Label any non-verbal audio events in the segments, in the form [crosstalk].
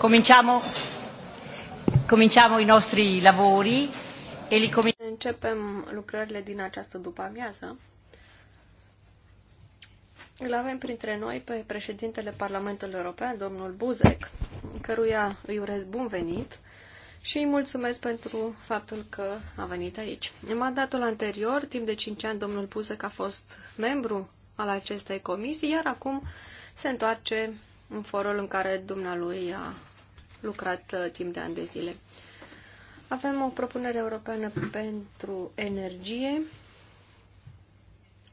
Cominciamo, cominciamo i nostri lavori e li Începem lucrările din această după-amiază. Îl avem printre noi pe președintele Parlamentului European, domnul Buzek, căruia îi urez bun venit și îi mulțumesc pentru faptul că a venit aici. În mandatul anterior, timp de 5 ani, domnul Buzek a fost membru al acestei comisii, iar acum se întoarce în forul în care dumnealui a lucrat uh, timp de ani de zile. Avem o propunere europeană pentru energie.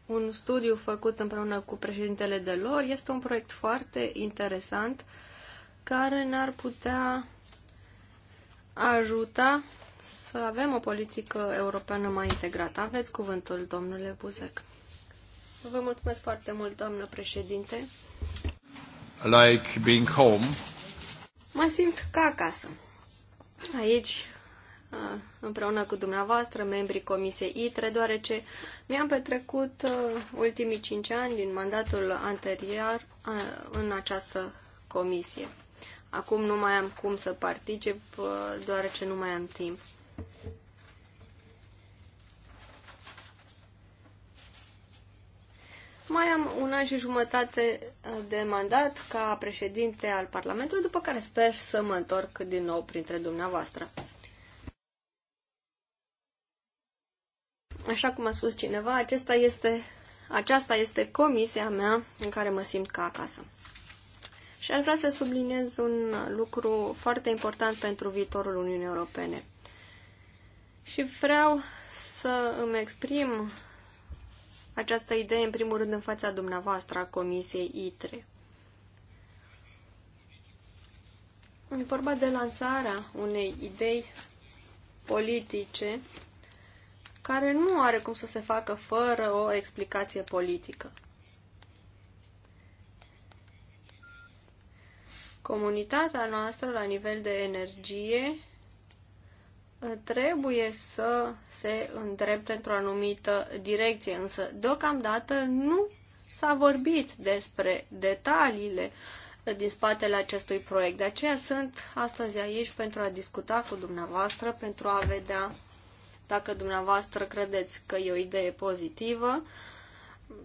Un studiu făcut împreună cu președintele de lor este un proiect foarte interesant care ne-ar putea ajuta să avem o politică europeană mai integrată. Aveți cuvântul, domnule Buzec. Vă mulțumesc foarte mult, doamnă președinte like being home. Mă simt ca acasă. Aici, împreună cu dumneavoastră, membrii Comisiei ITRE, deoarece mi-am petrecut ultimii cinci ani din mandatul anterior în această comisie. Acum nu mai am cum să particip, deoarece nu mai am timp. Mai am un an și jumătate uh, de mandat ca președinte al Parlamentului, după care sper să mă întorc din nou printre dumneavoastră. Așa cum a spus cineva, acesta este, aceasta este comisia mea în care mă simt ca acasă. Și ar vrea să subliniez un lucru foarte important pentru viitorul Uniunii Europene. Și vreau să îmi exprim această idee, în primul rând, în fața dumneavoastră a Comisiei ITRE. În vorba de lansarea unei idei politice care nu are cum să se facă fără o explicație politică. Comunitatea noastră la nivel de energie trebuie să se îndrepte într-o anumită direcție, însă deocamdată nu s-a vorbit despre detaliile din spatele acestui proiect. De aceea sunt astăzi aici pentru a discuta cu dumneavoastră, pentru a vedea dacă dumneavoastră credeți că e o idee pozitivă,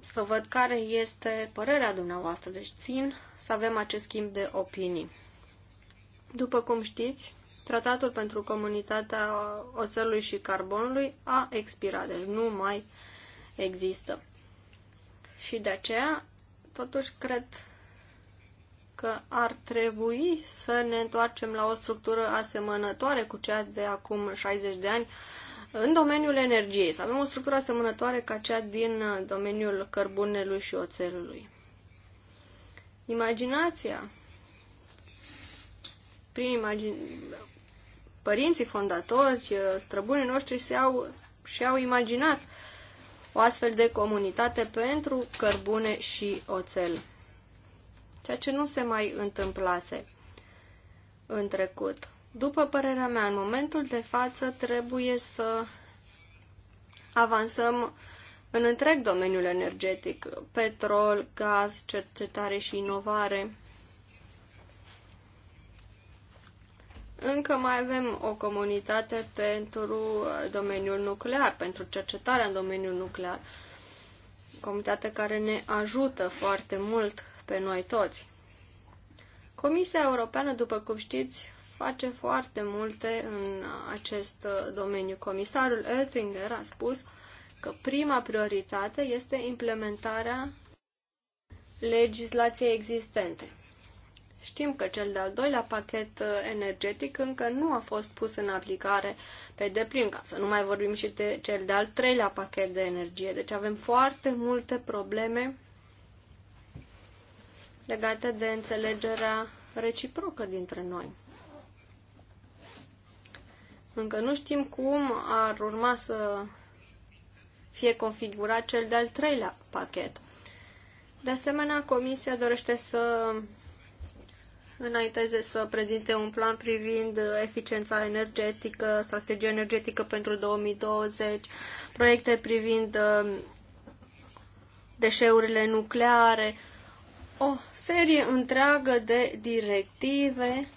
să văd care este părerea dumneavoastră. Deci țin să avem acest schimb de opinii. După cum știți, Tratatul pentru comunitatea oțelului și carbonului a expirat, deci nu mai există. Și de aceea, totuși, cred că ar trebui să ne întoarcem la o structură asemănătoare cu cea de acum 60 de ani în domeniul energiei, să avem o structură asemănătoare ca cea din domeniul cărbunelui și oțelului. Imaginația prin imagine, părinții fondatori, uh, străbunii noștri și-au, și-au imaginat o astfel de comunitate pentru cărbune și oțel. Ceea ce nu se mai întâmplase în trecut. După părerea mea, în momentul de față trebuie să avansăm în întreg domeniul energetic, petrol, gaz, cercetare și inovare. Încă mai avem o comunitate pentru uh, domeniul nuclear, pentru cercetarea în domeniul nuclear. Comunitate care ne ajută foarte mult pe noi toți. Comisia Europeană, după cum știți, face foarte multe în acest uh, domeniu. Comisarul Oettinger a spus că prima prioritate este implementarea legislației existente. Știm că cel de-al doilea pachet uh, energetic încă nu a fost pus în aplicare pe deplin, ca să nu mai vorbim și de cel de-al treilea pachet de energie. Deci avem foarte multe probleme legate de înțelegerea reciprocă dintre noi. Încă nu știm cum ar urma să fie configurat cel de-al treilea pachet. De asemenea, Comisia dorește să înainteze să prezinte un plan privind eficiența energetică, strategia energetică pentru 2020, proiecte privind uh, deșeurile nucleare, o serie întreagă de directive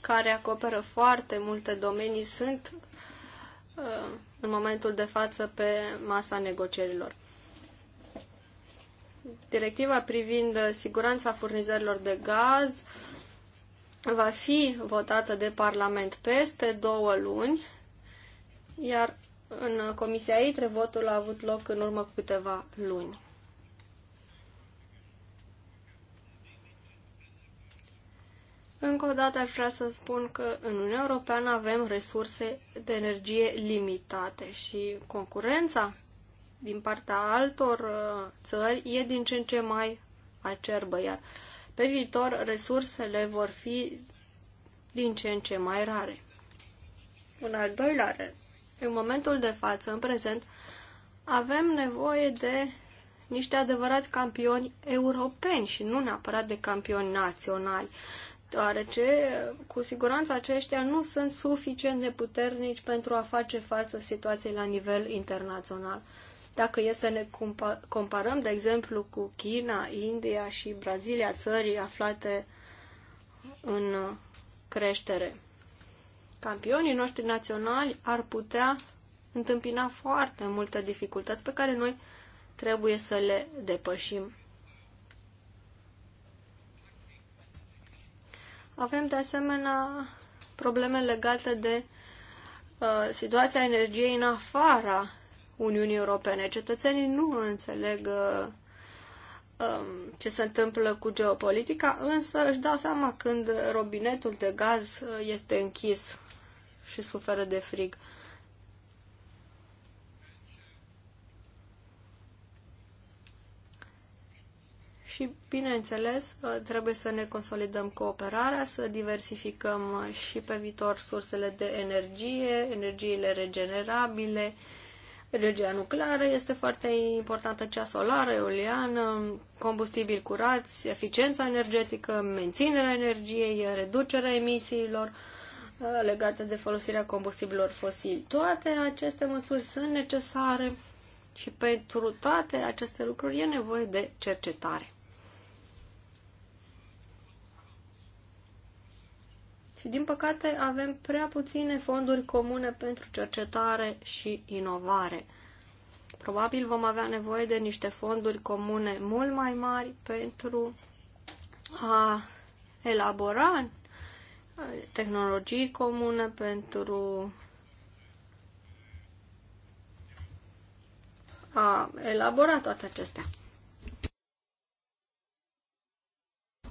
care acoperă foarte multe domenii sunt uh, în momentul de față pe masa negocierilor. Directiva privind uh, siguranța furnizărilor de gaz va fi votată de Parlament peste două luni, iar în Comisia ITRE votul a avut loc în urmă cu câteva luni. Încă o dată aș vrea să spun că în Uniunea Europeană avem resurse de energie limitate și concurența din partea altor uh, țări e din ce în ce mai acerbă, iar pe viitor resursele vor fi din ce în ce mai rare. În al doilea rând, în momentul de față, în prezent, avem nevoie de niște adevărați campioni europeni și nu neapărat de campioni naționali, deoarece cu siguranță aceștia nu sunt suficient de puternici pentru a face față situației la nivel internațional. Dacă e să ne comparăm, de exemplu, cu China, India și Brazilia, țări aflate în uh, creștere, campionii noștri naționali ar putea întâmpina foarte multe dificultăți pe care noi trebuie să le depășim. Avem de asemenea probleme legate de uh, situația energiei în afara Uniunii Europene. Cetățenii nu înțeleg uh, um, ce se întâmplă cu geopolitica, însă își dau seama când robinetul de gaz uh, este închis și suferă de frig. Și, bineînțeles, uh, trebuie să ne consolidăm cooperarea, să diversificăm și pe viitor sursele de energie, energiile regenerabile, Energia nucleară este foarte importantă, cea solară, eoliană, combustibili curați, eficiența energetică, menținerea energiei, reducerea emisiilor uh, legate de folosirea combustibilor fosili. Toate aceste măsuri sunt necesare și pentru toate aceste lucruri e nevoie de cercetare. și, din păcate, avem prea puține fonduri comune pentru cercetare și inovare. Probabil vom avea nevoie de niște fonduri comune mult mai mari pentru a elabora tehnologii comune pentru a elabora toate acestea.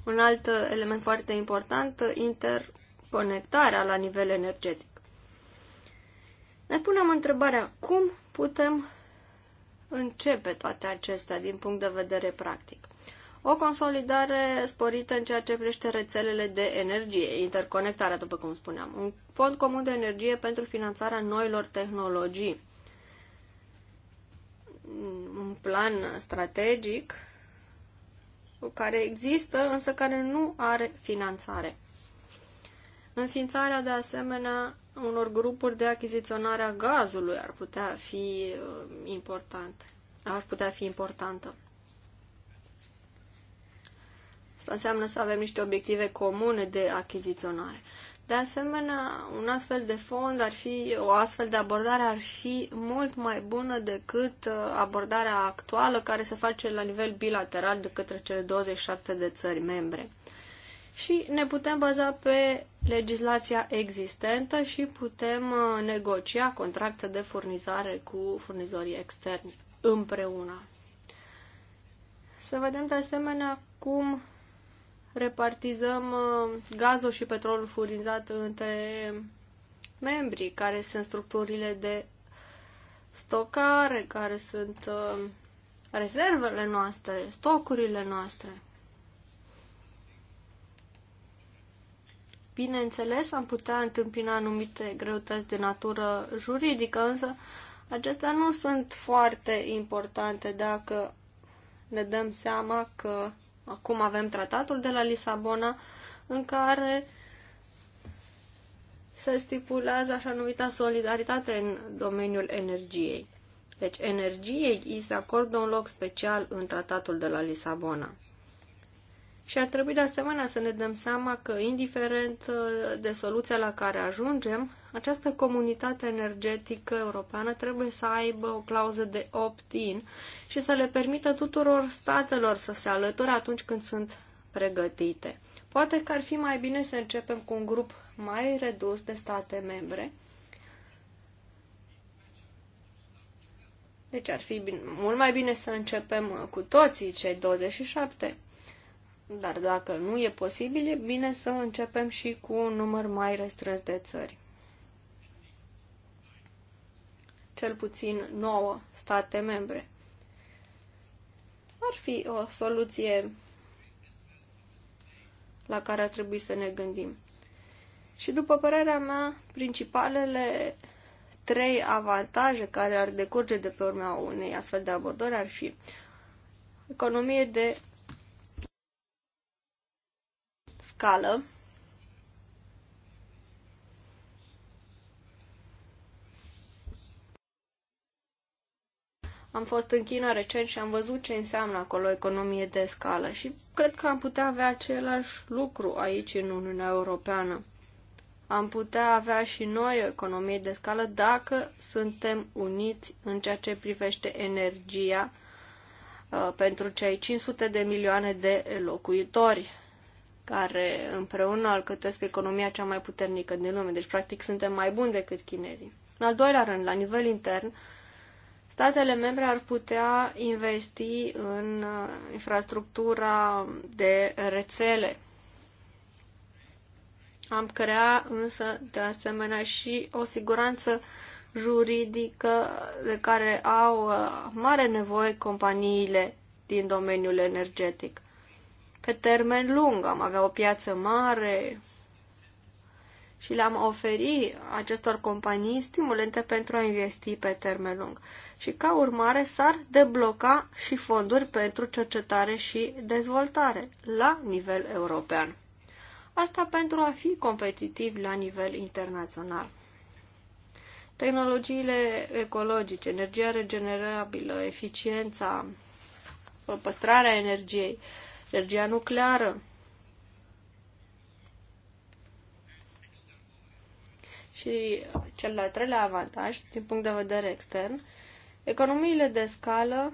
Un alt element foarte important, inter conectarea la nivel energetic. Ne punem întrebarea cum putem începe toate acestea din punct de vedere practic. O consolidare sporită în ceea ce privește rețelele de energie, interconectarea, după cum spuneam, un fond comun de energie pentru finanțarea noilor tehnologii, un plan strategic care există, însă care nu are finanțare. Înființarea, de asemenea, unor grupuri de achiziționare a gazului ar putea fi uh, importantă. Ar putea fi importantă. Asta înseamnă să avem niște obiective comune de achiziționare. De asemenea, un astfel de fond ar fi, o astfel de abordare ar fi mult mai bună decât uh, abordarea actuală care se face la nivel bilateral de către cele 27 de țări membre și ne putem baza pe legislația existentă și putem uh, negocia contracte de furnizare cu furnizorii externi împreună. Să vedem de asemenea cum repartizăm uh, gazul și petrolul furnizat între membrii, care sunt structurile de stocare, care sunt uh, rezervele noastre, stocurile noastre. Bineînțeles, am putea întâmpina anumite greutăți de natură juridică, însă acestea nu sunt foarte importante dacă ne dăm seama că acum avem tratatul de la Lisabona în care se stipulează așa numita solidaritate în domeniul energiei. Deci energiei îi se acordă un loc special în tratatul de la Lisabona. Și ar trebui de asemenea să ne dăm seama că, indiferent uh, de soluția la care ajungem, această comunitate energetică europeană trebuie să aibă o clauză de opt-in și să le permită tuturor statelor să se alăture atunci când sunt pregătite. Poate că ar fi mai bine să începem cu un grup mai redus de state membre. Deci ar fi bine, mult mai bine să începem uh, cu toții cei 27 dar dacă nu e posibil, e bine să începem și cu un număr mai restrâns de țări. Cel puțin 9 state membre. Ar fi o soluție la care ar trebui să ne gândim. Și după părerea mea, principalele trei avantaje care ar decurge de pe urma unei astfel de abordări ar fi economie de fiscală Am fost în China recent și am văzut ce înseamnă acolo economie de scală și cred că am putea avea același lucru aici în Uniunea Europeană. Am putea avea și noi o economie de scală dacă suntem uniți în ceea ce privește energia uh, pentru cei 500 de milioane de locuitori care împreună alcătuiesc economia cea mai puternică din lume. Deci, practic, suntem mai buni decât chinezii. În al doilea rând, la nivel intern, statele membre ar putea investi în uh, infrastructura de rețele. Am crea însă, de asemenea, și o siguranță juridică de care au uh, mare nevoie companiile din domeniul energetic pe termen lung. Am avea o piață mare și le-am oferit acestor companii stimulente pentru a investi pe termen lung. Și ca urmare s-ar debloca și fonduri pentru cercetare și dezvoltare la nivel european. Asta pentru a fi competitiv la nivel internațional. Tehnologiile ecologice, energia regenerabilă, eficiența, păstrarea energiei, energia nucleară. Și cel de-al treilea avantaj, din punct de vedere extern, economiile de scală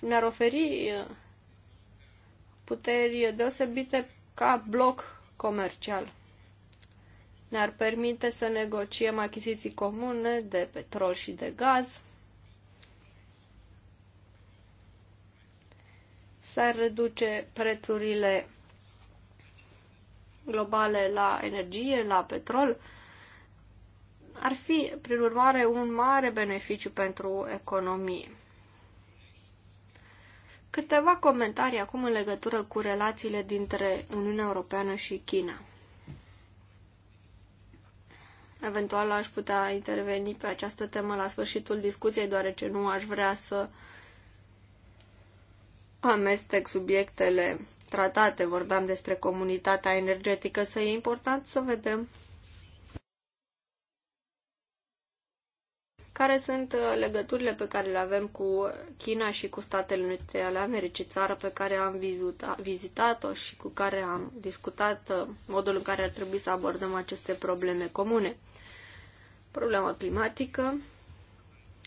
ne ar oferi uh, puteri deosebite ca bloc comercial. Ne-ar permite să negociem achiziții comune de petrol și de gaz, s-ar reduce prețurile globale la energie, la petrol, ar fi, prin urmare, un mare beneficiu pentru economie. Câteva comentarii acum în legătură cu relațiile dintre Uniunea Europeană și China. Eventual aș putea interveni pe această temă la sfârșitul discuției, deoarece nu aș vrea să uh, amestec subiectele tratate, vorbeam despre comunitatea energetică, să e important să vedem care sunt uh, legăturile pe care le avem cu China și cu Statele Unite ale Americii, țară pe care am vizitat-o și cu care am discutat uh, modul în care ar trebui să abordăm aceste probleme comune. Problema climatică,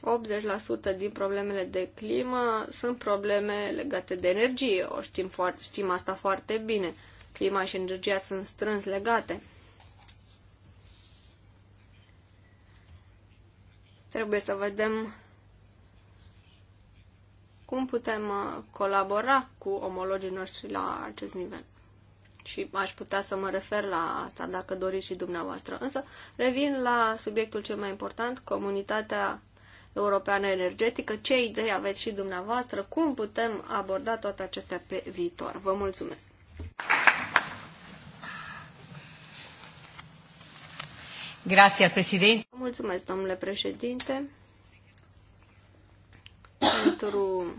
80% din problemele de climă sunt probleme legate de energie. O știm, foarte, știm asta foarte bine. Clima și energia sunt strâns legate. Trebuie să vedem cum putem uh, colabora cu omologii noștri la acest nivel. Și aș putea să mă refer la asta dacă doriți și dumneavoastră. Însă revin la subiectul cel mai important, comunitatea Europeană Energetică. Ce idei aveți și dumneavoastră? Cum putem aborda toate acestea pe viitor? Vă mulțumesc! Grazie, președinte. Mulțumesc, domnule președinte, pentru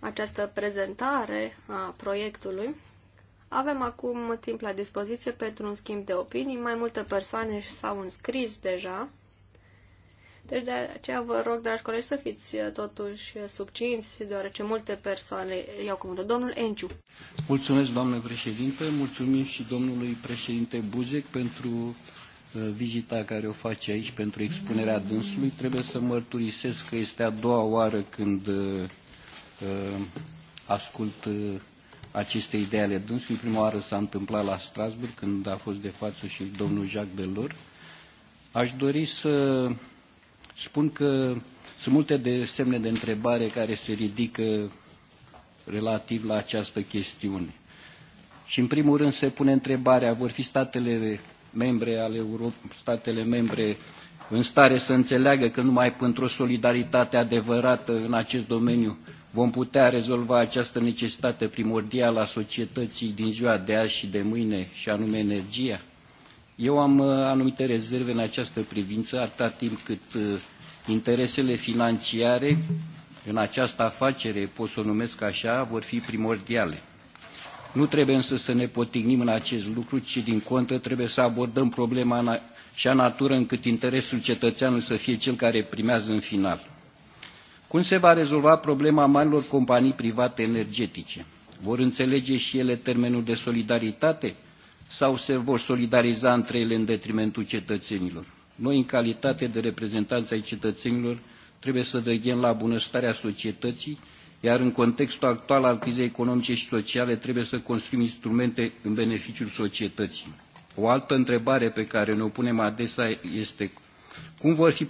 această prezentare a proiectului. Avem acum timp la dispoziție pentru un schimb de opinii. Mai multe persoane s-au înscris deja deci de aceea vă rog, dragi colegi, să fiți uh, totuși uh, succinți, deoarece multe persoane iau cuvântul. Domnul Enciu. Mulțumesc, doamnă președinte, mulțumim și domnului președinte Buzec pentru uh, vizita care o face aici pentru expunerea dânsului. Trebuie să mărturisesc că este a doua oară când uh, ascult aceste idei ale dânsului. Prima oară s-a întâmplat la Strasburg, când a fost de față și domnul Jacques Delors. Aș dori să spun că sunt multe de semne de întrebare care se ridică relativ la această chestiune. Și în primul rând se pune întrebarea, vor fi statele membre ale Europei, statele membre în stare să înțeleagă că numai pentru o solidaritate adevărată în acest domeniu vom putea rezolva această necesitate primordială a societății din ziua de azi și de mâine, și anume energia? Eu am uh, anumite rezerve în această privință, atâta timp cât uh, interesele financiare în această afacere, pot să o numesc așa, vor fi primordiale. Nu trebuie însă să ne potignim în acest lucru, ci din contră trebuie să abordăm problema și a natură încât interesul cetățeanului să fie cel care primează în final. Cum se va rezolva problema marilor companii private energetice? Vor înțelege și ele termenul de solidaritate? sau se vor solidariza între ele în detrimentul cetățenilor. Noi, în calitate de reprezentanți ai cetățenilor, trebuie să veghem la bunăstarea societății, iar în contextul actual al crizei economice și sociale trebuie să construim instrumente în beneficiul societății. O altă întrebare pe care ne-o punem adesea este cum vor fi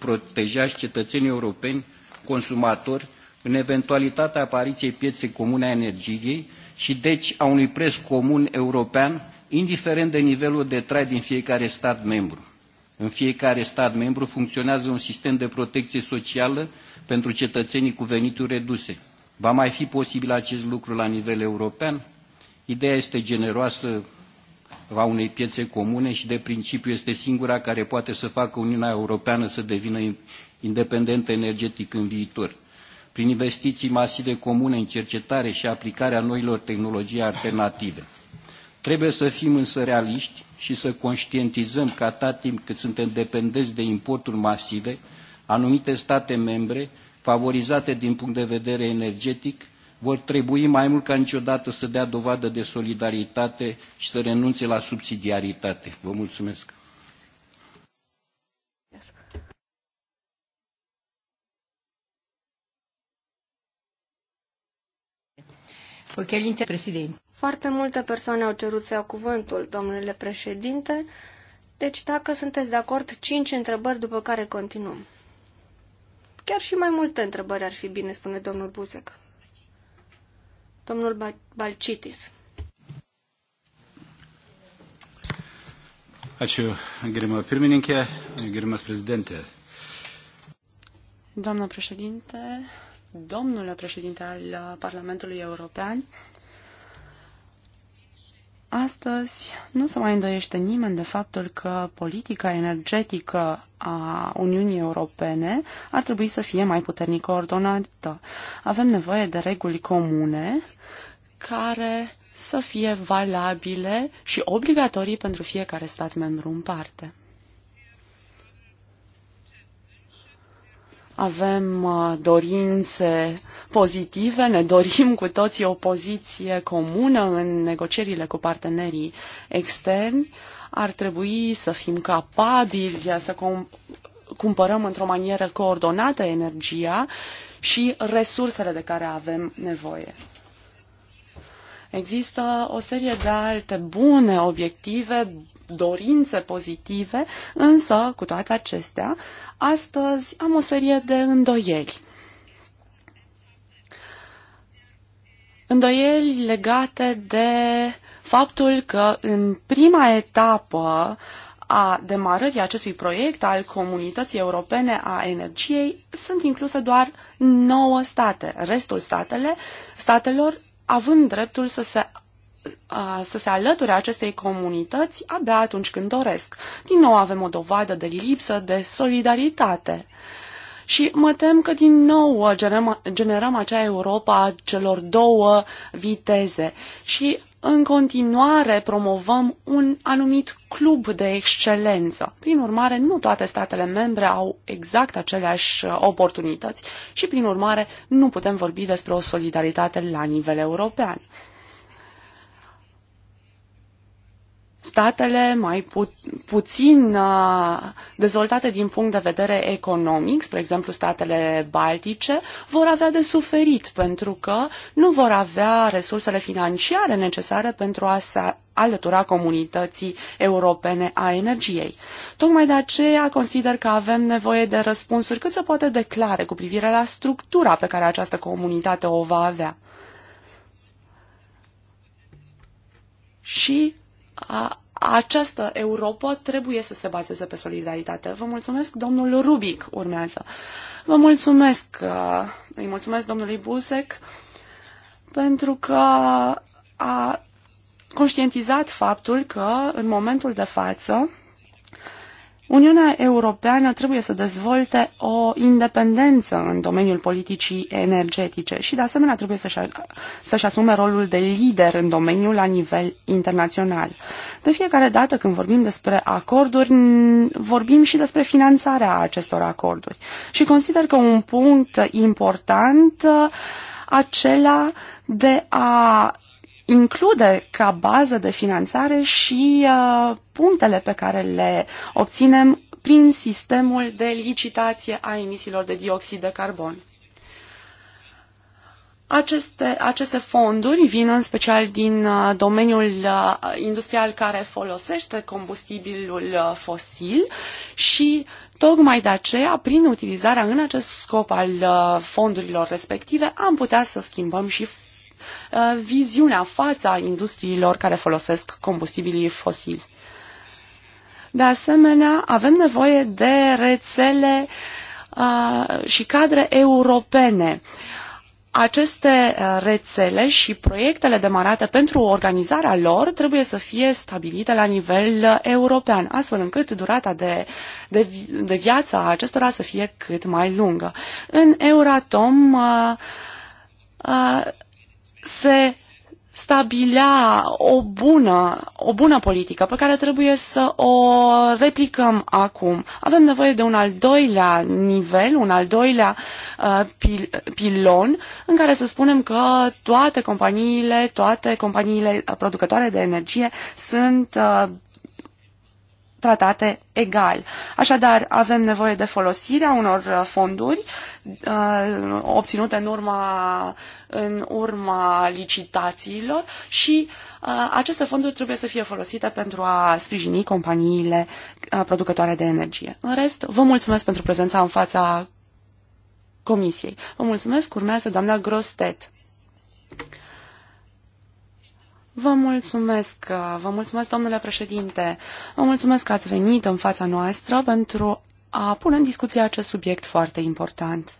protejați cetățenii europeni, consumatori, în eventualitatea apariției pieței comune a energiei și deci a unui preț comun european indiferent de nivelul de trai din fiecare stat membru. În fiecare stat membru funcționează un sistem de protecție socială pentru cetățenii cu venituri reduse. Va mai fi posibil acest lucru la nivel european? Ideea este generoasă a unei piețe comune și de principiu este singura care poate să facă Uniunea Europeană să devină independentă energetic în viitor. Prin investiții masive comune în cercetare și aplicarea noilor tehnologii alternative. Trebuie să fim însă realiști și să conștientizăm că atât timp cât suntem dependenți de importuri masive, anumite state membre, favorizate din punct de vedere energetic, vor trebui mai mult ca niciodată să dea dovadă de solidaritate și să renunțe la subsidiaritate. Vă mulțumesc! interpreta presidente. Foarte multe persoane au cerut să iau cuvântul, domnule președinte, deci dacă sunteți de acord, cinci întrebări după care continuăm. Chiar și mai multe întrebări ar fi bine, spune domnul Buzec. Domnul Balcitis. Ačiū, gerima pirmininkė, gerimas prezidentė. Doamnă președinte, domnule președinte al Parlamentului European, Astăzi nu se mai îndoiește nimeni de faptul că politica energetică a Uniunii Europene ar trebui să fie mai puternic coordonată. Avem nevoie de reguli comune care să fie valabile și obligatorii pentru fiecare stat membru în parte. Avem uh, dorințe pozitive, ne dorim cu toții o poziție comună în negocierile cu partenerii externi, ar trebui să fim capabili să cumpărăm într-o manieră coordonată energia și resursele de care avem nevoie. Există o serie de alte bune obiective, dorințe pozitive, însă, cu toate acestea, astăzi am o serie de îndoieli. îndoieli legate de faptul că în prima etapă a demarării acestui proiect al Comunității Europene a Energiei sunt incluse doar nouă state, restul statele, statelor având dreptul să se să se alăture acestei comunități abia atunci când doresc. Din nou avem o dovadă de lipsă de solidaritate. Uh, și mă tem că din nou generăm, generăm acea Europa a celor două viteze și în continuare promovăm un anumit club de excelență. Prin urmare, nu toate statele membre au exact aceleași oportunități și, prin urmare, nu putem vorbi despre o solidaritate la nivel european. statele mai pu- puțin uh, dezvoltate din punct de vedere economic, spre exemplu statele baltice, vor avea de suferit pentru că nu vor avea resursele financiare necesare pentru a se alătura comunității europene a energiei. Tocmai de aceea consider că avem nevoie de răspunsuri cât se poate declare cu privire la structura pe care această comunitate o va avea. Și această Europa trebuie să se bazeze pe solidaritate. Vă mulțumesc, domnul Rubic urmează. Vă mulțumesc, uh, îi mulțumesc domnului Busec pentru că a conștientizat faptul că în momentul de față Uniunea Europeană trebuie să dezvolte o independență în domeniul politicii energetice și, de asemenea, trebuie să-și, să, -și, asume rolul de lider în domeniul la nivel internațional. De fiecare dată când vorbim despre acorduri, vorbim și despre finanțarea acestor acorduri. Și consider că un punct important uh, acela de a include ca bază de finanțare și uh, punctele pe care le obținem prin sistemul de licitație a emisiilor de dioxid de carbon. Aceste, aceste fonduri vin în special din uh, domeniul uh, industrial care folosește combustibilul fosil și tocmai de aceea, prin utilizarea în acest scop al fondurilor respective, am putea să schimbăm și Uh, viziunea, fața industriilor care folosesc combustibilii fosili. De asemenea, avem nevoie de rețele uh, și cadre europene. Aceste uh, rețele și proiectele demarate pentru organizarea lor trebuie să fie stabilite la nivel uh, european, astfel încât durata de, de, de viață a acestora să fie cât mai lungă. În Euratom uh, uh, se stabilea o bună, o bună politică pe care trebuie să o replicăm acum. Avem nevoie de un al doilea nivel, un al doilea uh, pil- pilon în care să spunem că toate companiile, toate companiile uh, producătoare de energie sunt uh, tratate egal. Așadar, avem nevoie de folosirea unor uh, fonduri uh, obținute în urma în urma licitațiilor și uh, aceste fonduri trebuie să fie folosite pentru a sprijini companiile uh, producătoare de energie. În rest, vă mulțumesc pentru prezența în fața Comisiei. Vă mulțumesc, urmează doamna Grostet. Vă mulțumesc, uh, vă mulțumesc, domnule președinte. Vă mulțumesc că ați venit în fața noastră pentru a pune în discuție acest subiect foarte important.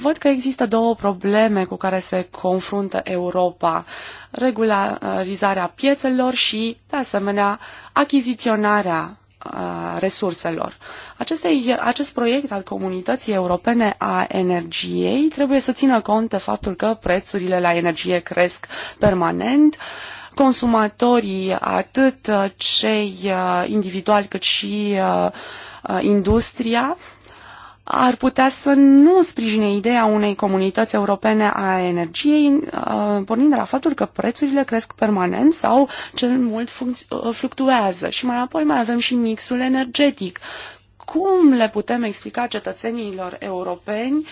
Văd că există două probleme cu care se confruntă Europa. Regularizarea piețelor și, de asemenea, achiziționarea uh, resurselor. Aceste, acest proiect al comunității europene a energiei trebuie să țină cont de faptul că prețurile la energie cresc permanent, consumatorii, atât uh, cei uh, individuali cât și industria, ar putea să nu sprijine ideea unei comunități europene a energiei, uh, pornind de la faptul că prețurile cresc permanent sau cel mult uh, fluctuează. Și mai apoi mai avem și mixul energetic. Cum le putem explica cetățenilor europeni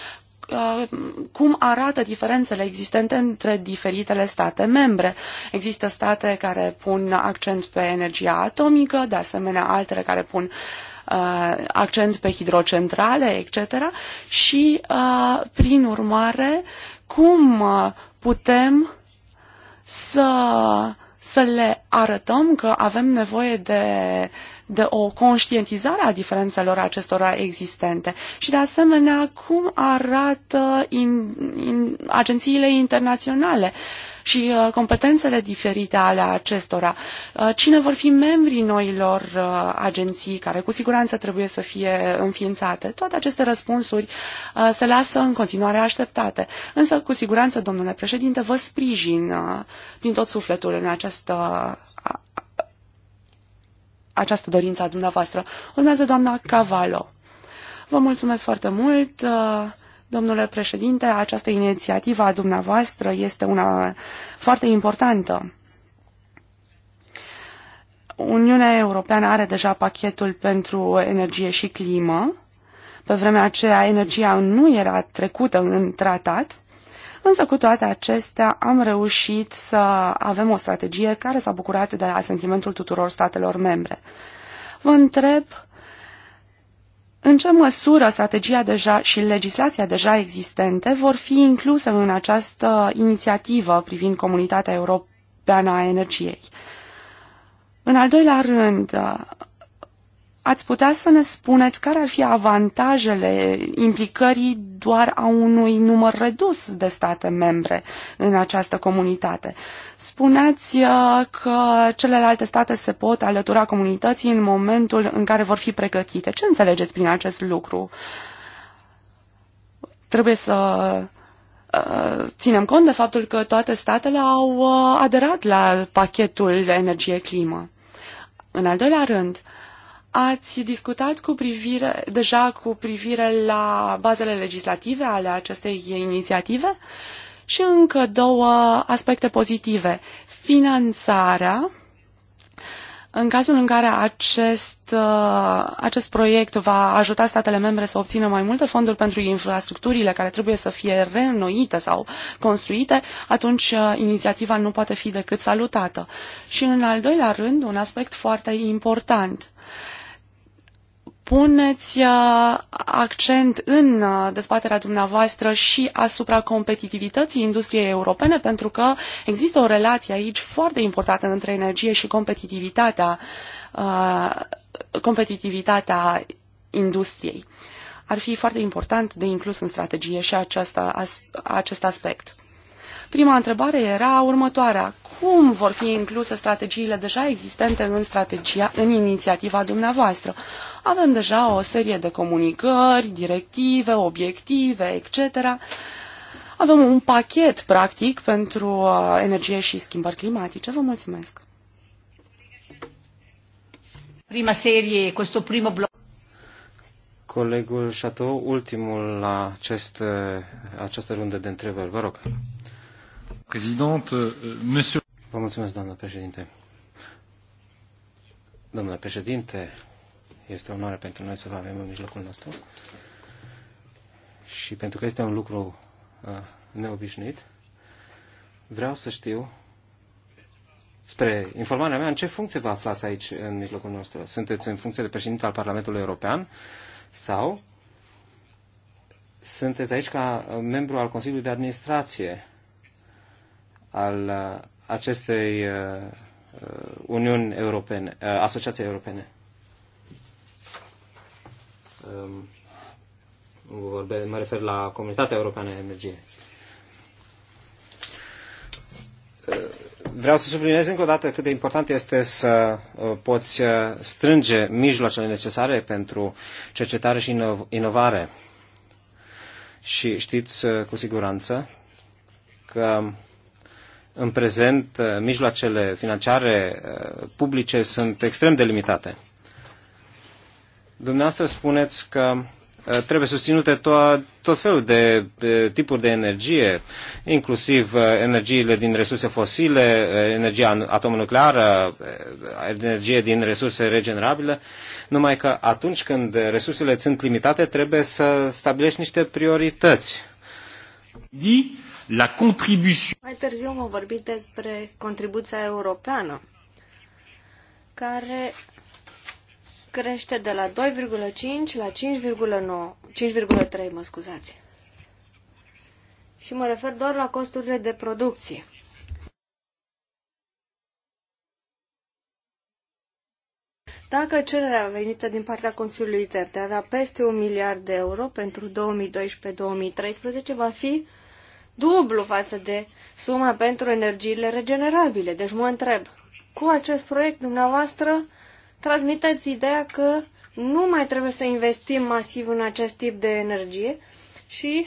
uh, cum arată diferențele existente între diferitele state membre. Există state care pun accent pe energia atomică, de asemenea altele care pun uh, Uh, accent pe hidrocentrale, etc. Și, uh, prin urmare, cum uh, putem să, să le arătăm că avem nevoie de de o conștientizare a diferențelor acestora existente și, de asemenea, cum arată in, in, agențiile internaționale uh, și uh, competențele diferite ale acestora. Uh, cine vor fi membrii noilor uh, agenții care cu siguranță trebuie să fie înființate? Toate aceste răspunsuri se lasă în continuare așteptate. Însă, cu siguranță, domnule președinte, vă sprijin din tot sufletul în această această dorință a dumneavoastră. Urmează doamna Cavallo. Vă mulțumesc foarte mult. Domnule președinte, această inițiativă a dumneavoastră este una foarte importantă. Uniunea Europeană are deja pachetul pentru energie și climă. Pe vremea aceea, energia nu era trecută în tratat, însă cu toate acestea am reușit să avem o strategie care s-a bucurat de asentimentul tuturor statelor membre. Vă întreb în ce măsură strategia deja și legislația deja existente vor fi incluse în această inițiativă privind comunitatea europeană a energiei. În al doilea rând, ați putea să ne spuneți care ar fi avantajele implicării doar a unui număr redus de state membre în această comunitate? Spuneați uh, că celelalte state se pot alătura comunității în momentul în care vor fi pregătite. Ce înțelegeți prin acest lucru? Trebuie să uh, ținem cont de faptul că toate statele au uh, aderat la pachetul energie-climă. În al doilea rând, uh, Ați discutat cu privire, deja cu privire la bazele legislative ale acestei inițiative? Și încă două aspecte pozitive. Finanțarea, în cazul în care acest, uh, acest proiect va ajuta statele membre să obțină mai multe fonduri pentru infrastructurile care trebuie să fie reînnoite sau construite, atunci uh, inițiativa nu poate fi decât salutată. Și în al doilea rând, un aspect foarte important puneți uh, accent în uh, dezbaterea dumneavoastră și asupra competitivității industriei europene, pentru că există o relație aici foarte importantă între energie și competitivitatea, uh, competitivitatea industriei. Ar fi foarte important de inclus în strategie și aceasta, acest aspect. Prima întrebare era următoarea. Cum vor fi incluse strategiile deja existente în strategia, în inițiativa dumneavoastră? Avem deja o serie de comunicări, directive, obiective, etc. Avem un pachet, practic, pentru uh, energie și schimbări climatice. Vă mulțumesc! Prima serie, questo primo bloc. colegul Chateau, ultimul la acest, uh, această rundă de întrebări. Vă rog. Prezident, uh, monsieur... Vă mulțumesc, doamnă președinte. Domnule președinte, este o onoare pentru noi să vă avem în mijlocul nostru. Și pentru că este un lucru uh, neobișnuit, vreau să știu, spre informarea mea, în ce funcție vă aflați aici în mijlocul nostru? Sunteți în funcție de președinte al Parlamentului European sau sunteți aici ca uh, membru al Consiliului de Administrație al uh, acestei uh, Uniuni Europene, Asociației Europene vorbe, mă refer la Comunitatea Europeană a Energiei. Vreau să subliniez încă o dată cât de important este să uh, poți uh, strânge mijloacele necesare pentru cercetare și inovare. Și știți uh, cu siguranță că în prezent mijloacele financiare publice sunt extrem de limitate. Dumneavoastră spuneți că uh, trebuie susținute to- tot felul de, tipuri de energie, inclusiv uh, energiile din resurse fosile, uh, energia atomonucleară, energie din resurse regenerabile, numai că atunci când resursele sunt limitate, trebuie să stabilești niște priorități. La Mai târziu vom vorbi despre contribuția europeană, care crește de la 2,5 la 5,9, 5,3, mă scuzați. Și mă refer doar la costurile de producție. Dacă cererea venită din partea Consiliului Terte avea peste un miliard de euro pentru 2012-2013, va fi dublu față de suma pentru energiile regenerabile. Deci mă întreb, cu acest proiect dumneavoastră transmiteți ideea că nu mai trebuie să investim masiv în acest tip de energie și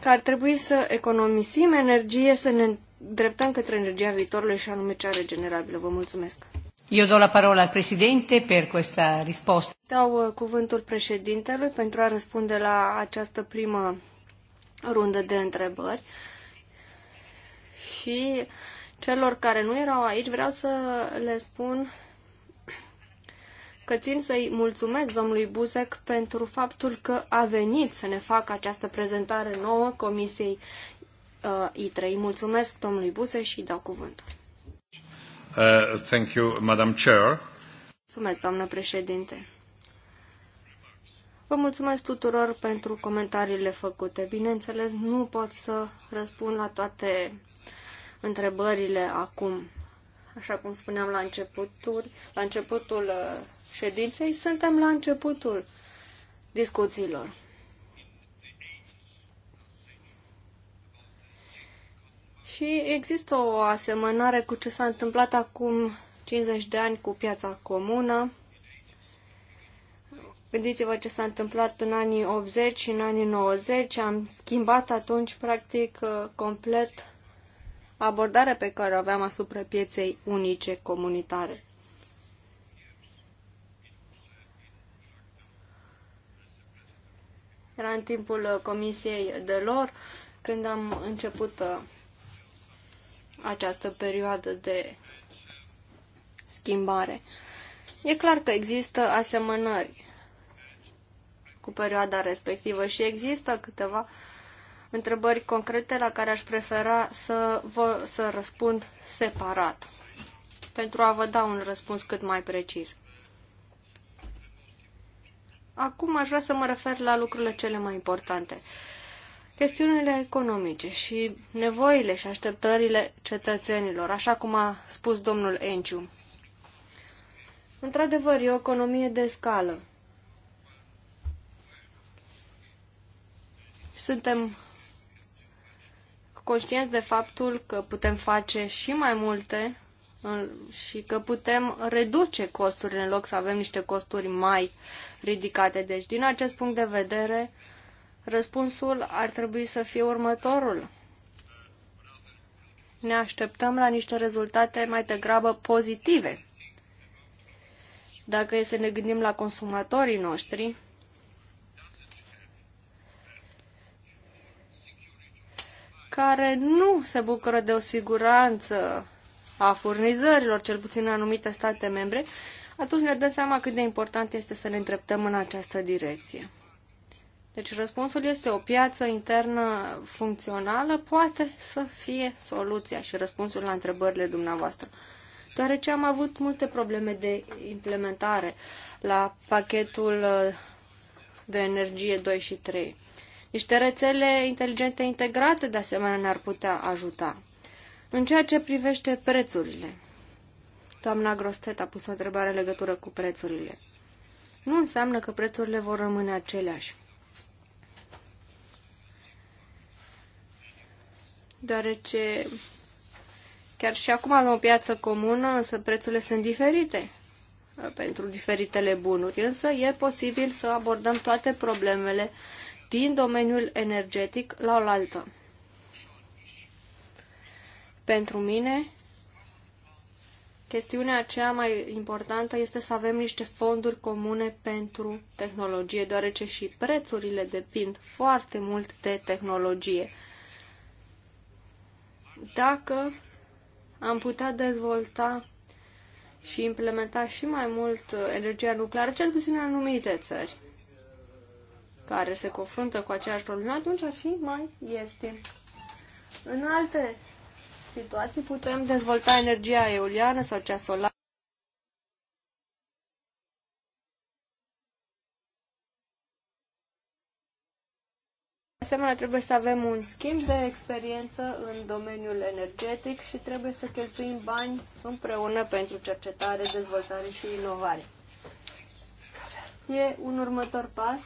că ar trebui să economisim energie, să ne îndreptăm către energia viitorului și anume cea regenerabilă. Vă mulțumesc! Eu dau la parola al președinte pentru această răspunsă. Dau uh, cuvântul președintelui pentru a răspunde la această primă rundă de întrebări. Și Celor care nu erau aici vreau să le spun că țin să-i mulțumesc domnului Buzek pentru faptul că a venit să ne facă această prezentare nouă Comisiei uh, I3. mulțumesc domnului Buzek și dau cuvântul. Uh, thank you, Madam Chair. Mulțumesc, doamnă președinte. Vă mulțumesc tuturor pentru comentariile făcute. Bineînțeles, nu pot să răspund la toate întrebările acum. Așa cum spuneam la începutul, la începutul uh, ședinței, suntem la începutul discuțiilor. Și există o asemănare cu ce s-a întâmplat acum 50 de ani cu piața comună. Gândiți-vă ce s-a întâmplat în anii 80 și în anii 90. Am schimbat atunci, practic, uh, complet abordare pe care o aveam asupra pieței unice comunitare. Era în timpul Comisiei de lor când am început uh, această perioadă de schimbare. E clar că există asemănări cu perioada respectivă și există câteva uh, întrebări concrete la care aș prefera să, vă, să răspund separat, pentru a vă da un răspuns cât mai precis. Acum aș vrea să mă refer la lucrurile cele mai importante. Chestiunile economice și nevoile și așteptările cetățenilor, așa cum a spus domnul Enciu. Într-adevăr, e o economie de scală. Suntem conștienți de faptul că putem face și mai multe și că putem reduce costurile în loc să avem niște costuri mai ridicate. Deci, din acest punct de vedere, răspunsul ar trebui să fie următorul. Ne așteptăm la niște rezultate mai degrabă pozitive. Dacă e să ne gândim la consumatorii noștri, care nu se bucură de o siguranță a furnizărilor, cel puțin în anumite state membre, atunci ne dăm seama cât de important este să ne îndreptăm în această direcție. Deci răspunsul este o piață internă funcțională poate să fie soluția și răspunsul la întrebările dumneavoastră. Deoarece am avut multe probleme de implementare la pachetul uh, de energie 2 și 3. Niște rețele inteligente integrate, de asemenea, ne-ar putea ajuta. În ceea ce privește prețurile, doamna Grostet a pus o întrebare în legătură cu prețurile. Nu înseamnă că prețurile vor rămâne aceleași. Deoarece chiar și acum avem o piață comună, însă prețurile sunt diferite uh, pentru diferitele bunuri, însă e posibil să abordăm toate problemele din domeniul energetic la oaltă. Pentru mine, chestiunea cea mai importantă este să avem niște fonduri comune pentru tehnologie, deoarece și prețurile depind foarte mult de tehnologie. Dacă am putea dezvolta și implementa și mai mult energia nucleară, cel puțin în anumite țări care se confruntă cu aceeași problemă, atunci ar fi mai ieftin. În alte situații putem dezvolta energia eoliană sau cea solară. asemenea, trebuie să avem un schimb de experiență în domeniul energetic și trebuie să cheltuim bani împreună pentru cercetare, dezvoltare și inovare. E un următor pas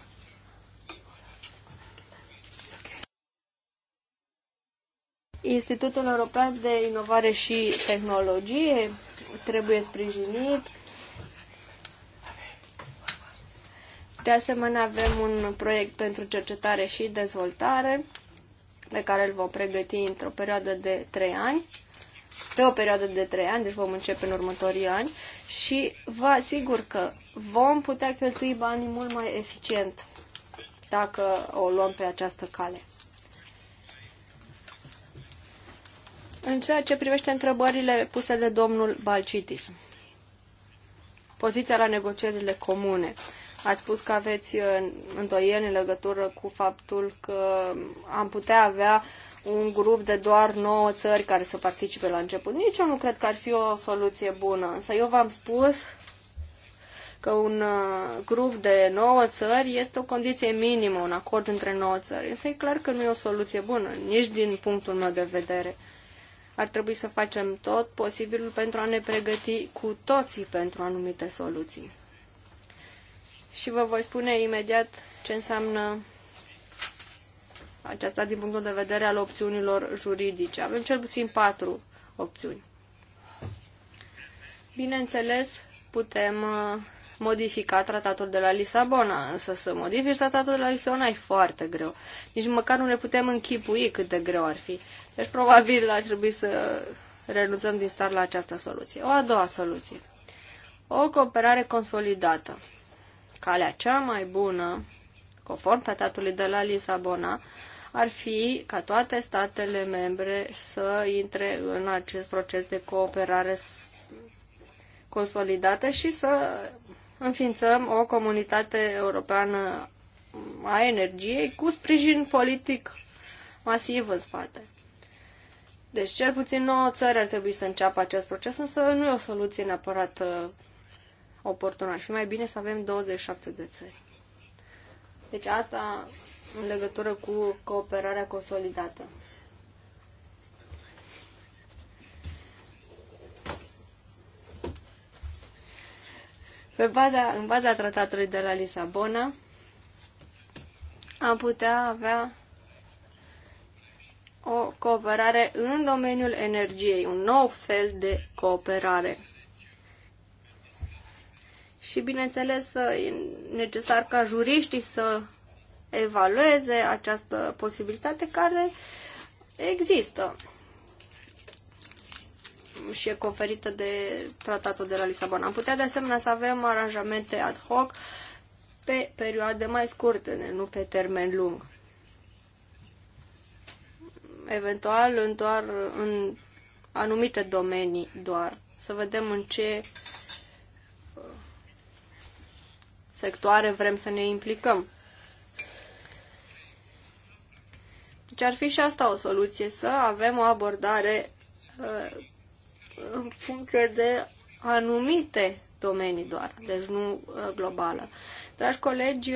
Institutul European de Inovare și Tehnologie trebuie sprijinit. De asemenea, avem un proiect pentru cercetare și dezvoltare pe care îl vom pregăti într-o perioadă de 3 ani, pe o perioadă de 3 ani, deci vom începe în următorii ani și vă asigur că vom putea cheltui banii mult mai eficient dacă o luăm pe această cale. În ceea ce privește întrebările puse de domnul Balcitis, poziția la negocierile comune. Ați spus că aveți uh, îndoieli în legătură cu faptul că am putea avea un grup de doar 9 țări care să participe la început. Nici eu nu cred că ar fi o soluție bună, însă eu v-am spus că un uh, grup de 9 țări este o condiție minimă, un acord între 9 țări. Însă e clar că nu e o soluție bună, nici din punctul meu de vedere ar trebui să facem tot posibilul pentru a ne pregăti cu toții pentru anumite soluții. Și vă voi spune imediat ce înseamnă aceasta din punctul de vedere al opțiunilor juridice. Avem cel puțin patru opțiuni. Bineînțeles, putem uh, modifica tratatul de la Lisabona, însă să modifici tratatul de la Lisabona e foarte greu. Nici măcar nu ne putem închipui cât de greu ar fi. Deci probabil ar trebui să renunțăm din start la această soluție. O a doua soluție. O cooperare consolidată. Calea cea mai bună, conform tratatului de la Lisabona, ar fi ca toate statele membre să intre în acest proces de cooperare consolidată și să înființăm o comunitate europeană a energiei cu sprijin politic masiv în spate. Deci cel puțin 9 țări ar trebui să înceapă acest proces, însă nu e o soluție neapărat uh, oportună. Ar fi mai bine să avem 27 de țări. Deci asta în legătură cu cooperarea consolidată. Pe baza, în baza tratatului de la Lisabona, am putea avea o cooperare în domeniul energiei, un nou fel de cooperare. Și, bineînțeles, e necesar ca juriștii să evalueze această posibilitate care există și e conferită de tratatul de la Lisabona. Am putea de asemenea să avem aranjamente ad hoc pe perioade mai scurte, nu pe termen lung eventual în doar în anumite domenii doar. Să vedem în ce uh, sectoare vrem să ne implicăm. Deci ar fi și asta o soluție, să avem o abordare uh, în funcție de anumite domenii doar, deci nu uh, globală. Dragi colegi,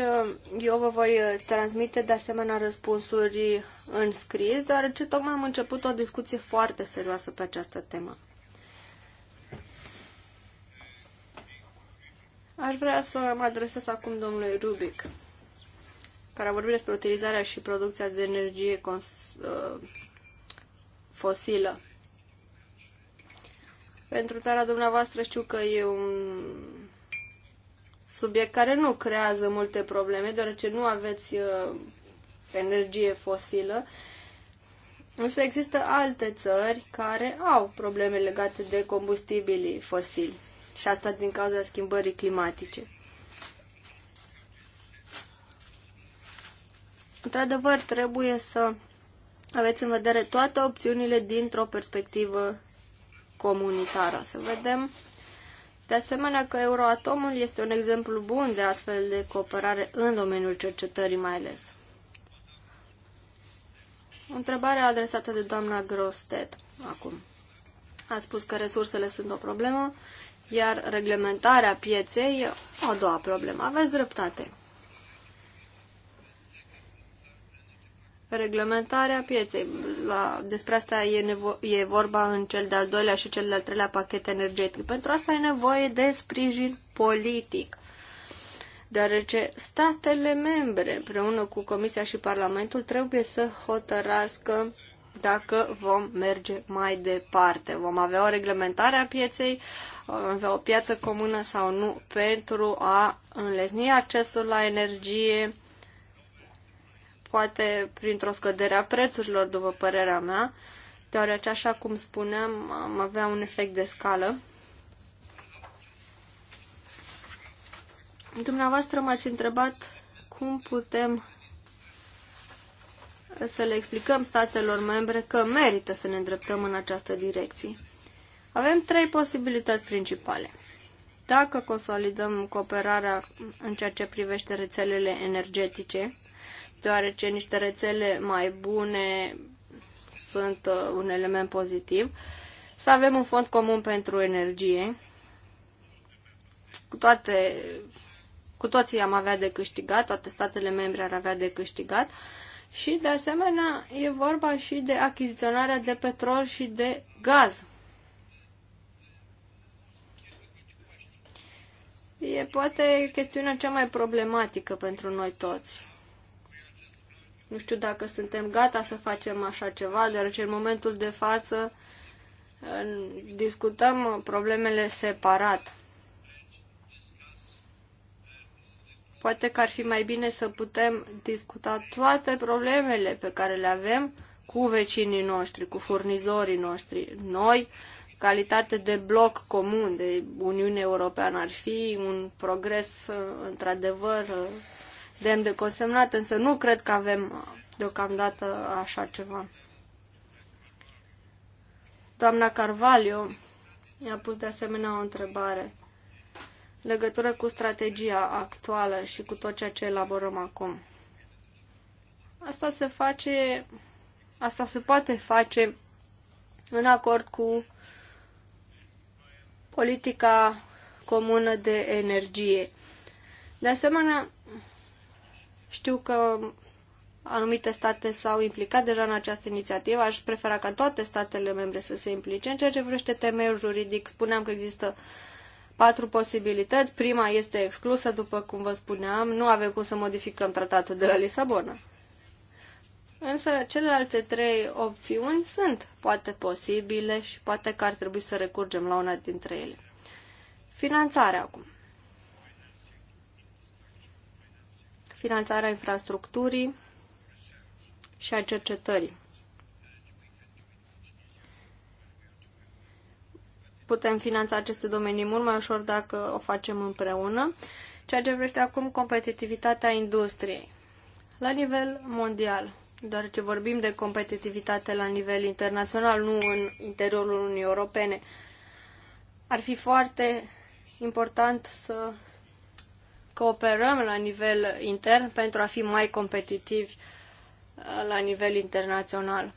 eu vă voi uh, transmite de asemenea răspunsuri în scris, deoarece tocmai am început o discuție foarte serioasă pe această temă. Aș vrea să mă adresez acum domnului Rubic, care a vorbit despre utilizarea și producția de energie uh, fosilă. Pentru țara dumneavoastră știu că e un subiect care nu creează multe probleme, deoarece nu aveți uh, energie fosilă. Însă există alte țări care au probleme legate de combustibilii fosili și asta din cauza schimbării climatice. Într-adevăr, trebuie să aveți în vedere toate opțiunile dintr-o perspectivă comunitară. Să vedem de asemenea că Euroatomul este un exemplu bun de astfel de cooperare în domeniul cercetării mai ales. Întrebarea adresată de doamna Grosted acum. A spus că resursele sunt o problemă, iar reglementarea pieței o a doua problemă. Aveți dreptate. reglementarea pieței. La, despre asta e, nevo- e vorba în cel de-al doilea și cel de-al treilea pachet energetic. Pentru asta e nevoie de sprijin politic, deoarece statele membre, împreună cu Comisia și Parlamentul, trebuie să hotărască dacă vom merge mai departe. Vom avea o reglementare a pieței, vom avea o piață comună sau nu pentru a înlesni accesul la energie, poate printr-o scădere a prețurilor, după părerea mea, deoarece, așa cum spuneam, am avea un efect de scală. Dumneavoastră m-ați întrebat cum putem să le explicăm statelor membre că merită să ne îndreptăm în această direcție. Avem trei posibilități principale. Dacă consolidăm cooperarea în ceea ce privește rețelele energetice, deoarece niște rețele mai bune sunt uh, un element pozitiv, să avem un fond comun pentru energie. Cu toate cu toții am avea de câștigat, toate statele membre ar avea de câștigat și, de asemenea, e vorba și de achiziționarea de petrol și de gaz. E poate chestiunea cea mai problematică pentru noi toți. Nu știu dacă suntem gata să facem așa ceva, deoarece în momentul de față discutăm problemele separat. Poate că ar fi mai bine să putem discuta toate problemele pe care le avem cu vecinii noștri, cu furnizorii noștri. Noi, calitate de bloc comun de Uniunea Europeană, ar fi un progres într-adevăr demn de consemnat, însă nu cred că avem deocamdată așa ceva. Doamna Carvalho i-a pus de asemenea o întrebare legătură cu strategia actuală și cu tot ceea ce elaborăm acum. Asta se face, asta se poate face în acord cu politica comună de energie. De asemenea, știu că anumite state s-au implicat deja în această inițiativă. Aș prefera ca toate statele membre să se implice. În ceea ce vrește temeiul juridic, spuneam că există patru posibilități. Prima este exclusă, după cum vă spuneam. Nu avem cum să modificăm tratatul de la Lisabona. Însă celelalte trei opțiuni sunt poate posibile și poate că ar trebui să recurgem la una dintre ele. Finanțarea acum. finanțarea infrastructurii și a cercetării. Putem finanța aceste domenii mult mai ușor dacă o facem împreună. Ceea ce vrește acum competitivitatea industriei. La nivel mondial, doar ce vorbim de competitivitate la nivel internațional, nu în interiorul Uniunii Europene, ar fi foarte important să cooperăm la nivel intern pentru a fi mai competitivi uh, la nivel internațional.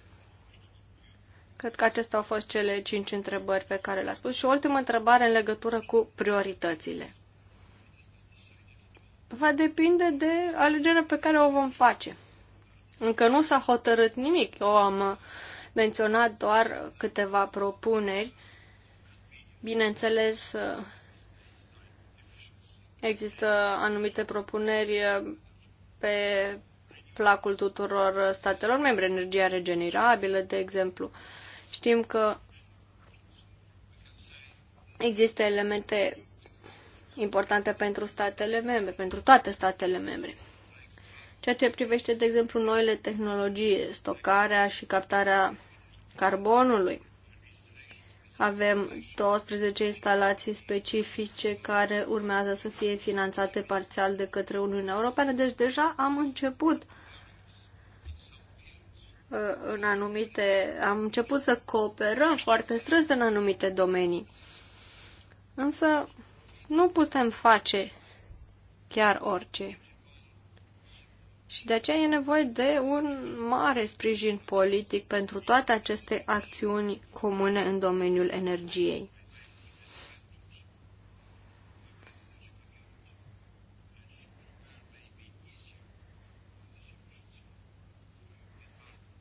Cred că acestea au fost cele cinci întrebări pe care le-a spus și o ultimă întrebare în legătură cu prioritățile. Va depinde de alegerea pe care o vom face. Încă nu s-a hotărât nimic. Eu am uh, menționat doar câteva propuneri. Bineînțeles, uh, Există anumite propuneri eh, pe placul tuturor statelor membre, energia regenerabilă, de exemplu. Știm că există elemente importante pentru statele membre, pentru toate statele membre. Ceea ce privește, de exemplu, noile tehnologii, stocarea și captarea carbonului. Avem 12 instalații specifice care urmează să fie finanțate parțial de către Uniunea Europeană, deci deja am început uh, în anumite, am început să cooperăm foarte strâns în anumite domenii. Însă nu putem face chiar orice. Și de aceea e nevoie de un mare sprijin politic pentru toate aceste acțiuni comune în domeniul energiei.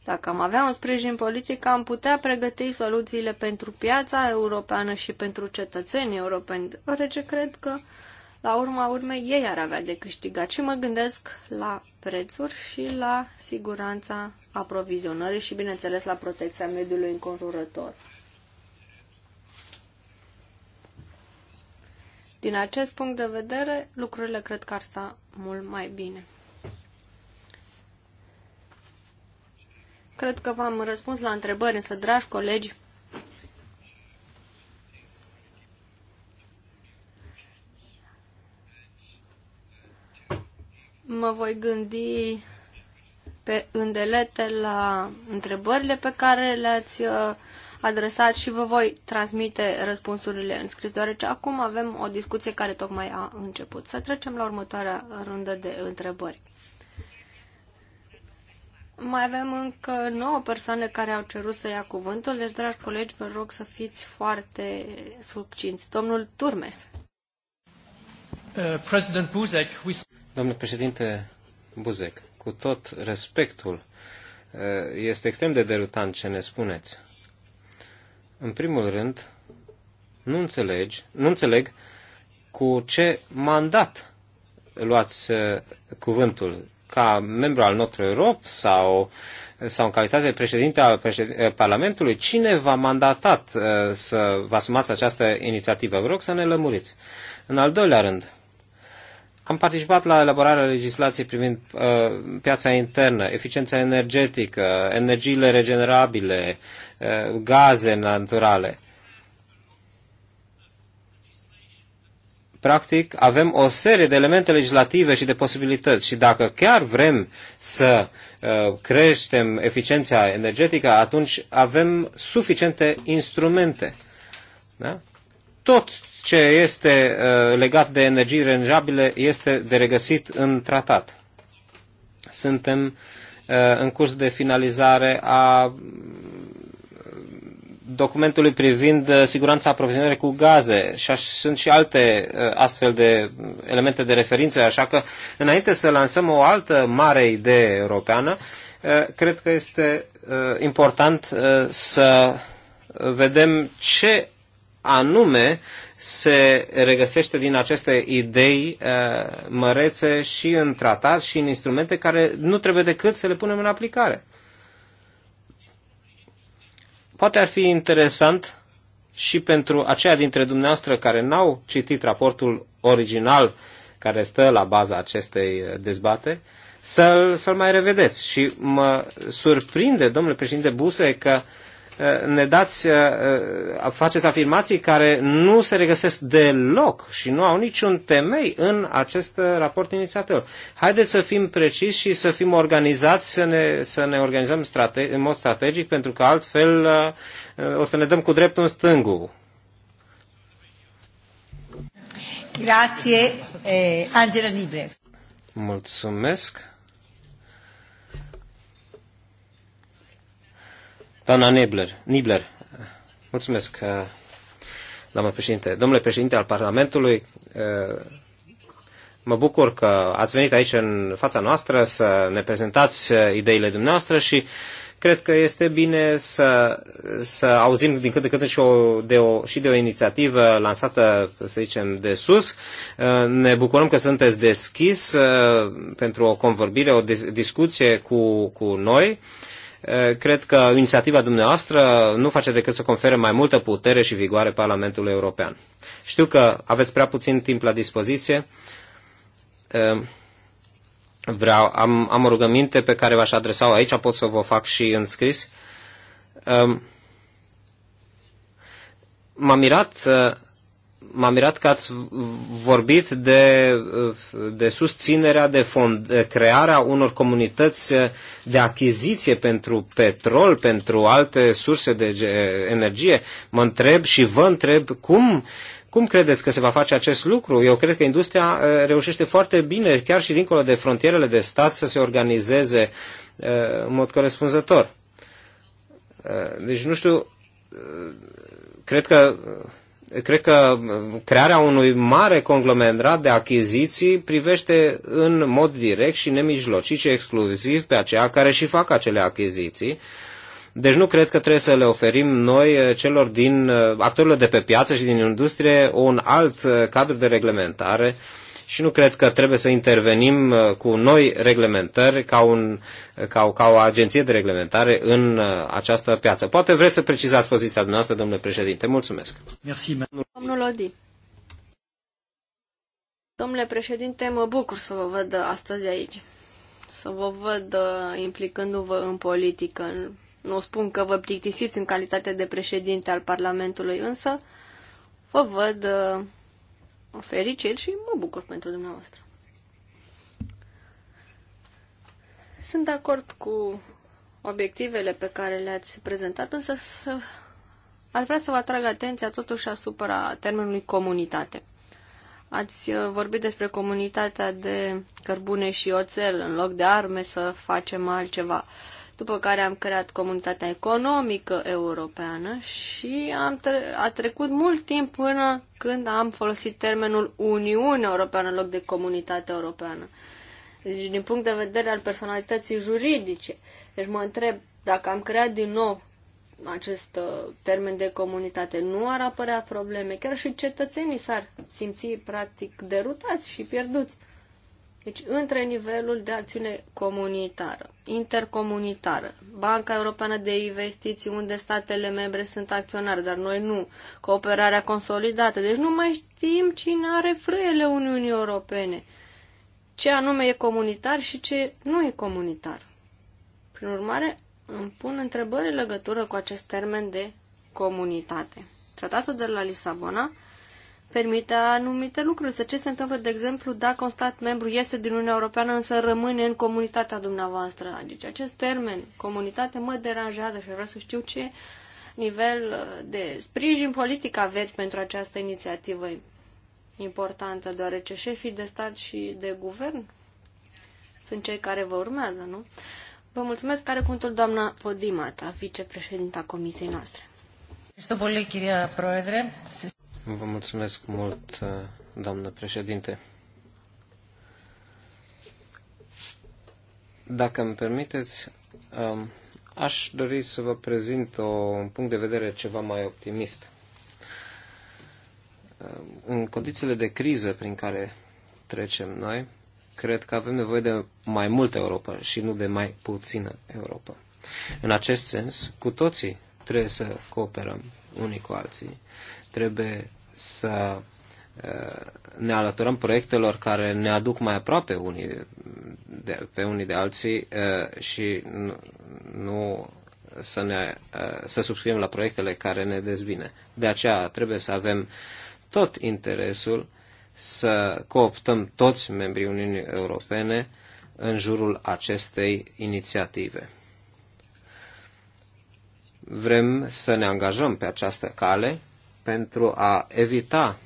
Dacă am avea un sprijin politic, am putea pregăti soluțiile pentru piața europeană și pentru cetățenii europeni, deoarece cred că uh, la urma urmei ei ar avea de câștigat. Și mă gândesc la prețuri și la siguranța aprovizionării și, bineînțeles, la protecția mediului înconjurător. Din acest punct de vedere, lucrurile cred că ar sta mult mai bine. Cred că v-am răspuns la întrebări, însă, dragi colegi, mă voi gândi pe îndelete la întrebările pe care le-ați uh, adresat și vă voi transmite răspunsurile în scris, deoarece acum avem o discuție care tocmai a început. Să trecem la următoarea rundă de întrebări. Mai avem încă nouă persoane care au cerut să ia cuvântul, deci, dragi colegi, vă rog să fiți foarte succinți. Domnul Turmes. Uh, President Buzek, we... Domnule președinte Buzek, cu tot respectul, eh, este extrem de derutant ce ne spuneți. În primul rând, nu, înțelegi, nu înțeleg cu ce mandat luați eh, cuvântul ca membru al Notre Europe sau, sau în calitate de președinte al eh, Parlamentului, cine v-a mandatat să vă asumați această inițiativă? Vă rog să ne lămuriți. În al doilea rând, am participat la elaborarea legislației privind uh, piața internă, eficiența energetică, energiile regenerabile, uh, gaze naturale. Practic, avem o serie de elemente legislative și de posibilități și dacă chiar vrem să uh, creștem eficiența energetică, atunci avem suficiente instrumente. Da? Tot ce este uh, legat de energii regenerabile este de regăsit în tratat. Suntem uh, în curs de finalizare a uh, documentului privind siguranța aprovizionării cu gaze și sunt și alte astfel de elemente de referință, așa că înainte să lansăm o altă mare idee europeană, cred că este important să vedem ce anume se regăsește din aceste idei uh, mărețe și în tratat și în instrumente care nu trebuie decât să le punem în aplicare. Poate ar fi interesant și pentru aceia dintre dumneavoastră care n-au citit raportul original care stă la baza acestei uh, dezbateri, să-l, să-l mai revedeți. Și mă surprinde, domnule președinte Buse, că uh, Eh, ne dați, eh, eh, faceți afirmații care nu se regăsesc deloc și nu au niciun temei în acest raport inițiator. Haideți să fim preciși și să fim organizați, să ne, să ne organizăm strate, în mod strategic, pentru că altfel o să ne dăm cu dreptul în stângul. Grazie, eh, Angela Libre. Mulțumesc. Doamna Nibler, Nibler, mulțumesc, uh, doamnă președinte. Domnule președinte al Parlamentului, uh, mă bucur că ați venit aici în fața noastră să ne prezentați uh, ideile dumneavoastră și cred că este bine să, să auzim din când în când și, o, de o, și de o inițiativă lansată, să zicem, de sus. Ne bucurăm că sunteți deschis pentru o convorbire, o discuție cu, cu noi Eh, cred că inițiativa dumneavoastră nu face decât să confere mai multă putere și vigoare Parlamentului European. Știu că aveți prea puțin timp la dispoziție. Eh, vreau, am, am o rugăminte pe care v-aș adresa aici, pot să vă fac și în scris. Eh, m am mirat m-am mirat că ați vorbit de, de susținerea, de, fond, de crearea unor comunități de achiziție pentru petrol, pentru alte surse de energie. Mă întreb și vă întreb cum, cum credeți că se va face acest lucru? Eu cred că industria uh, reușește foarte bine, chiar și dincolo de frontierele de stat, să se organizeze uh, în mod corespunzător. Uh, deci, nu știu, cred că Cred că crearea unui mare conglomerat de achiziții privește în mod direct și nemijlocit și exclusiv pe aceia care și fac acele achiziții. Deci nu cred că trebuie să le oferim noi eh, celor din eh, actorilor de pe piață și din industrie un alt eh, cadru de reglementare uh, și nu cred că trebuie să intervenim uh, cu noi reglementări ca, un, uh, ca, ca o agenție de reglementare în uh, această piață. Poate vreți să precizați poziția dumneavoastră, domnule președinte. Mulțumesc. Merci, Domnul Odi. Domnule președinte, mă bucur să vă văd astăzi aici. Să vă văd implicându-vă în politică. Nu spun că vă plictisiți în calitate de președinte al Parlamentului, însă vă văd fericit și mă bucur pentru dumneavoastră. Sunt de acord cu obiectivele pe care le-ați prezentat, însă să... ar vrea să vă atrag atenția totuși asupra termenului comunitate. Ați vorbit despre comunitatea de cărbune și oțel, în loc de arme să facem altceva după care am creat Comunitatea Economică Europeană și am tre- a trecut mult timp până când am folosit termenul Uniune Europeană în loc de Comunitate Europeană. Deci, din punct de vedere al personalității juridice, deci mă întreb dacă am creat din nou acest uh, termen de comunitate, nu ar apărea probleme. Chiar și cetățenii s-ar simți practic derutați și pierduți. Deci, între nivelul de acțiune comunitară, intercomunitară, Banca Europeană de Investiții, unde statele membre sunt acționari, dar noi nu, cooperarea consolidată. Deci nu mai știm cine are frâiele Uniunii Europene, ce anume e comunitar și ce nu e comunitar. Prin urmare, îmi pun întrebări în legătură cu acest termen de comunitate. Tratatul de la Lisabona permite anumite lucruri. Să ce se întâmplă, de exemplu, dacă un stat membru este din Uniunea Europeană, însă rămâne în comunitatea dumneavoastră. Deci acest termen, comunitate, mă deranjează și vreau să știu ce nivel uh, de sprijin politic aveți pentru această inițiativă importantă, deoarece șefii de stat și de guvern sunt cei care vă urmează, nu? Vă mulțumesc, care cuvântul doamna Podimata, vicepreședinta comisiei noastre. Este πολύ κυρία Πρόεδρε. Vă mulțumesc mult, uh, doamnă președinte. Dacă îmi permiteți, um, aș dori să vă prezint o, un punct de vedere ceva mai optimist. Uh, în condițiile de criză prin care trecem noi, cred că avem nevoie de mai multă Europa și nu de mai puțină Europa. În acest sens, cu toții trebuie să cooperăm unii cu alții. Trebuie să ne alăturăm proiectelor care ne aduc mai aproape unii de, pe unii de alții și nu să, ne, să subscriem la proiectele care ne dezbine. De aceea trebuie să avem tot interesul să cooptăm toți membrii Uniunii Europene în jurul acestei inițiative vrem să ne angajăm pe această cale pentru a evita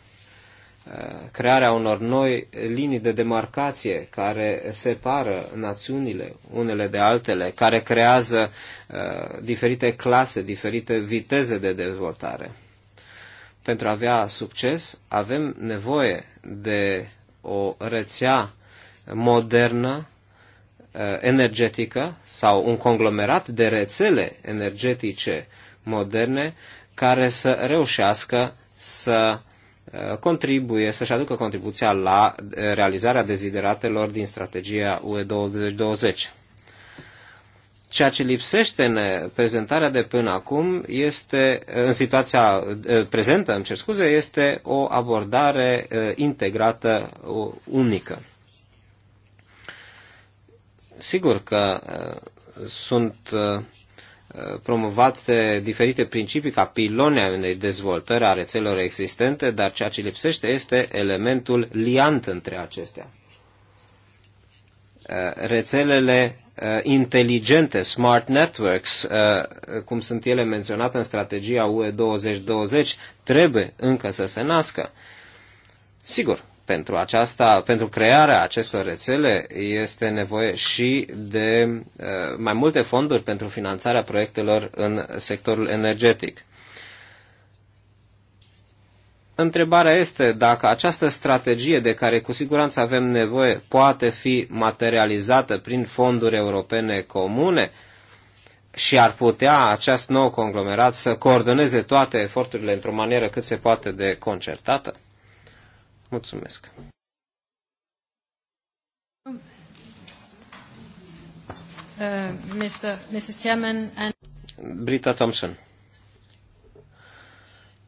uh, crearea unor noi linii de demarcație care separă națiunile unele de altele, care creează uh, diferite clase, diferite viteze de dezvoltare. Pentru a avea succes, avem nevoie de o rețea modernă Uh, energetică sau un conglomerat de rețele energetice moderne care să reușească să uh, contribuie, să-și aducă contribuția la realizarea dezideratelor din strategia UE 2020. Ceea ce lipsește în prezentarea de până acum este, în situația uh, prezentă, îmi cer scuze, este o abordare integrată, unică. Sigur că uh, sunt uh, uh, promovate diferite principii ca pilone a unei dezvoltări a rețelelor existente, dar ceea ce lipsește este elementul liant între acestea. Rețelele inteligente, smart networks, cum sunt ele menționate în strategia UE 2020, trebuie încă să se nască. Sigur, pentru, aceasta, pentru crearea acestor rețele este nevoie și de uh, mai multe fonduri pentru finanțarea proiectelor în sectorul energetic. Întrebarea este dacă această strategie de care cu siguranță avem nevoie poate fi materializată prin fonduri europene comune și ar putea acest nou conglomerat să coordoneze toate eforturile într-o manieră cât se poate de concertată? Mulțumesc! Uh, Brita Thompson.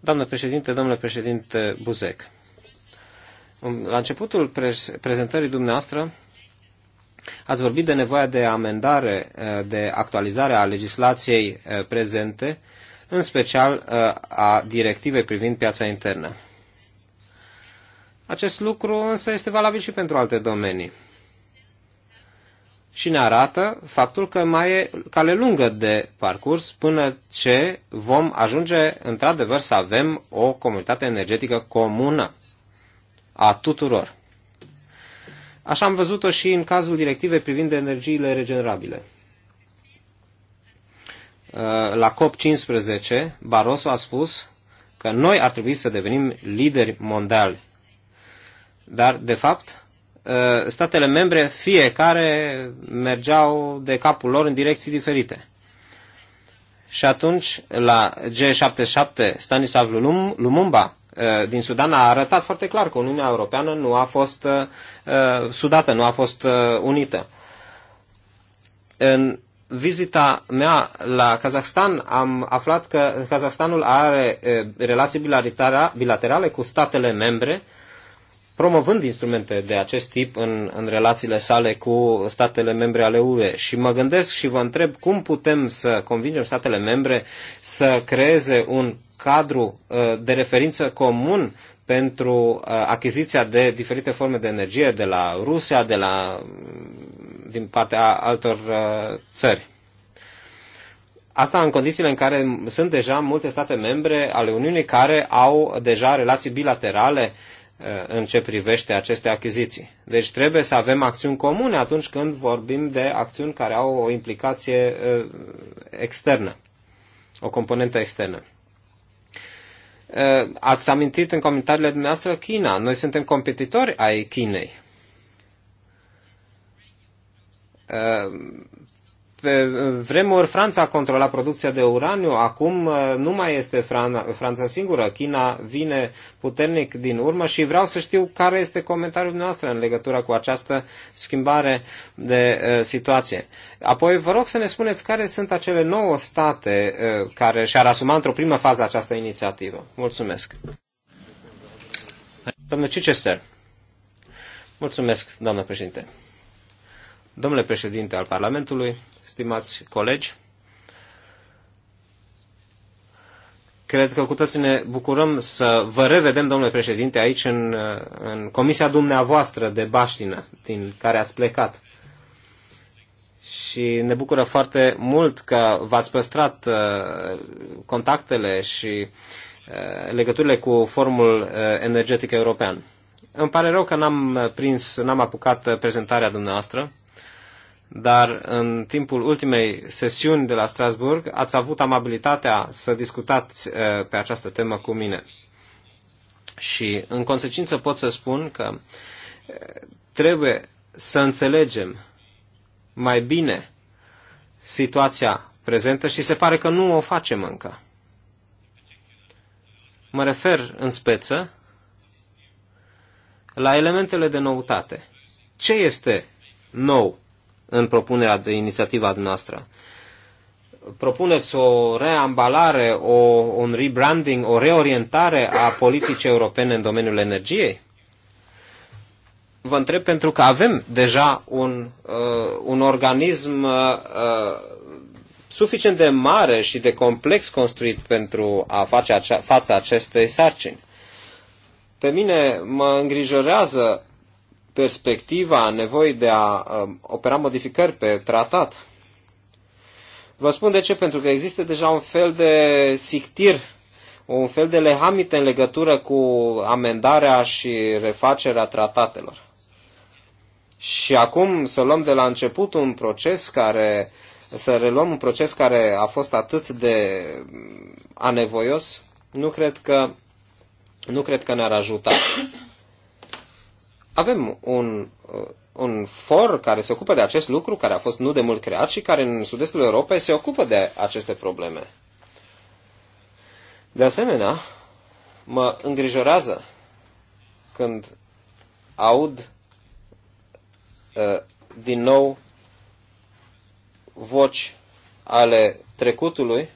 Doamnă președinte, domnule președinte Buzek, la începutul prezentării dumneavoastră ați vorbit de nevoia de amendare, uh, de actualizare a legislației uh, prezente, în special a directivei privind piața internă. Acest lucru însă este valabil și pentru alte domenii. Și ne arată faptul că mai e cale lungă de parcurs până ce vom ajunge într-adevăr să avem o comunitate energetică comună a tuturor. Așa am văzut-o și în cazul directivei privind energiile regenerabile. Uh, la COP15, Barroso a spus că noi ar trebui să devenim lideri mondiali dar, de fapt, ă, statele membre, fiecare mergeau de capul lor în direcții diferite. Și atunci, la G77, Stanislav Lumumba ă, din Sudan a arătat foarte clar că Uniunea Europeană nu a fost ă, sudată, nu a fost unită. În vizita mea la Kazahstan am aflat că Kazahstanul are relații bilaterale cu statele membre promovând instrumente de acest tip în, în relațiile sale cu statele membre ale UE. Și mă gândesc și vă întreb cum putem să convingem statele membre să creeze un cadru uh, de referință comun pentru uh, achiziția de diferite forme de energie de la Rusia, de la, mm, din partea altor uh, țări. Asta în condițiile în care sunt deja multe state membre ale Uniunii care au deja relații bilaterale Uh, în ce privește aceste achiziții. Deci trebuie să avem acțiuni comune atunci când vorbim de acțiuni care au o implicație uh, externă, o componentă externă. Uh, ați amintit în comentariile dumneavoastră China. Noi suntem competitori ai Chinei pe vremuri Franța controla producția de uraniu, acum uh, nu mai este Fran- Franța singură. China vine puternic din urmă și vreau să știu care este comentariul noastră în legătură cu această schimbare de uh, situație. Apoi vă rog să ne spuneți care sunt acele nouă state uh, care și-ar asuma într-o primă fază această inițiativă. Mulțumesc. Domnul Chichester. Mulțumesc, doamnă președinte. Domnule președinte al Parlamentului, stimați colegi, cred că cu toții ne bucurăm să vă revedem, domnule președinte, aici în, în comisia dumneavoastră de baștină din care ați plecat. Și ne bucură foarte mult că v-ați păstrat uh, contactele și uh, legăturile cu Formul uh, Energetic European. Îmi pare rău că n-am prins, n-am apucat prezentarea dumneavoastră dar în timpul ultimei sesiuni de la Strasburg ați avut amabilitatea să discutați uh, pe această temă cu mine. Și în consecință pot să spun că uh, trebuie să înțelegem mai bine situația prezentă și se pare că nu o facem încă. Mă refer în speță la elementele de noutate. Ce este nou în propunerea de inițiativa noastră. Propuneți o reambalare, o, un rebranding, o reorientare a politicii europene în domeniul energiei? Vă întreb pentru că avem deja un, uh, un organism uh, uh suficient de mare și de complex construit pentru a face acea, fața acestei sarcini. Pe mine mă îngrijorează perspectiva nevoii de a um, opera modificări pe tratat. Vă spun de ce, pentru că există deja un fel de sictir, un fel de lehamite în legătură cu amendarea și refacerea tratatelor. Și acum să luăm de la început un proces care, să reluăm un proces care a fost atât de anevoios, nu cred că, nu cred că ne-ar ajuta. Avem un, uh, un for care se ocupă de acest lucru, care a fost nu de mult creat și care în sud-estul Europei se ocupă de aceste probleme. De asemenea, mă îngrijorează când aud uh, din nou voci ale trecutului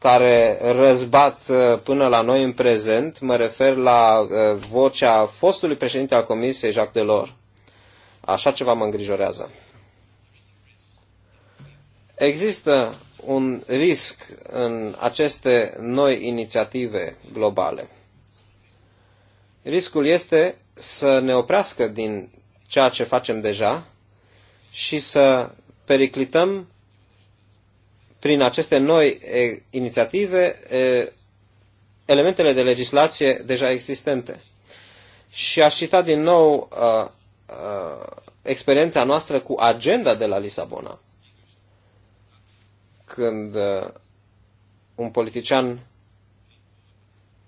care răzbat uh, până la noi în prezent. Mă refer la uh, vocea fostului președinte al Comisiei, Jacques Delors. Așa ceva mă îngrijorează. Există un risc în aceste noi inițiative globale. Riscul este să ne oprească din ceea ce facem deja și să periclităm prin aceste noi inițiative elementele de legislație deja existente. Și aș cita din nou uh, uh, experiența noastră cu agenda de la Lisabona. Când uh, un politician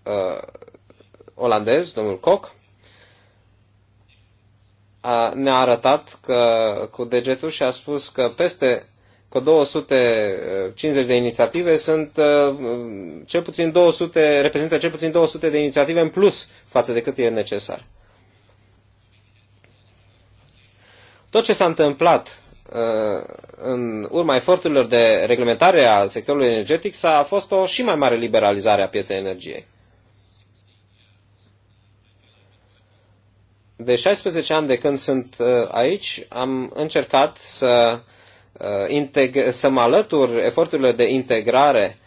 uh, olandez, domnul Koch, ne-a arătat că, cu degetul și a spus că peste că 250 de inițiative sunt uh, cel puțin 200, reprezintă cel puțin 200 de inițiative în plus față de cât e necesar. Tot ce s-a întâmplat uh, în urma eforturilor de reglementare a sectorului energetic s-a fost o și mai mare liberalizare a pieței energiei. De 16 ani de când sunt uh, aici, am încercat să Uh, să mă alătur eforturile de integrare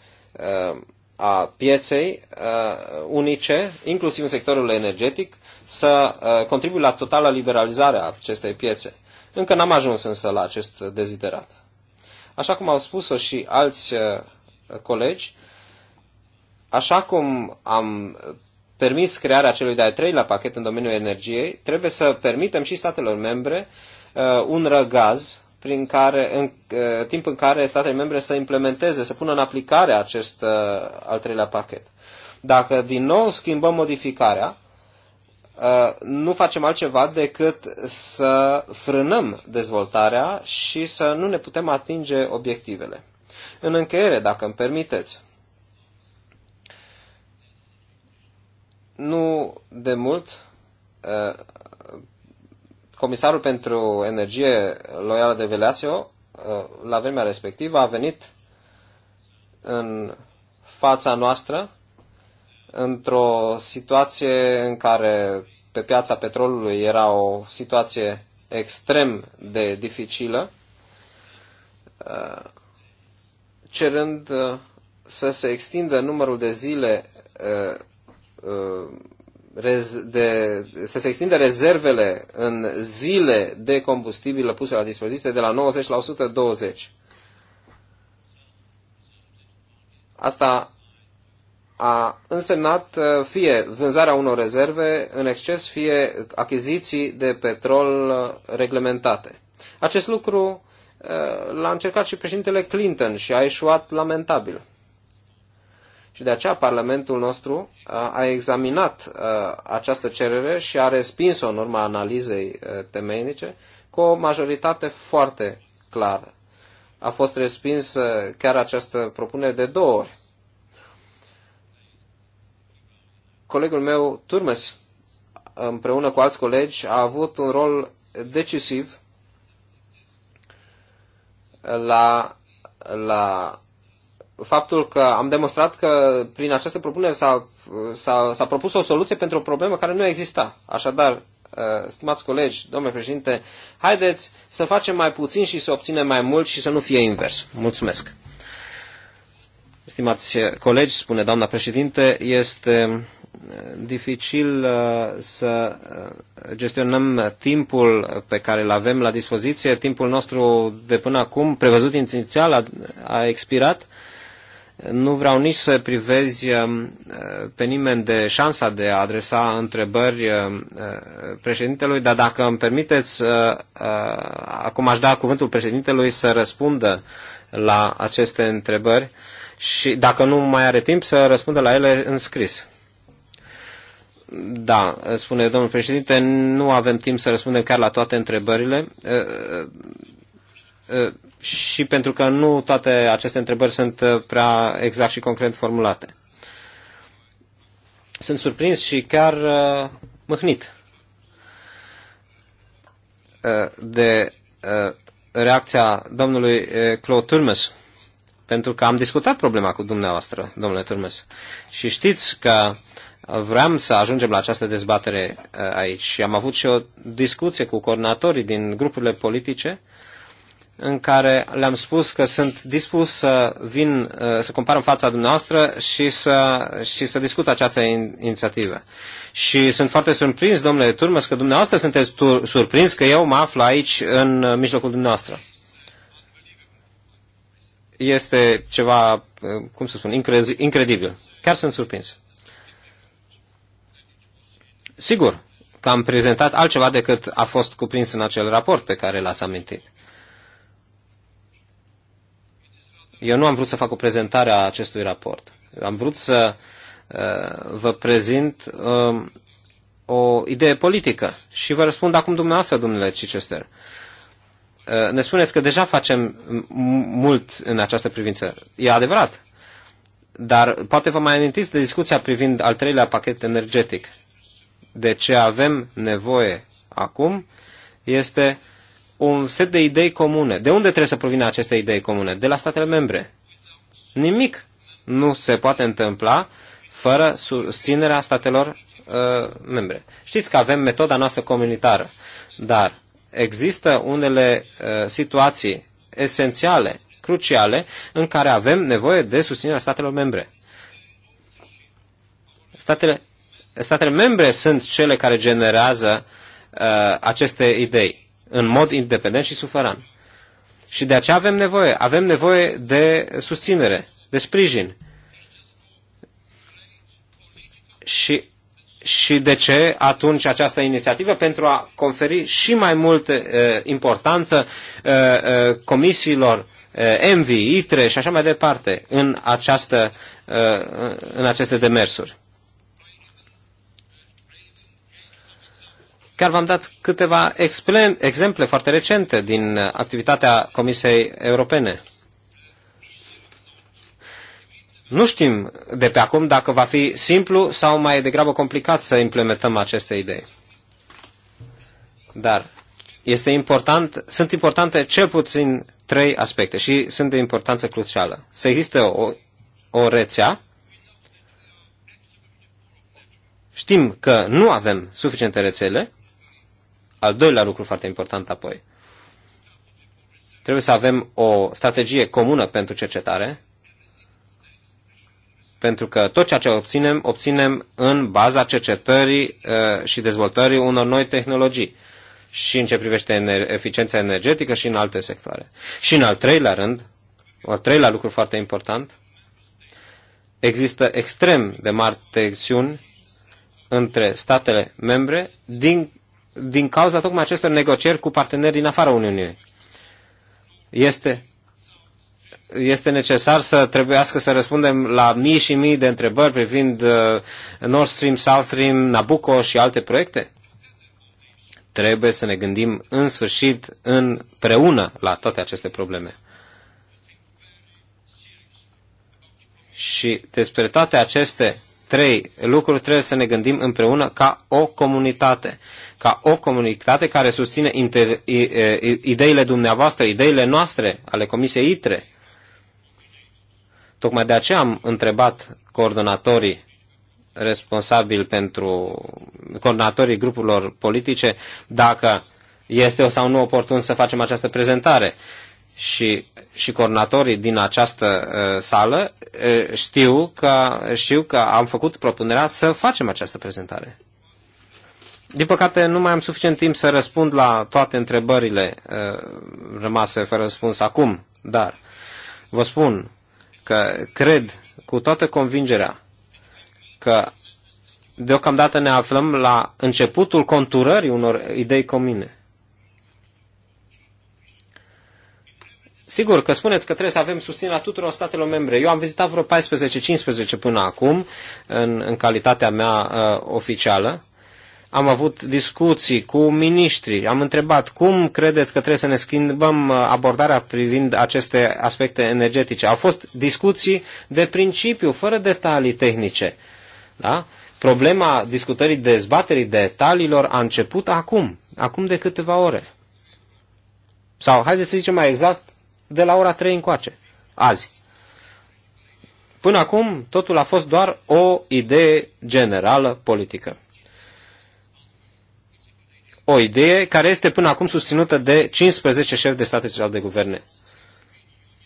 uh, a pieței uh, unice, inclusiv în sectorul energetic, să contribuie la totala liberalizare a acestei piețe. Încă n-am ajuns însă la acest deziderat. Așa cum au spus-o și alți colegi, așa cum am permis crearea celui de-al treilea pachet în domeniul energiei, trebuie să permitem și statelor membre un răgaz prin care, în uh, timp în care statele membre să implementeze, să pună în aplicare acest uh, al treilea pachet. Dacă din nou schimbăm modificarea, uh, nu facem altceva decât să frânăm dezvoltarea și să nu ne putem atinge obiectivele. În încheiere, dacă îmi permiteți, nu de mult comisarul pentru energie loială de Veleaseo, uh, la vremea respectivă, a venit în fața noastră într-o situație în care pe piața petrolului era o situație extrem de dificilă, uh, cerând uh, să se extindă numărul de zile de, să se extindă rezervele în zile de combustibil puse la dispoziție de la 90 la 120. Asta a însemnat uh, fie vânzarea unor rezerve în exces, fie achiziții de petrol uh, reglementate. Acest lucru uh, l-a încercat și președintele Clinton și a eșuat lamentabil. Și de aceea Parlamentul nostru uh, a examinat uh, această cerere și a respins-o în urma analizei uh, temeinice cu o majoritate foarte clară. A fost respins chiar această propunere de două ori. Colegul meu, Turmes, împreună cu alți colegi, a avut un rol decisiv la, la faptul că am demonstrat că prin această propunere s-a, s-a, s-a propus o soluție pentru o problemă care nu exista. Așadar, uh, stimați colegi, domnule președinte, haideți să facem mai puțin și să obținem mai mult și să nu fie invers. Mulțumesc. Stimați colegi, spune doamna președinte, este uh, dificil uh, să gestionăm timpul pe care îl avem la dispoziție. Timpul nostru de până acum, prevăzut inițial, a, a expirat. Nu vreau nici să privezi uh, pe nimeni de șansa de a adresa întrebări uh, uh, președintelui, dar dacă îmi permiteți, acum aș da cuvântul președintelui să răspundă la aceste întrebări și dacă nu mai are timp să răspundă la ele în scris. Da, spune domnul președinte, nu avem timp să răspundem chiar la toate întrebările și pentru că nu toate aceste întrebări sunt uh, prea exact și concret formulate. Sunt surprins și chiar uh, mâhnit uh, de uh, reacția domnului Claude Turmes, pentru că am discutat problema cu dumneavoastră, domnule Turmes, și știți că vreau să ajungem la această dezbatere aici și am avut și o discuție cu coordonatorii din grupurile politice uh, în care le-am spus că sunt dispus să vin, uh, să compar în fața dumneavoastră și să, și să discut această inițiativă. Și sunt foarte surprins, domnule Turmăs, că dumneavoastră sunteți surprins că eu mă aflu aici în mijlocul dumneavoastră. Este ceva, uh, cum să spun, incredibil. Chiar sunt surprins. Sigur că am prezentat altceva decât a fost cuprins în acel raport pe care l-ați amintit. eu nu am vrut să fac o prezentare a acestui raport. Am vrut să uh, vă prezint um, o idee politică și vă răspund acum dumneavoastră, domnule Chichester. Uh, ne spuneți că deja facem mult în această privință. E adevărat. Dar poate vă mai amintiți de discuția privind al treilea pachet energetic. De ce avem nevoie acum este uh, un set de idei comune. De unde trebuie să provină aceste idei comune? De la statele membre. Nimic nu se poate întâmpla fără susținerea statelor uh, membre. Știți că avem metoda noastră comunitară, dar există unele uh, situații esențiale, cruciale, în care avem nevoie de susținerea statelor membre. Statele, statele membre sunt cele care generează uh, aceste idei în mod independent și suferan. Și de aceea avem nevoie. Avem nevoie de susținere, de sprijin. Și, și de ce atunci această inițiativă? Pentru a conferi și mai multă uh, importanță uh, uh, comisiilor uh, MV, ITRE și așa mai departe în, această, uh, în aceste demersuri. Chiar v-am dat câteva exemple foarte recente din activitatea Comisiei Europene. Nu știm de pe acum dacă va fi simplu sau mai degrabă complicat să implementăm aceste idei. Dar este important, sunt importante cel puțin trei aspecte și sunt de importanță crucială. Să existe o, o rețea. Știm că nu avem suficiente rețele al doilea lucru foarte important apoi. Trebuie să avem o strategie comună pentru cercetare, pentru că tot ceea ce obținem, obținem în baza cercetării uh, și dezvoltării unor noi tehnologii și în ce privește eficiența energetică și în alte sectoare. Și în al treilea rând, al treilea lucru foarte important, există extrem de mari tensiuni între statele membre din din cauza tocmai acestor negocieri cu parteneri din afara Uniunii. Este, este necesar să trebuiască să răspundem la mii și mii de întrebări privind uh, Nord Stream, South Stream, Nabucco și alte proiecte? Trebuie să ne gândim în sfârșit împreună la toate aceste probleme. Și despre toate aceste trei lucruri trebuie să ne gândim împreună ca o comunitate. Ca o comunitate care susține inter, ideile dumneavoastră, ideile noastre ale Comisiei ITRE. Tocmai de aceea am întrebat coordonatorii responsabili pentru coordonatorii grupurilor politice dacă este o sau nu oportun să facem această prezentare și, și coordonatorii din această uh, sală uh, știu, că, știu că am făcut propunerea să facem această prezentare. Din păcate, nu mai am suficient timp să răspund la toate întrebările uh, rămase fără răspuns acum, dar vă spun că cred cu toată convingerea că deocamdată ne aflăm la începutul conturării unor idei comune. Sigur că spuneți că trebuie să avem susținerea tuturor statelor membre. Eu am vizitat vreo 14-15 până acum, în, în calitatea mea uh, oficială. Am avut discuții cu miniștri, am întrebat cum credeți că trebuie să ne schimbăm uh, abordarea privind aceste aspecte energetice. Au fost discuții de principiu, fără detalii tehnice. Da? Problema discutării dezbaterii detaliilor a început acum, acum de câteva ore. Sau, haideți să zicem mai exact, de la ora 3 încoace, azi. Până acum, totul a fost doar o idee generală politică. O idee care este până acum susținută de 15 șefi de state și de guverne,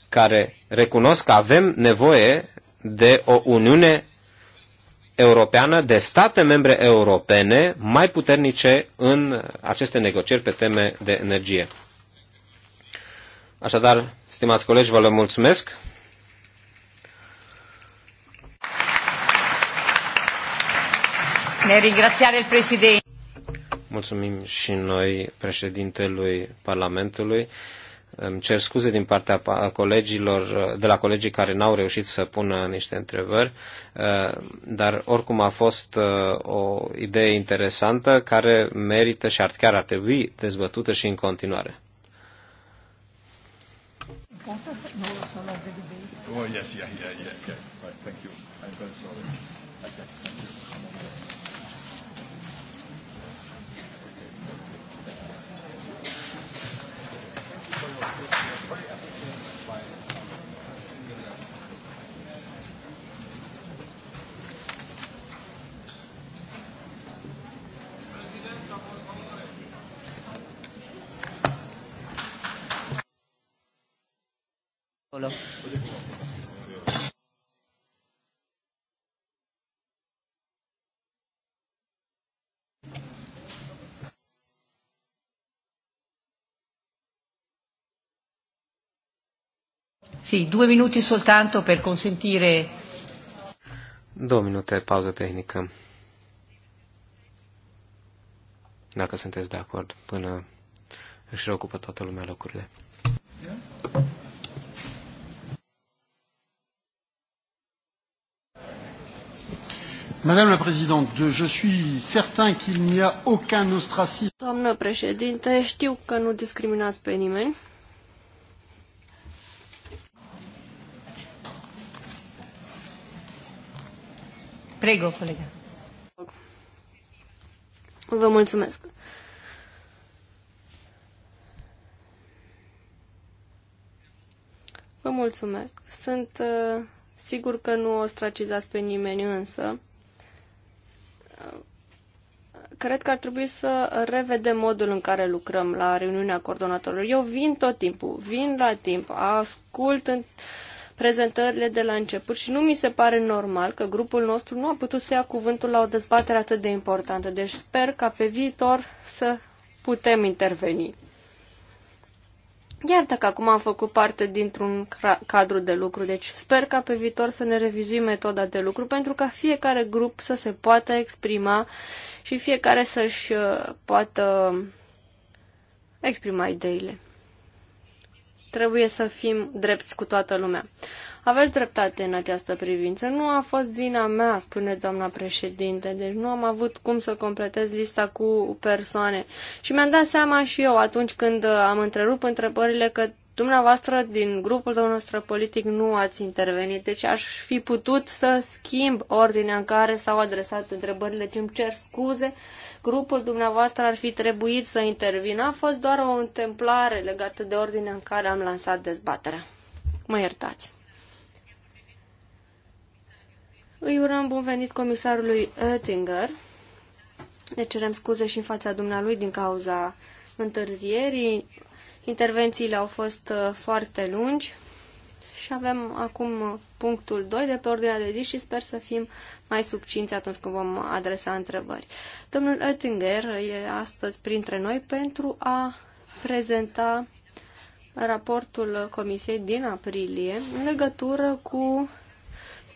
care recunosc că avem nevoie de o Uniune Europeană, de state membre europene mai puternice în aceste negocieri pe teme de energie. Așadar, stimați colegi, vă le mulțumesc. Ne ringrațiare președinte. Mulțumim și noi președintelui Parlamentului. Îmi cer scuze din partea colegilor, de la colegii care n-au reușit să pună niște întrebări, uh, dar oricum a fost uh, o idee interesantă care merită și ar, chiar ar trebui dezbătută și în continuare. Oh, yes, yeah, yeah, yeah, yeah. acolo. Sì, due minuti soltanto per consentire. Două minute pauză tehnică. Dacă sunteți de acord, până își reocupă toată lumea locurile. Yeah. Madame la Présidente, je suis certain qu'il n'y a aucun ostracisme. Doamnă președinte, știu că nu discriminați pe nimeni. Prego, colega. Vă mulțumesc. Vă mulțumesc. Sunt uh, sigur că nu ostracizați pe nimeni, însă cred că ar trebui să revedem modul în care lucrăm la reuniunea coordonatorilor. Eu vin tot timpul, vin la timp, ascult în prezentările de la început și nu mi se pare normal că grupul nostru nu a putut să ia cuvântul la o dezbatere atât de importantă. Deci sper ca pe viitor să putem interveni. Iar dacă acum am făcut parte dintr-un cadru de lucru, deci sper ca pe viitor să ne revizuim metoda de lucru pentru ca fiecare grup să se poată exprima și fiecare să-și uh, poată exprima ideile. Trebuie să fim drepți cu toată lumea. Aveți dreptate în această privință. Nu a fost vina mea, spune doamna președinte, deci nu am avut cum să completez lista cu persoane. Și mi-am dat seama și eu atunci când am întrerupt întrebările că dumneavoastră din grupul dumneavoastră politic nu ați intervenit, deci aș fi putut să schimb ordinea în care s-au adresat întrebările, ce îmi cer scuze, grupul dumneavoastră ar fi trebuit să intervină, a fost doar o întâmplare legată de ordinea în care am lansat dezbaterea. Mă iertați. Îi urăm bun venit comisarului Oettinger. Ne cerem scuze și în fața dumnealui din cauza întârzierii. Intervențiile au fost uh, foarte lungi și avem acum uh, punctul 2 de pe ordinea de zi și sper să fim mai subcinți atunci când vom adresa întrebări. Domnul Oettinger e astăzi printre noi pentru a prezenta raportul Comisiei din aprilie în legătură cu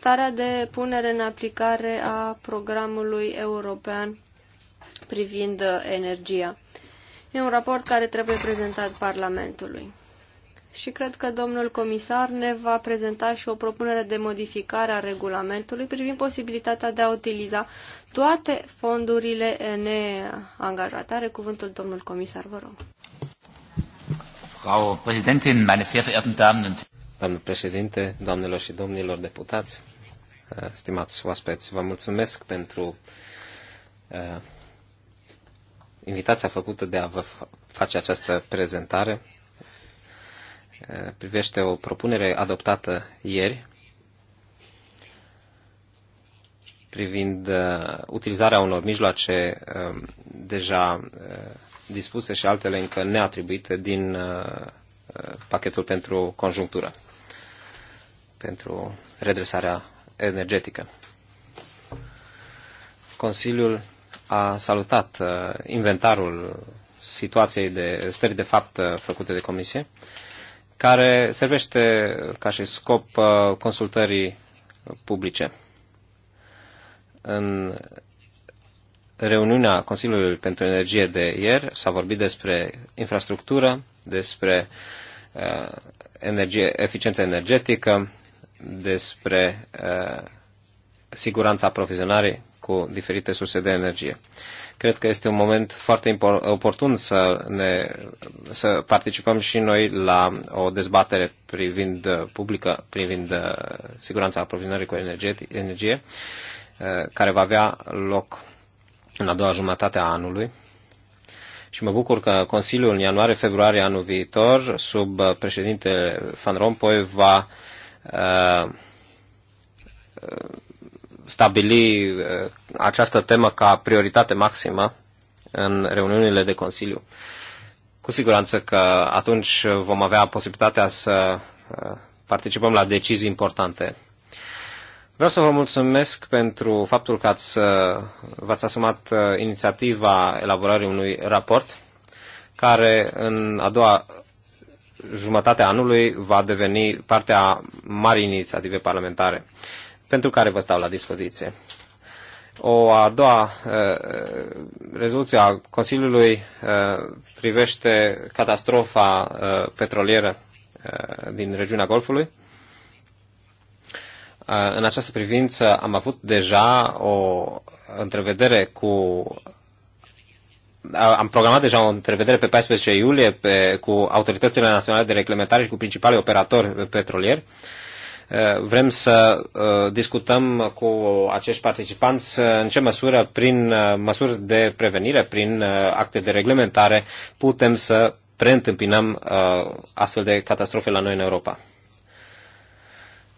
starea de punere în aplicare a programului european privind energia. E un raport care trebuie prezentat Parlamentului. Și cred că domnul comisar ne va prezenta și o propunere de modificare a regulamentului privind posibilitatea de a utiliza toate fondurile neangajate. Are cuvântul domnul comisar, vă rog. Frau meine sehr verehrten Damen und Doamnă președinte, doamnelor și domnilor deputați, Uh, stimați oaspeți. Vă mulțumesc pentru uh, invitația făcută de a vă face această prezentare. Uh, privește o propunere adoptată ieri privind uh, utilizarea unor mijloace uh, deja uh, dispuse și altele încă neatribuite din uh, uh pachetul pentru conjunctură, pentru redresarea energetică. Consiliul a salutat uh, inventarul situației de stări de fapt uh, făcute de comisie, care servește ca și scop uh, consultării publice. În reuniunea Consiliului pentru Energie de ieri s-a vorbit despre infrastructură, despre energie, eficiență energetică, despre uh, siguranța aprovizionării cu diferite surse de energie. Cred că este un moment foarte oportun să, ne, să participăm și noi la o dezbatere privind uh, publică, privind uh, siguranța aprovizionării cu energie, energie uh, care va avea loc în a doua jumătate a anului. Și mă bucur că Consiliul în ianuarie-februarie anul viitor, sub președinte Van Rompuy, va uh, Uh, stabili uh, această temă ca prioritate maximă în reuniunile de Consiliu. Cu siguranță că atunci vom avea posibilitatea să uh, participăm la decizii importante. Vreau să vă mulțumesc pentru faptul că ați, v-ați asumat inițiativa elaborării unui raport care în a doua jumătatea anului va deveni partea marii inițiative parlamentare, pentru care vă stau la dispoziție. O a doua uh, uh, rezoluție a Consiliului uh, privește catastrofa petrolieră din regiunea Golfului. În această privință am avut deja o întrevedere cu am programat deja o întrevedere pe 14 iulie pe, cu autoritățile naționale de reglementare și cu principalii operatori petrolieri. Vrem să discutăm cu acești participanți în ce măsură, prin măsuri de prevenire, prin acte de reglementare, putem să preîntâmpinăm astfel de catastrofe la noi în Europa.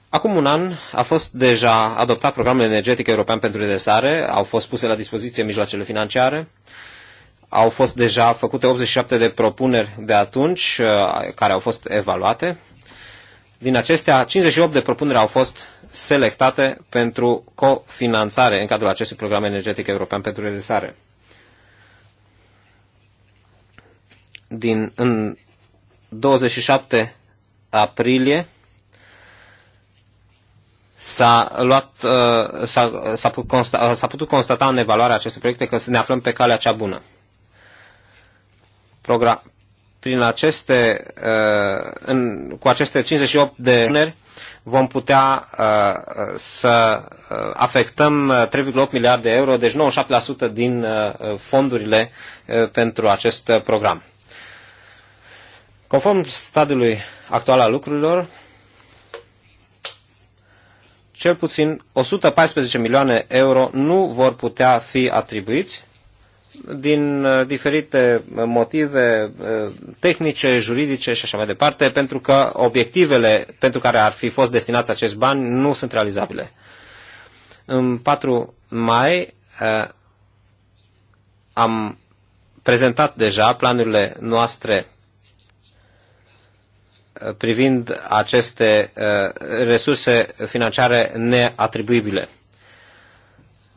Acum un an a fost deja adoptat programul energetic european pentru redresare, au fost puse la dispoziție mijloacele financiare. Uh, au fost deja făcute 87 de propuneri de atunci uh, care au fost evaluate. Din acestea, 58 de propuneri au fost selectate pentru cofinanțare în cadrul acestui program energetic european pentru redresare. Din, în 27 aprilie s-a, luat, uh, s-a, s-a, putut constata în evaluarea acestui proiecte că ne aflăm pe calea cea bună. Program prin aceste, uh, în, cu aceste 58 de puneri vom putea uh, uh, să afectăm 3,8 miliarde de euro, deci 97% din fondurile pentru acest program. Conform stadiului actual al lucrurilor, cel puțin 114 milioane euro nu vor putea fi atribuiți din uh, diferite uh, motive uh, tehnice, juridice și așa mai departe, pentru că obiectivele pentru care ar fi fost destinați acești bani nu sunt realizabile. În 4 mai am prezentat deja planurile noastre privind aceste resurse financiare neatribuibile.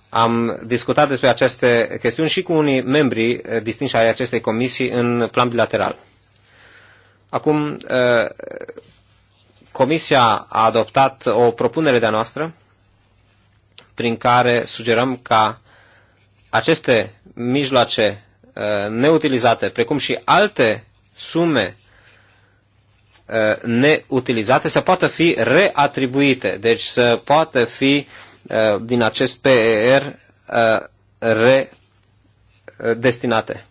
Am discutat despre aceste chestiuni și cu unii membri eh, distinși ai acestei comisii în plan bilateral. Acum, eh, Comisia a adoptat o propunere de-a noastră prin care sugerăm ca aceste mijloace eh, neutilizate, precum și alte sume neutilizate, să poată fi reatribuite, deci să poată fi uh, Uh, din acest PER uh, redestinate.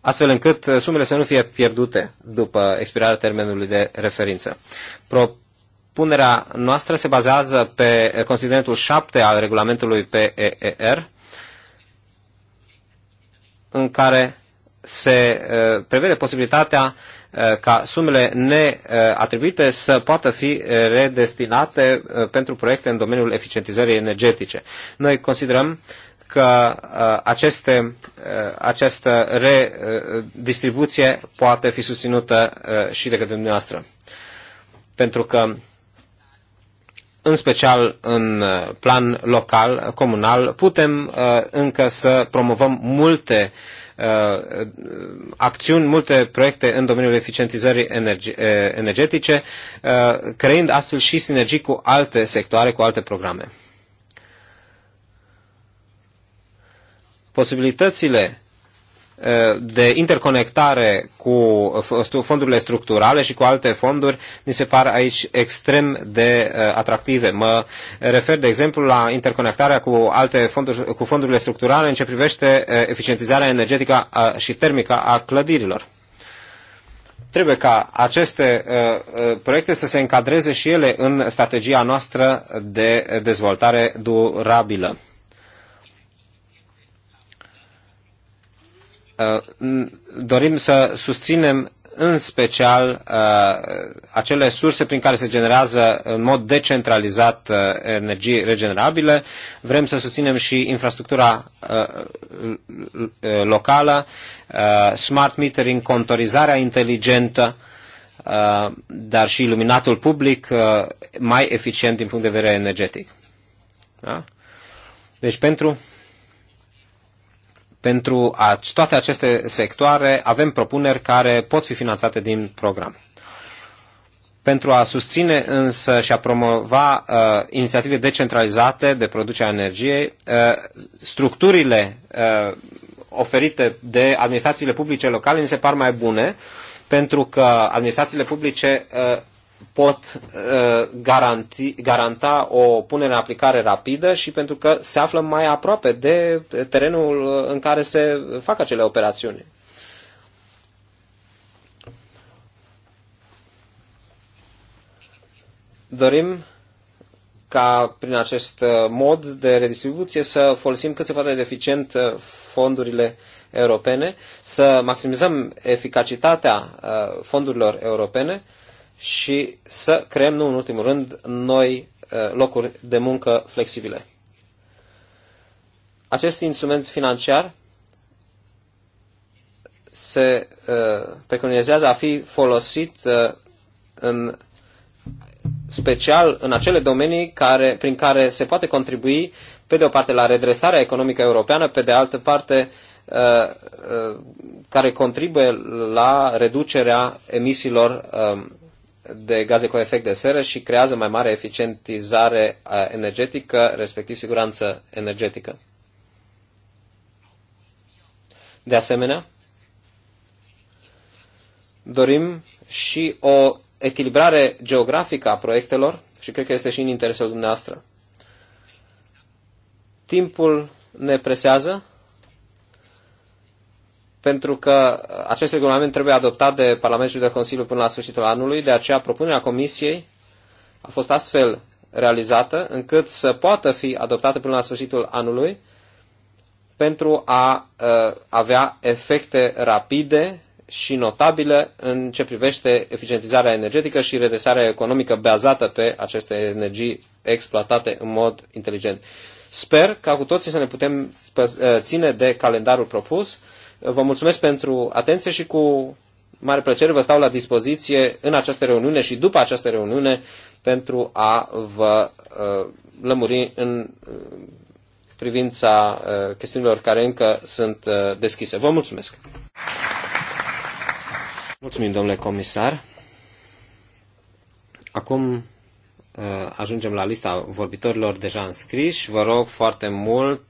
Astfel încât uh, sumele să nu fie pierdute după expirarea termenului de referință. Propunerea noastră se bazează pe considerentul 7 al regulamentului PER, în care se uh, prevede posibilitatea uh, ca sumele neatribuite să poată fi uh, redestinate pentru proiecte în domeniul eficientizării energetice. Noi considerăm că aceste, această redistribuție poate fi susținută și de către dumneavoastră. Pentru că în special în plan local, comunal, putem încă să promovăm multe uh, Uh, acțiuni, multe proiecte în domeniul eficientizării uh, energetice, uh, creând astfel și sinergii cu alte sectoare, cu alte programe. Posibilitățile Eh, de interconectare cu fondurile structurale și cu alte fonduri ni se par aici extrem de eh, atractive. Mă refer, de exemplu, la interconectarea cu alte fonduri, cu fondurile structurale în ce privește eh, eficientizarea energetică și termică a clădirilor. Trebuie ca aceste proiecte să se încadreze și ele în strategia noastră de dezvoltare durabilă. Uh, dorim să susținem în special uh, acele surse prin care se generează în mod decentralizat uh, energii regenerabile. Vrem să susținem și infrastructura locală, smart metering, contorizarea inteligentă, dar și iluminatul public mai eficient din punct de vedere energetic. Da? Deci pentru pentru toate aceste sectoare avem propuneri care pot fi finanțate din program. Pentru a susține însă și a promova uh, inițiative decentralizate de producere a energiei, uh, structurile uh, oferite de administrațiile publice locale ni se par mai bune, pentru că administrațiile publice uh, pot uh, garanti, garanta o punere în aplicare rapidă și pentru că se află mai aproape de terenul uh, în care se fac acele operațiuni. Dorim ca prin acest uh, mod de redistribuție să folosim cât se poate de eficient uh, fondurile europene, să maximizăm eficacitatea fondurilor europene, și să creăm, nu în ultimul rând, noi uh, locuri de muncă flexibile. Acest instrument financiar se uh, preconizează a fi folosit uh, în special în acele domenii care, prin care se poate contribui, pe de o parte, la redresarea economică europeană, pe de altă parte, care contribuie la reducerea emisiilor um, de gaze cu efect de seră și creează mai mare eficientizare uh, energetică, respectiv siguranță energetică. De asemenea, dorim și o echilibrare geografică a proiectelor și cred că este și în interesul dumneavoastră. Timpul ne presează, pentru că acest regulament trebuie adoptat de Parlamentul de Consiliu până la sfârșitul anului, de aceea propunerea Comisiei a fost astfel realizată încât să poată fi adoptată până la sfârșitul anului pentru a uh, avea efecte rapide și notabile în ce privește eficientizarea energetică și redresarea economică bazată pe aceste energii exploatate în mod inteligent. Sper ca cu toții să ne putem ține de calendarul propus Vă mulțumesc pentru atenție și cu mare plăcere vă stau la dispoziție în această reuniune și după această reuniune pentru a vă uh, lămuri în uh, privința uh, chestiunilor care încă sunt deschise. Vă mulțumesc! Mulțumim, domnule comisar. Acum ajungem la lista vorbitorilor deja înscriși. Vă rog foarte mult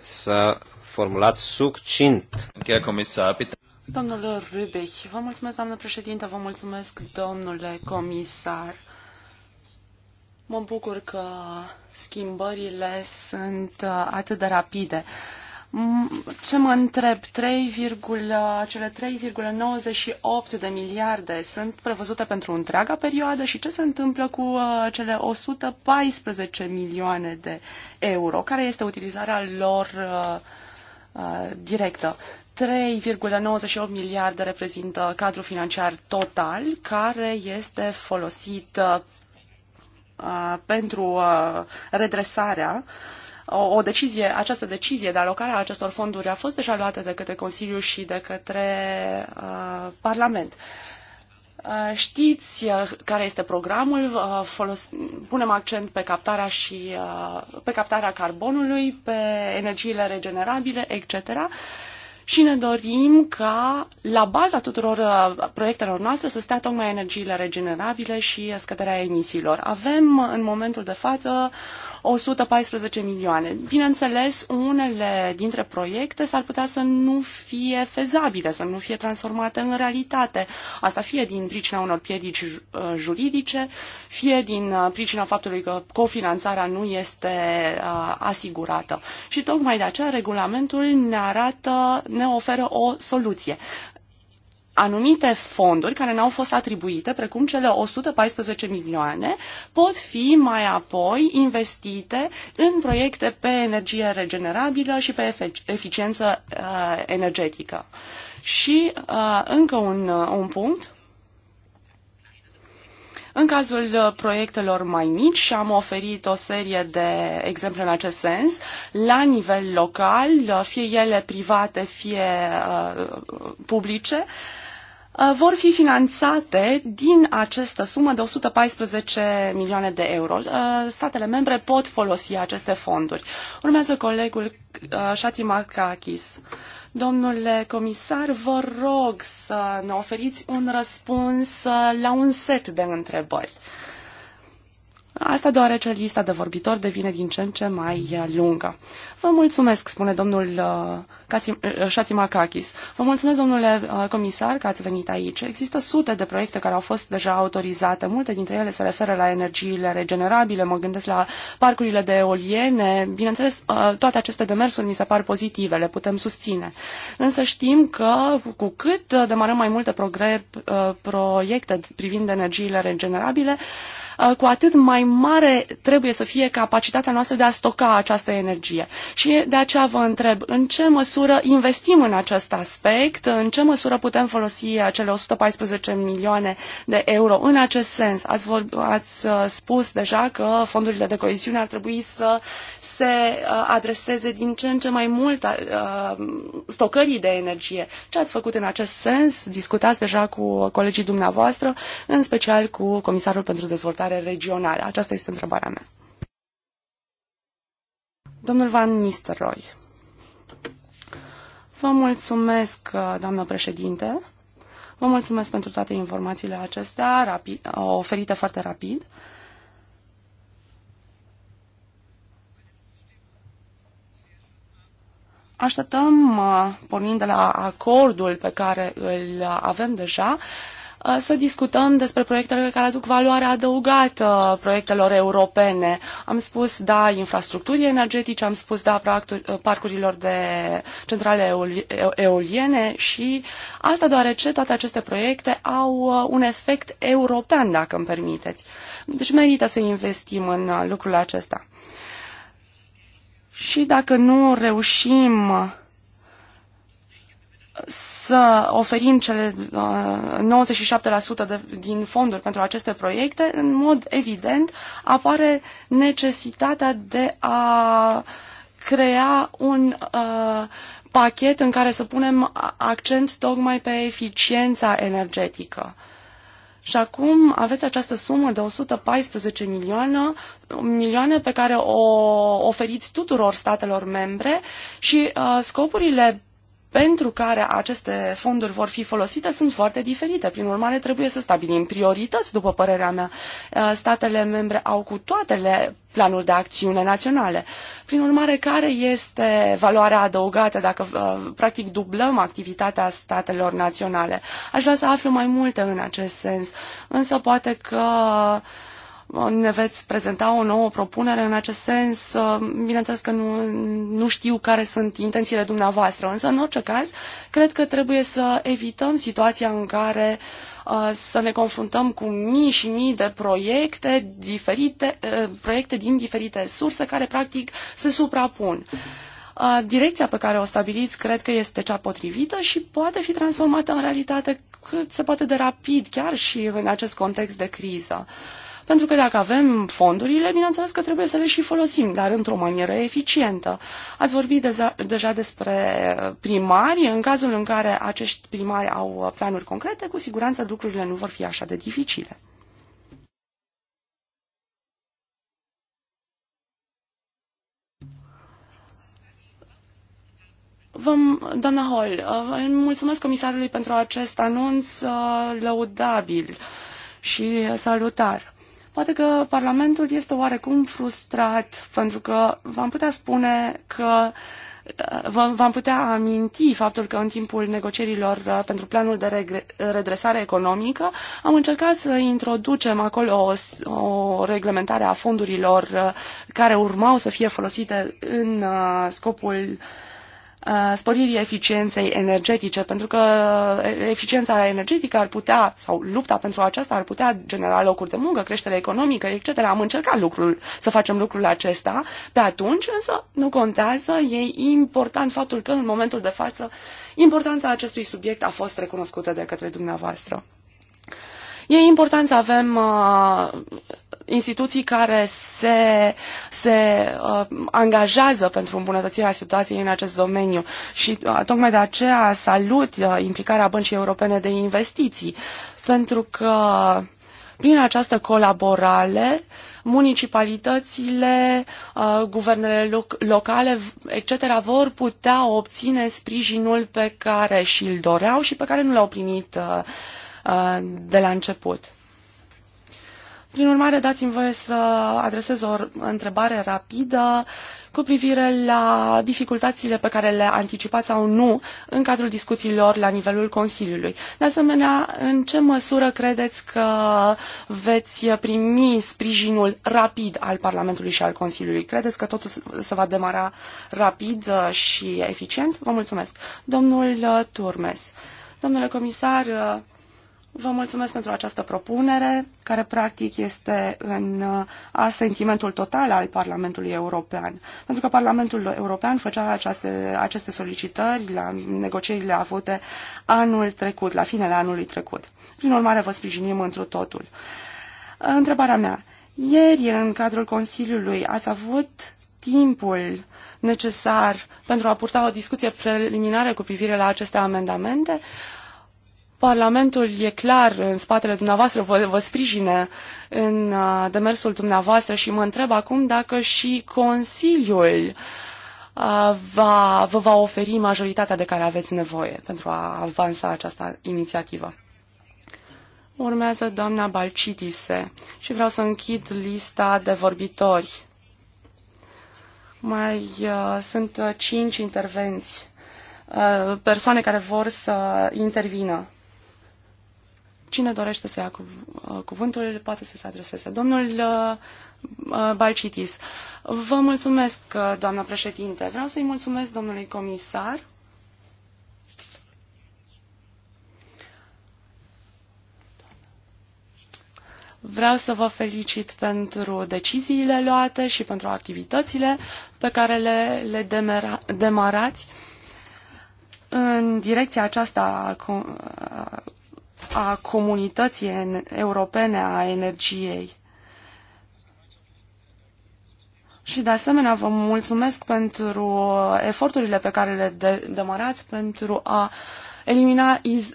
să formulat succint. Domnule comisar, Domnul Rübich, vă mulțumesc, doamnă președinte, vă mulțumesc, domnule comisar. Mă bucur că schimbările sunt uh, atât de rapide. Ce mă întreb, 3, cele 3,98 de miliarde sunt prevăzute pentru întreaga perioadă și ce se întâmplă cu uh, cele 114 milioane de euro? Care este utilizarea lor uh, Uh, directă. 3,98 miliarde reprezintă cadrul financiar total care este folosit uh, uh, pentru redresarea o, o decizie, această decizie de alocare a acestor fonduri a fost deja luată de către Consiliu și de către uh, Parlament. Uh, Uh, știți uh, care este programul, uh, Folos, punem accent pe captarea, și, pe captarea carbonului, pe energiile regenerabile, etc. Și ne dorim ca la baza tuturor proiectelor noastre să stea tocmai energiile regenerabile și scăderea emisiilor. Avem în momentul de față 114 milioane. Bineînțeles, unele dintre proiecte s-ar putea să nu fie fezabile, să nu fie transformate în realitate. Asta fie din pricina unor piedici uh, juridice, fie din uh, pricina faptului că cofinanțarea nu este uh, asigurată. Și tocmai de aceea regulamentul ne arată, ne oferă o soluție anumite fonduri care n-au fost atribuite, precum cele 114 milioane, pot fi mai apoi investite în proiecte pe energie regenerabilă și pe eficiență uh, energetică. Și uh, încă un, uh, un punct. În cazul uh, proiectelor mai mici, și am oferit o serie de exemple în acest sens, la nivel local, uh, fie ele private, fie uh, publice, uh, Uh, vor fi finanțate din această sumă de 114 milioane de euro. Uh, statele membre pot folosi aceste fonduri. Urmează colegul uh, Shati Makakis. Domnule comisar, vă rog să ne oferiți un răspuns la un set de întrebări. Asta deoarece lista de vorbitori devine din ce în ce mai uh, lungă. Vă mulțumesc, spune domnul uh, uh, Șațimacakis. Vă mulțumesc, domnule comisar, că ați venit aici. Există sute de proiecte care au fost deja autorizate. Multe dintre ele se referă la energiile regenerabile, mă gândesc la parcurile de eoliene. Bineînțeles, toate aceste demersuri mi se par pozitive, le putem susține. Însă știm că cu cât demarăm mai multe proiecte privind energiile regenerabile, Uh, cu atât mai mare trebuie să fie capacitatea noastră de a stoca această energie. Și de aceea vă întreb, în ce măsură investim în acest aspect, în ce măsură putem folosi acele 114 milioane de euro în acest sens? Ați, vor, ați uh, spus deja că fondurile de coeziune ar trebui să se uh, adreseze din ce în ce mai mult stocării de energie. Ce ați făcut în acest sens? Discutați deja cu colegii dumneavoastră, în special cu Comisarul pentru Dezvoltare dezvoltare regională? Aceasta este întrebarea mea. Domnul Van Nistelrooy. Vă mulțumesc, doamnă președinte. Vă mulțumesc pentru toate informațiile acestea rapid, oferite foarte rapid. Așteptăm, uh, pornind de la acordul pe care îl avem deja, Uh, să discutăm despre proiectele care aduc valoare adăugată proiectelor europene. Am spus da infrastructurii energetice, am spus da uh, parcurilor de centrale eoliene și asta deoarece toate aceste proiecte au uh, un efect european, dacă îmi permiteți. Deci merită să investim în lucrul acesta. Și dacă nu reușim să oferim cele 97% uh, de, din fonduri pentru aceste proiecte, în mod evident apare necesitatea de a crea un uh, pachet în care să punem accent tocmai pe eficiența energetică. Și acum aveți această sumă de 114 milioane, milioane pe care o oferiți tuturor statelor membre și uh, scopurile pentru care aceste fonduri vor fi folosite sunt foarte diferite. Prin urmare, trebuie să stabilim priorități, după părerea mea. Uh, statele membre au cu toatele planuri de acțiune naționale. Prin urmare, care este valoarea adăugată dacă uh, practic dublăm activitatea statelor naționale? Aș vrea să aflu mai multe în acest sens, însă poate că uh, ne veți prezenta o nouă propunere în acest sens. Uh, bineînțeles că nu, nu știu care sunt intențiile dumneavoastră, însă în orice caz, cred că trebuie să evităm situația în care uh, să ne confruntăm cu mii și mii de proiecte diferite, uh, proiecte din diferite surse care practic se suprapun. Direcția pe care o stabiliți cred că este cea potrivită și poate fi transformată în realitate cât se poate de rapid, chiar și în acest context de criză. Uh, pentru că dacă avem fondurile, bineînțeles că trebuie să le și folosim, dar într-o manieră eficientă. Ați vorbit deza, deja despre primari. În cazul în care acești primari au planuri concrete, cu siguranță lucrurile nu vor fi așa de dificile. Vă, doamna Hall, uh, mulțumesc comisarului pentru acest anunț uh, lăudabil și salutar. Poate că Parlamentul este oarecum frustrat, pentru că v-am putea spune că eh, v-am putea aminti faptul că în timpul negocierilor eh, pentru planul de redresare economică am încercat să introducem acolo o, o reglementare a fondurilor eh, care urmau să fie folosite în scopul uh, Uh, sporirii eficienței energetice, pentru că uh, eficiența energetică ar putea, sau lupta pentru aceasta ar putea genera locuri de muncă, creștere economică, etc. Am încercat lucrul, să facem lucrul acesta pe atunci, însă nu contează, e important faptul că în momentul de față importanța acestui subiect a fost recunoscută de către dumneavoastră. E important să avem uh, instituții care se, se uh, angajează pentru îmbunătățirea situației în acest domeniu și uh, tocmai de aceea salut uh, implicarea Băncii Europene de Investiții, pentru că prin această colaborare municipalitățile, uh, guvernele loc locale, etc., vor putea obține sprijinul pe care și-l doreau și pe care nu l-au primit uh, Uh, de la început. Prin urmare, dați-mi voie să adresez o întrebare rapidă cu privire la dificultățile pe care le anticipați sau nu în cadrul discuțiilor la nivelul Consiliului. De asemenea, în ce măsură credeți că veți primi sprijinul rapid al Parlamentului și al Consiliului? Credeți că totul se va demara rapid și eficient? Vă mulțumesc. Domnul Turmes. Domnule comisar, Vă mulțumesc pentru această propunere, care practic este în uh, asentimentul total al Parlamentului European. Pentru că Parlamentul European făcea aceste, aceste solicitări la negocierile avute anul trecut, la finele anului trecut. Prin urmare, vă sprijinim întru totul. Uh, întrebarea mea. Ieri, în cadrul Consiliului, ați avut timpul necesar pentru a purta o discuție preliminară cu privire la aceste amendamente? Uh, Parlamentul e clar în spatele dumneavoastră, vă, vă sprijine în uh, demersul dumneavoastră și mă întreb acum dacă și Consiliul uh, va, vă va oferi majoritatea de care aveți nevoie pentru a avansa această inițiativă. Urmează doamna Balcitise și vreau să închid lista de vorbitori. Mai uh, sunt uh, cinci intervenții, uh, persoane care vor să intervină. Cine dorește să ia uh, cuvântul poate să se adreseze. Domnul uh, uh, Balcitis, vă mulțumesc, doamna președinte. Vreau să-i mulțumesc domnului comisar Vreau să vă felicit pentru deciziile luate și pentru activitățile pe care le, le demera, demarați. În direcția aceasta a a comunității europene a energiei. Și de asemenea vă mulțumesc pentru eforturile pe care le de- demărați pentru a elimina iz-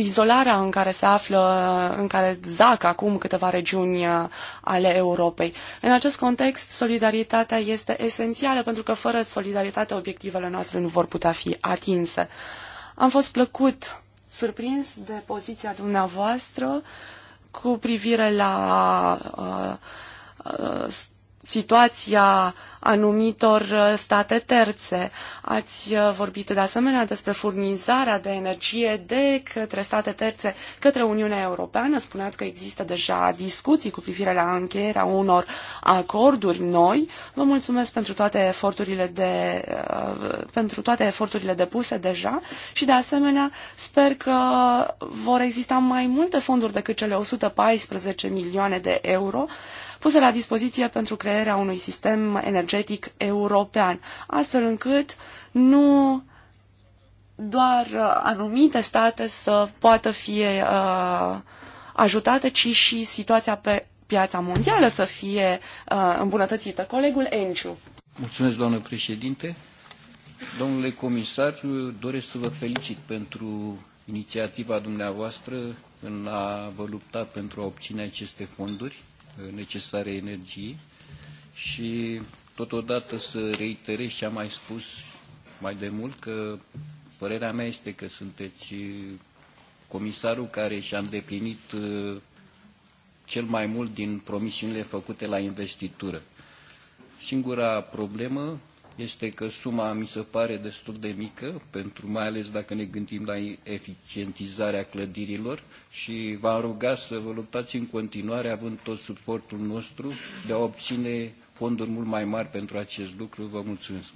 izolarea în care se află, în care zac acum câteva regiuni uh, ale Europei. În acest context, solidaritatea este esențială pentru că fără solidaritate obiectivele noastre nu vor putea fi atinse. Am fost plăcut surprins de poziția dumneavoastră cu privire la uh, uh, situația anumitor uh, state terțe. Ați uh, vorbit de asemenea despre furnizarea de energie de către state terțe către Uniunea Europeană. Spuneați că există deja discuții cu privire la încheierea unor acorduri noi. Vă mulțumesc pentru toate eforturile, de, uh, pentru toate eforturile depuse deja și de asemenea sper că vor exista mai multe fonduri decât cele 114 milioane de euro puse la dispoziție pentru crearea unui sistem energetic european, astfel încât nu doar uh, anumite state să poată fi uh, ajutate, ci și situația pe piața mondială să fie uh, îmbunătățită. Colegul Enciu. Mulțumesc, doamnă președinte. Domnule comisar, doresc să vă felicit pentru inițiativa dumneavoastră în a vă lupta pentru a obține aceste fonduri necesare energiei și totodată să reiterez ce am mai spus mai de mult că părerea mea este că sunteți uh, comisarul care și-a îndeplinit uh, cel mai mult din promisiunile făcute la investitură. Singura problemă este că suma mi se pare destul de mică, pentru mai ales dacă ne gândim la eficientizarea clădirilor și v-am rugat să vă luptați în continuare, având tot suportul nostru, de a obține fonduri mult mai mari pentru acest lucru. Vă mulțumesc!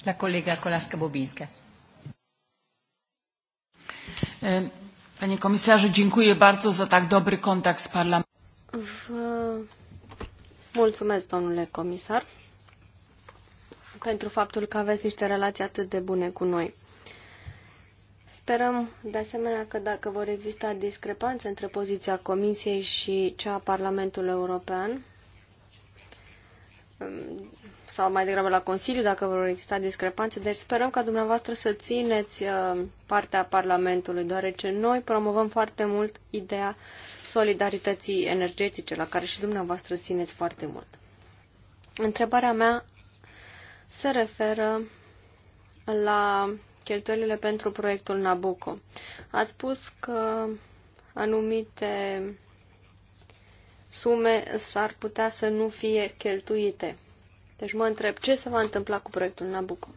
La colega Colasca Bobinska. Eh, Panie komisarzu, dziękuję bardzo za tak dobry kontakt z parlamentem. mulțumesc, domnule comisar, pentru faptul că aveți niște relații atât de bune cu noi. Sperăm, de asemenea, că dacă vor exista discrepanțe între poziția Comisiei și cea a Parlamentului European, sau mai degrabă la Consiliu, dacă vor exista discrepanțe. Deci sperăm ca dumneavoastră să țineți uh, partea Parlamentului, deoarece noi promovăm foarte mult ideea solidarității energetice, la care și dumneavoastră țineți foarte mult. Întrebarea mea se referă la cheltuielile pentru proiectul Nabucco. Ați spus că anumite sume s-ar putea să nu fie cheltuite. Deci mă întreb ce se va întâmpla cu proiectul Nabucco.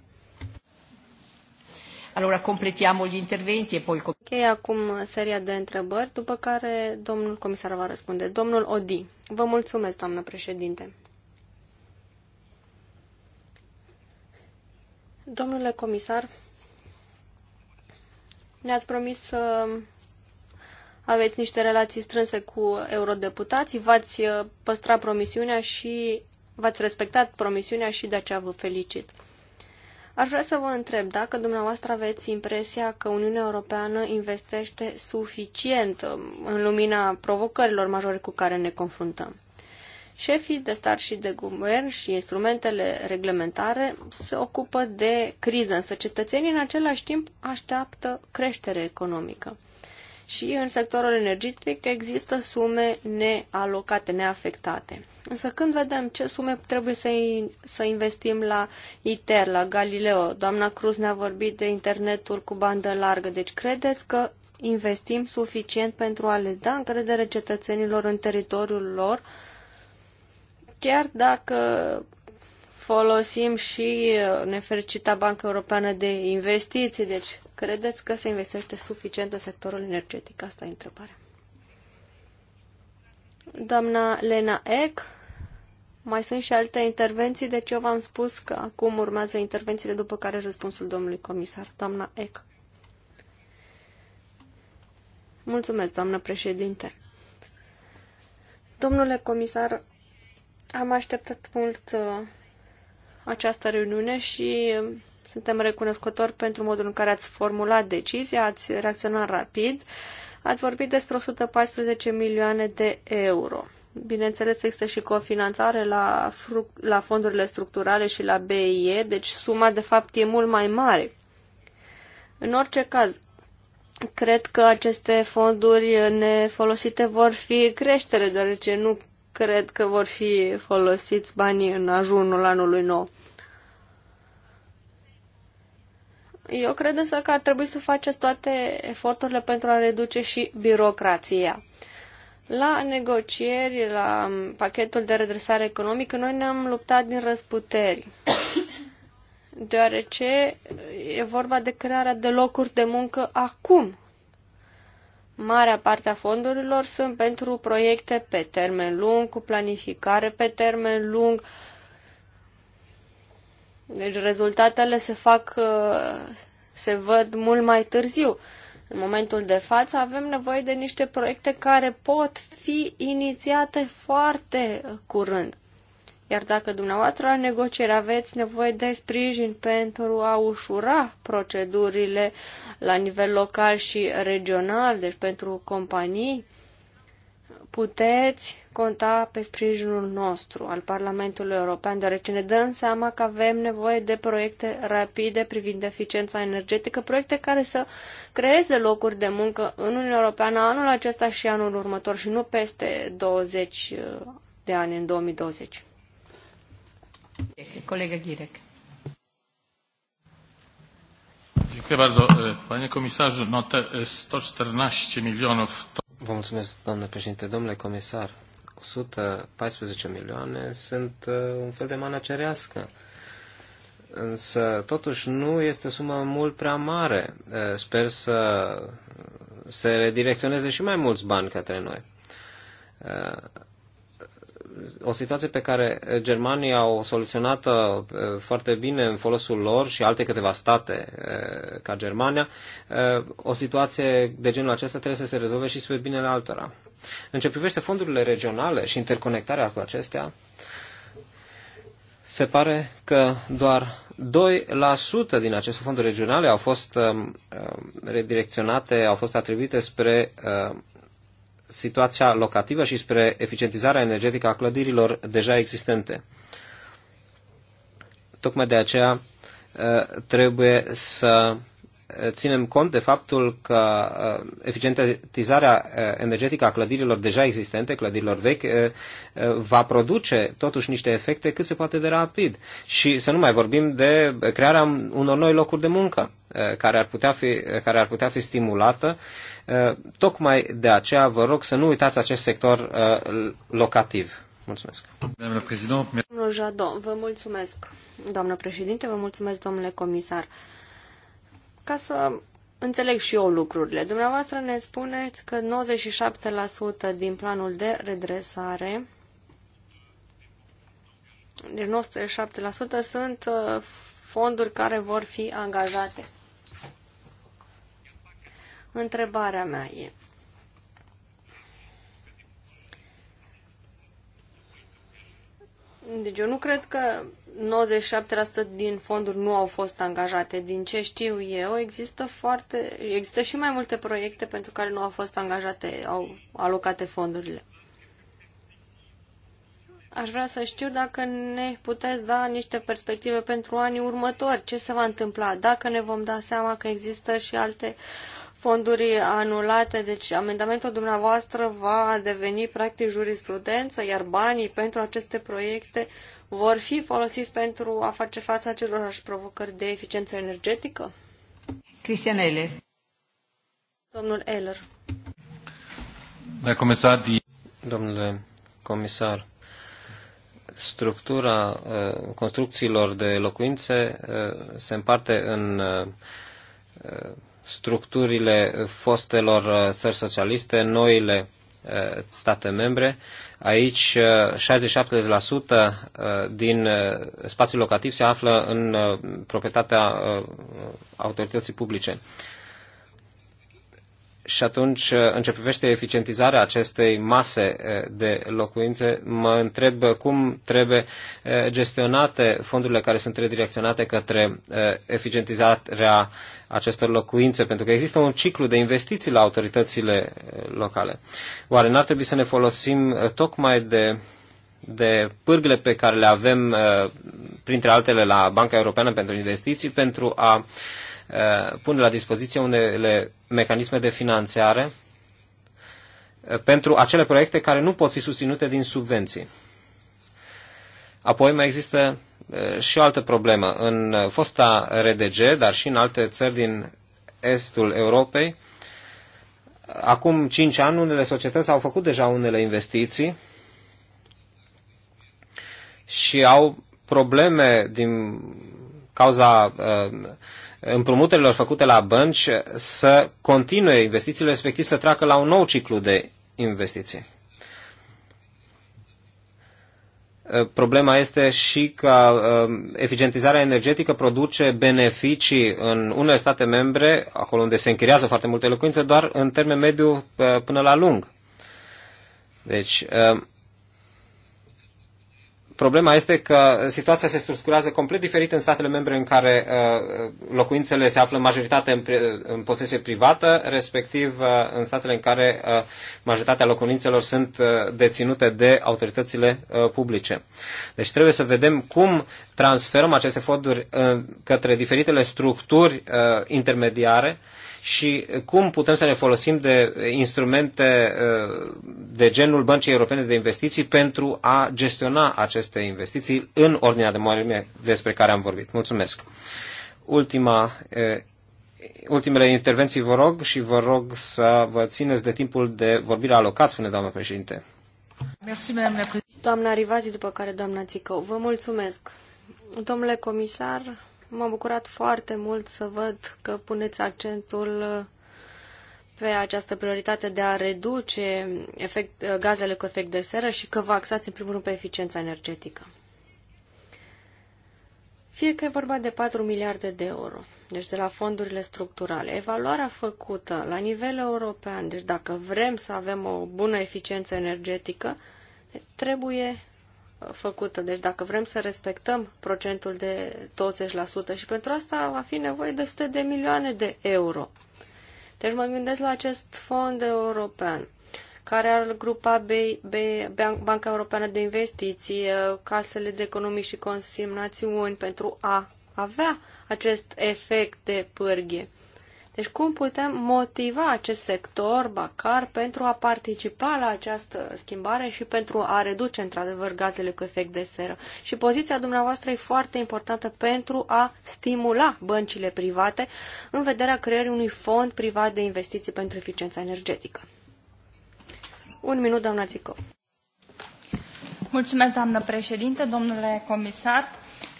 Allora completiamo gli interventi e poi... Ok, acum seria de întrebări, după care domnul comisar va răspunde. Domnul Odi, vă mulțumesc, doamnă președinte. Domnule comisar, ne-ați promis să aveți niște relații strânse cu eurodeputații, v-ați uh, păstra promisiunea și V-ați respectat promisiunea și de aceea vă felicit. Ar vrea să vă întreb dacă dumneavoastră aveți impresia că Uniunea Europeană investește suficient um, în lumina provocărilor majore cu care ne confruntăm. Șefii de stat și de guvern și instrumentele reglementare se ocupă de criză, însă cetățenii în același timp așteaptă creștere economică și în sectorul energetic există sume nealocate, neafectate. Însă când vedem ce sume trebuie să, să investim la ITER, la Galileo, doamna Cruz ne-a vorbit de internetul cu bandă largă, deci credeți că investim suficient pentru a le da încredere cetățenilor în teritoriul lor, chiar dacă folosim și uh, nefericita Bancă Europeană de Investiții. Deci, credeți că se investește suficient în sectorul energetic? Asta e întrebarea. Doamna Lena Eck, mai sunt și alte intervenții, deci eu v-am spus că acum urmează intervențiile după care răspunsul domnului comisar. Doamna Eck. Mulțumesc, doamnă președinte. Domnule comisar, am așteptat mult uh, această reuniune și um, suntem recunoscători pentru modul în care ați formulat decizia, ați reacționat rapid. Ați vorbit despre 114 milioane de euro. Bineînțeles, există și cofinanțare la, la fondurile structurale și la BIE, deci suma de fapt e mult mai mare. În orice caz, cred că aceste fonduri nefolosite vor fi creștere, deoarece nu cred că vor fi folosiți banii în ajunul anului nou. Eu cred însă că ar trebui să faceți toate eforturile pentru a reduce și birocrația. La negocieri, la pachetul de redresare economică, noi ne-am luptat din răsputeri, [coughs] deoarece e vorba de crearea de locuri de muncă acum, marea parte a fondurilor sunt pentru proiecte pe termen lung, cu planificare pe termen lung. Deci rezultatele se fac, uh, se văd mult mai târziu. În momentul de față avem nevoie de niște proiecte care pot fi inițiate foarte curând. Iar dacă dumneavoastră la negocieri aveți nevoie de sprijin pentru a ușura procedurile la nivel local și regional, deci pentru companii, puteți conta pe sprijinul nostru al Parlamentului European, deoarece ne dăm seama că avem nevoie de proiecte rapide privind eficiența energetică, proiecte care să creeze locuri de muncă în Uniunea Europeană anul acesta și anul următor și nu peste 20 uh, de ani în 2020. Girek. Dziękuję bardzo. Panie komisarzu, no te 114 milionów to... Vă mulțumesc, doamnă președinte. Domnule comisar, 114 milioane sunt un fel de cerească. Însă, totuși, nu este sumă mult prea mare. Sper să se redirecționeze și mai mulți bani către noi o situație pe care Germania au soluționat uh, foarte bine în folosul lor și alte câteva state uh, ca Germania, uh, o situație de genul acesta trebuie să se rezolve și spre binele altora. În ce privește fondurile regionale și interconectarea cu acestea, se pare că doar 2% din aceste fonduri regionale au fost um, um, redirecționate, au fost atribuite spre situația locativă și spre eficientizarea energetică a clădirilor deja existente. Tocmai de aceea uh, trebuie să ținem cont de faptul că uh, eficientizarea uh, energetică a clădirilor deja existente, clădirilor vechi, uh, va produce totuși niște efecte cât se poate de rapid. Și să nu mai vorbim de crearea unor noi locuri de muncă care ar putea fi, care ar putea fi stimulată. Tocmai de aceea vă rog să nu uitați acest sector locativ. Mulțumesc. Domnul președinte, vă mulțumesc. Doamnă președinte, vă mulțumesc, domnule comisar ca să înțeleg și eu lucrurile. Dumneavoastră ne spuneți că 97% din planul de redresare de deci 97% sunt uh, fonduri care vor fi angajate. Întrebarea mea e Deci eu nu cred că 97% din fonduri nu au fost angajate. Din ce știu eu, există foarte există și mai multe proiecte pentru care nu au fost angajate, au alocate fondurile. Aș vrea să știu dacă ne puteți da niște perspective pentru anii următori, ce se va întâmpla, dacă ne vom da seama că există și alte fonduri anulate, deci amendamentul dumneavoastră va deveni practic jurisprudență, iar banii pentru aceste proiecte vor fi folosiți pentru a face față acelorași provocări de eficiență energetică? Cristian Eller. Domnul Eller. Comisar, domnule comisar, structura eh, construcțiilor de locuințe eh, se împarte în eh, structurile fostelor țări socialiste, noile state membre. Aici 67% uh, uh, din uh, spațiul locativ se află în proprietatea autorității publice. Și atunci, uh, în ce privește eficientizarea acestei mase uh, de locuințe, mă întreb cum trebuie uh, gestionate fondurile care sunt redirecționate către eficientizarea acestor locuințe, pentru că există un ciclu de investiții la autoritățile locale. Oare n-ar trebui să ne folosim tocmai de de pârgle pe care le avem, printre altele, la Banca Europeană pentru Investiții, pentru a uh, Uh, pune la dispoziție unele mecanisme de finanțare uh, pentru acele proiecte care nu pot fi susținute din subvenții. Apoi mai există uh, și o altă problemă. În fosta RDG, dar și în alte țări din estul Europei, acum 5 ani unele societăți au făcut deja unele investiții și au probleme din cauza uh, împrumuturilor făcute la bănci să continue investițiile, respectiv să treacă la un nou ciclu de investiții. Uh, problema este și că uh, eficientizarea energetică produce beneficii în unele state membre, acolo unde se închiriază foarte multe locuințe, doar în termen mediu uh, până la lung. Deci, Problema este că situația se structurează complet diferit în statele membre în care uh, locuințele se află în majoritate în posesie privată, respectiv uh, în statele în care uh, majoritatea locuințelor sunt deținute de autoritățile publice. Deci trebuie să vedem cum transferăm aceste fonduri către diferitele structuri intermediare și cum putem să ne folosim de instrumente uh, de genul Băncii Europene de Investiții pentru a gestiona aceste investiții în ordinea de mărime despre care am vorbit. Mulțumesc. Ultima, uh, ultimele intervenții vă rog și vă rog să vă țineți de timpul de vorbire alocat, spune doamna președinte. Doamna Rivazi, după care doamna Țicău. Vă mulțumesc. Domnule comisar, M-a bucurat foarte mult să văd că puneți accentul uh, pe această prioritate de a reduce efect, uh, gazele cu efect de seră și că vă axați în primul rând pe eficiența energetică. Fie că e vorba de 4 miliarde de euro, deci de la fondurile structurale, evaluarea făcută la nivel european, deci dacă vrem să avem o bună eficiență energetică, trebuie făcută. Deci dacă vrem să respectăm procentul de 20% și pentru asta va fi nevoie de sute de milioane de euro. Deci mă gândesc la acest fond european care ar grupa B, B, Banca Europeană de Investiții, uh, casele de economii și consimnațiuni pentru a avea acest efect de pârghie. Deci cum putem motiva acest sector bacar pentru a participa la această schimbare și pentru a reduce într-adevăr gazele cu efect de seră? Și poziția dumneavoastră e foarte importantă pentru a stimula băncile private în vederea creării unui fond privat de investiții pentru eficiența energetică. Un minut, doamna Țică. Mulțumesc, doamnă președinte, domnule comisar.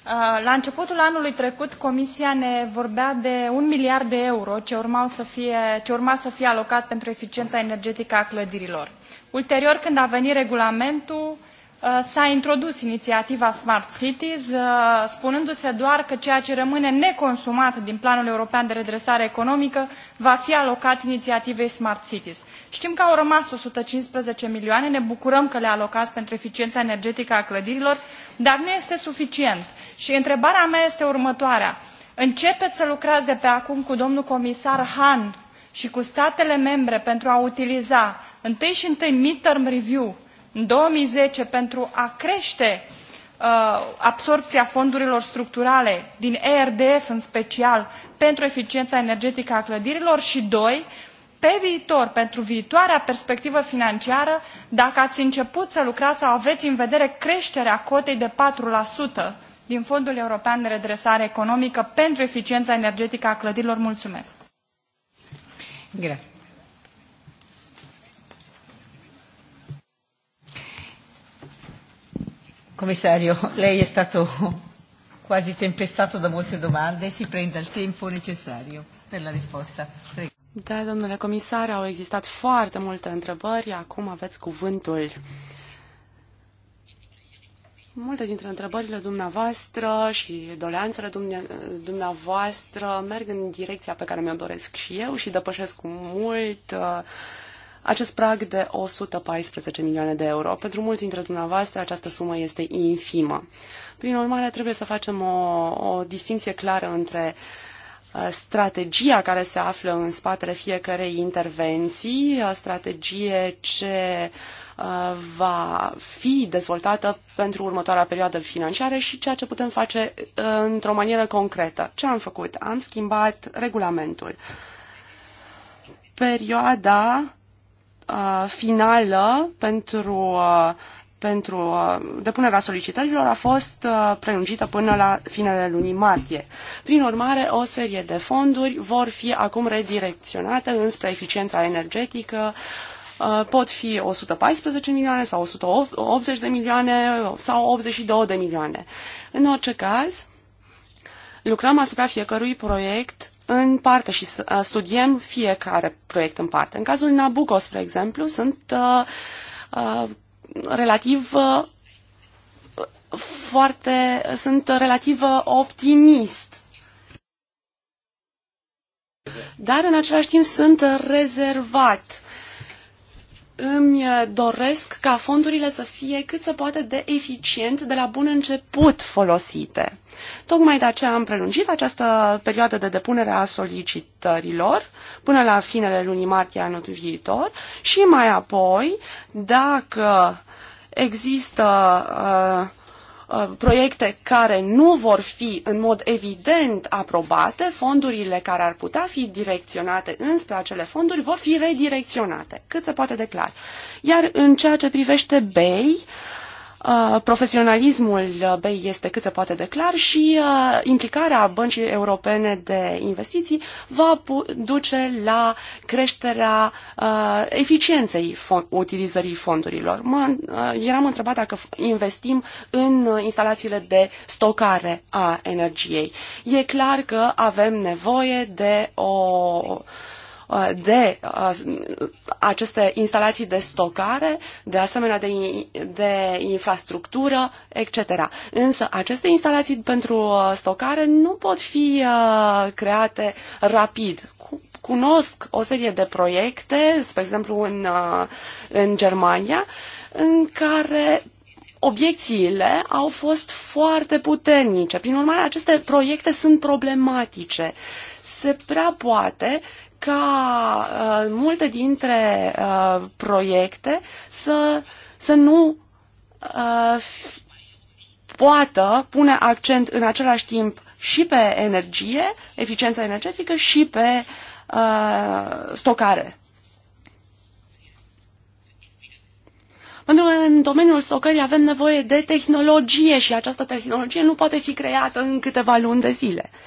Uh, la începutul anului trecut, Comisia ne vorbea de un miliard de euro ce, urmau să fie, ce urma să fie alocat pentru eficiența energetică a clădirilor. Ulterior, când a venit regulamentul, Uh, s-a introdus inițiativa Smart Cities, uh, spunându-se doar că ceea ce rămâne neconsumat din Planul European de Redresare Economică va fi alocat inițiativei Smart Cities. Știm că au rămas 115 milioane, ne bucurăm că le alocați pentru eficiența energetică a clădirilor, dar nu este suficient. Și întrebarea mea este următoarea. Începeți să lucrați de pe acum cu domnul comisar Han și cu statele membre pentru a utiliza întâi și întâi mid-term review în 2010 pentru a crește uh, absorbția fondurilor structurale din ERDF în special pentru eficiența energetică a clădirilor și doi, pe viitor, pentru viitoarea perspectivă financiară, dacă ați început să lucrați sau aveți în vedere creșterea cotei de 4% din Fondul European de Redresare Economică pentru eficiența energetică a clădirilor. Mulțumesc! Grazie. Commissario, [laughs] lei è stato [laughs] quasi tempestato da molte domande, si prenda il tempo necessario per la risposta. Prego. Da, domnule comisar, au existat foarte multe întrebări, acum aveți cuvântul. Multe dintre întrebările dumneavoastră și doleanțele dumneavoastră merg în direcția pe care mi-o doresc și eu și depășesc cu mult uh, acest prag de 114 milioane de euro. Pentru mulți dintre dumneavoastră această sumă este infimă. Prin urmare, trebuie să facem o, o distinție clară între uh, strategia care se află în spatele fiecarei intervenții, uh, strategie ce uh, va fi dezvoltată pentru următoarea perioadă financiară și ceea ce putem face într-o manieră concretă. Ce am făcut? Am schimbat regulamentul. Perioada Uh, finală pentru, uh, pentru uh, depunerea solicitărilor a fost uh, prelungită până la finele lunii martie. Prin urmare, o serie de fonduri vor fi acum redirecționate înspre eficiența energetică, uh, pot fi 114 milioane sau 180 de milioane sau 82 de milioane. În orice caz, lucrăm asupra fiecărui proiect în parte și uh, studiem fiecare proiect în parte. În cazul Nabucco, spre exemplu, sunt uh, uh, relativ uh, foarte, sunt relativ uh, optimist. Dar în același timp sunt rezervat îmi uh, doresc ca fondurile să fie cât se poate de eficient de la bun început folosite. Tocmai de aceea am prelungit această perioadă de depunere a solicitărilor până la finele lunii martie anul viitor și mai apoi, dacă există uh, Uh, proiecte care nu vor fi în mod evident aprobate, fondurile care ar putea fi direcționate înspre acele fonduri vor fi redirecționate, cât se poate declar. Iar în ceea ce privește BEI, uh, Uh, profesionalismul uh, BEI este cât se poate de clar și uh, implicarea Băncii Europene de Investiții va duce la creșterea eficienței fond utilizării fondurilor. Mă, eram întrebat dacă investim în instalațiile de stocare a energiei. E clar că avem nevoie de o Uh, de uh, aceste instalații de stocare, de asemenea de, de infrastructură, etc. Însă aceste instalații pentru uh, stocare nu pot fi create rapid. Cunosc o serie de proiecte, spre exemplu în, în Germania, în care obiecțiile au fost foarte puternice. Prin urmare, aceste proiecte sunt problematice. Se prea poate ca uh, multe dintre uh, proiecte să, să nu uh, poată pune accent în același timp și pe energie, eficiența energetică și pe uh, stocare. Pentru că în domeniul stocării avem nevoie de tehnologie și această tehnologie nu poate fi creată în câteva luni de zile. Uh,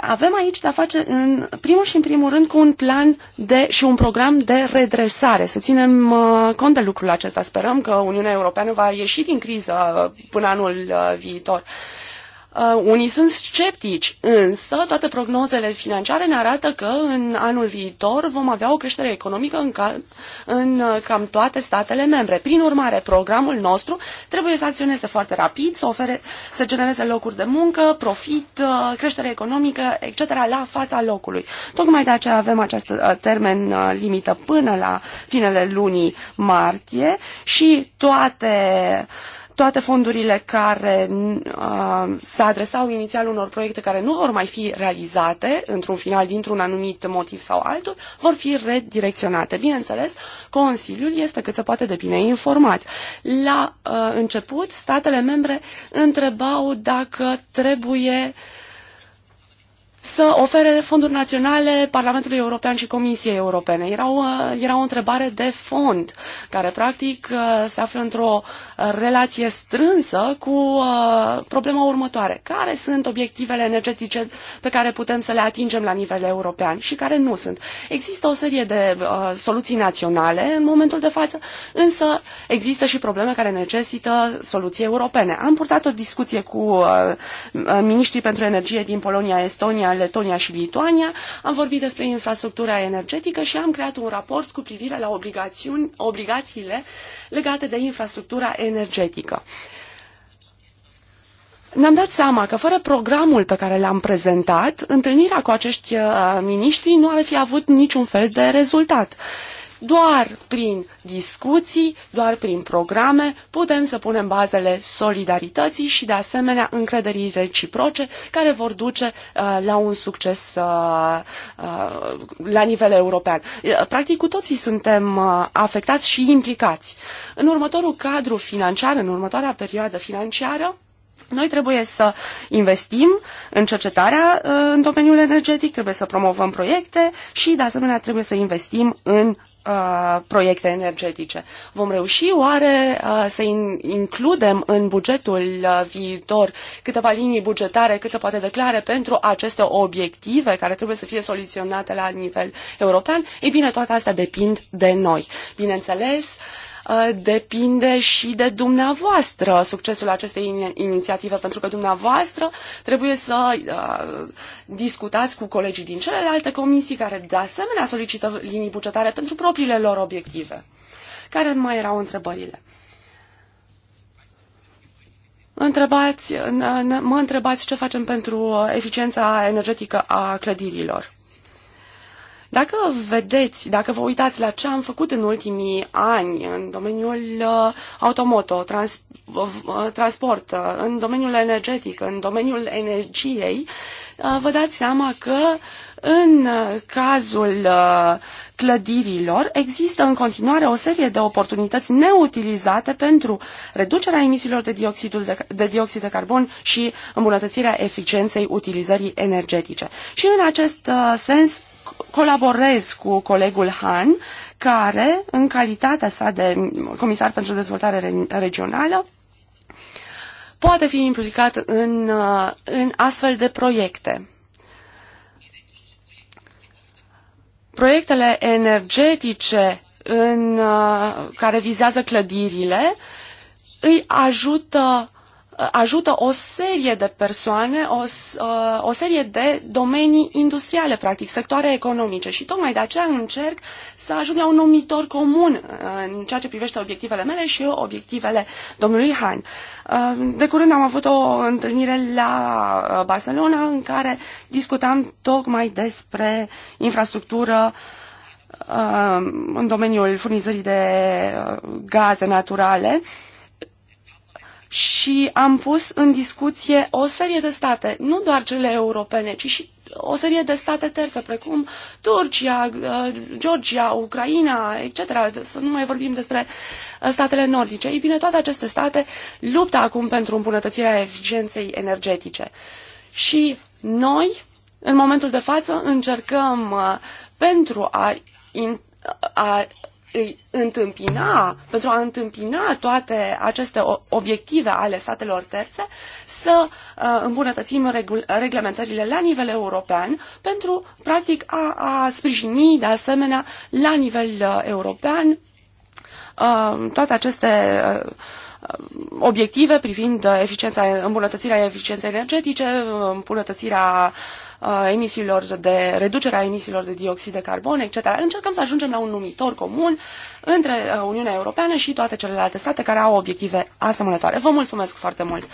Avem aici de-a face în primul și în primul rând cu un plan de, și un program de redresare. Să ținem uh, cont de lucrul acesta. Sperăm că Uniunea Europeană va ieși din criză până anul uh, viitor. Uh, Uh, unii sunt sceptici, însă toate prognozele financiare ne arată că în anul viitor vom avea o creștere economică în, ca, în uh, cam toate statele membre. Prin urmare, programul nostru trebuie să acționeze foarte rapid, să, ofere, să genereze locuri de muncă, profit, uh, creștere economică, etc. la fața locului. Tocmai de aceea avem acest uh, termen uh, limită până la finele lunii martie și toate uh, toate fondurile care uh, se adresau inițial unor proiecte care nu vor mai fi realizate, într-un final, dintr-un anumit motiv sau altul, vor fi redirecționate. Bineînțeles, Consiliul este cât se poate de bine informat. La uh, început, statele membre întrebau dacă trebuie uh, să ofere fonduri naționale Parlamentului European și Comisiei Europene. Era o, era o întrebare de fond, care practic uh, se află într-o uh, relație strânsă cu uh, problema următoare. Care sunt obiectivele energetice pe care putem să le atingem la nivel european și care nu sunt? Există o serie de soluții naționale în momentul de față, însă există și probleme care necesită soluții europene. Am purtat o discuție cu ministrii pentru energie din Polonia, Estonia Letonia și Lituania, am vorbit despre infrastructura energetică și am creat un raport cu privire la obligațiuni, obligațiile legate de infrastructura energetică. Ne-am dat seama că fără programul pe care l-am prezentat, întâlnirea cu acești uh, miniștri nu ar fi avut niciun fel de rezultat. Uh, doar prin discuții, doar prin programe putem să punem bazele solidarității și de asemenea încrederii reciproce care vor duce uh, la un succes uh, uh, la nivel european. Uh, practic cu toții suntem uh, afectați și implicați. În următorul cadru financiar, în următoarea perioadă financiară, noi trebuie să investim în cercetarea uh, în domeniul energetic, trebuie să promovăm proiecte și, de asemenea, trebuie să investim în Uh, proiecte energetice. Vom reuși oare uh, să includem în bugetul uh, viitor câteva linii bugetare cât se poate declare pentru aceste obiective care trebuie să fie soluționate la nivel european? Ei bine, toate astea depind de noi. Bineînțeles, Uh, depinde și de dumneavoastră succesul acestei inițiative, pentru că dumneavoastră trebuie să uh, discutați cu colegii din celelalte comisii care de asemenea solicită linii bugetare pentru propriile lor obiective. Care mai erau întrebările? Întrebați, mă întrebați ce facem pentru uh, eficiența energetică a clădirilor. Dacă vedeți, dacă vă uitați la ce am făcut în ultimii ani în domeniul uh, automoto, trans, uh, uh, transport, în domeniul energetic, în domeniul energiei, vă dați seama că în cazul clădirilor există în continuare o serie de oportunități neutilizate pentru reducerea emisiilor de, dioxidul de, de dioxid de carbon și îmbunătățirea eficienței utilizării energetice. Și în acest sens colaborez cu colegul Han, care, în calitatea sa de comisar pentru dezvoltare regională, poate fi implicat în, uh, în astfel de proiecte. Proiectele energetice în, uh, care vizează clădirile îi ajută Uh, ajută o serie de persoane, o, uh, o serie de domenii industriale, practic, sectoare economice și tocmai de aceea încerc să ajung la un numitor comun uh, în ceea ce privește obiectivele mele și obiectivele domnului Han. De curând am avut o întâlnire la Barcelona în care discutam tocmai despre infrastructură în domeniul furnizării de gaze naturale și am pus în discuție o serie de state, nu doar cele europene, ci și o serie de state terțe, precum Turcia, uh, Georgia, Ucraina, etc. Să nu mai vorbim despre uh, statele nordice. Ei bine, toate aceste state luptă acum pentru îmbunătățirea eficienței energetice. Și noi, în momentul de față, încercăm uh, pentru a, a îi întâmpina, pentru a întâmpina toate aceste obiective ale statelor terțe, să uh, îmbunătățim reglementările la nivel european pentru, practic, a, a sprijini, de asemenea, la nivel uh, european uh, toate aceste obiective privind eficiența, îmbunătățirea eficienței energetice, îmbunătățirea uh, Uh, emisiilor de reducerea emisiilor de dioxid de carbon, etc. Încercăm să ajungem la un numitor comun între uh, Uniunea Europeană și toate celelalte state care au obiective asemănătoare. Vă mulțumesc foarte mult!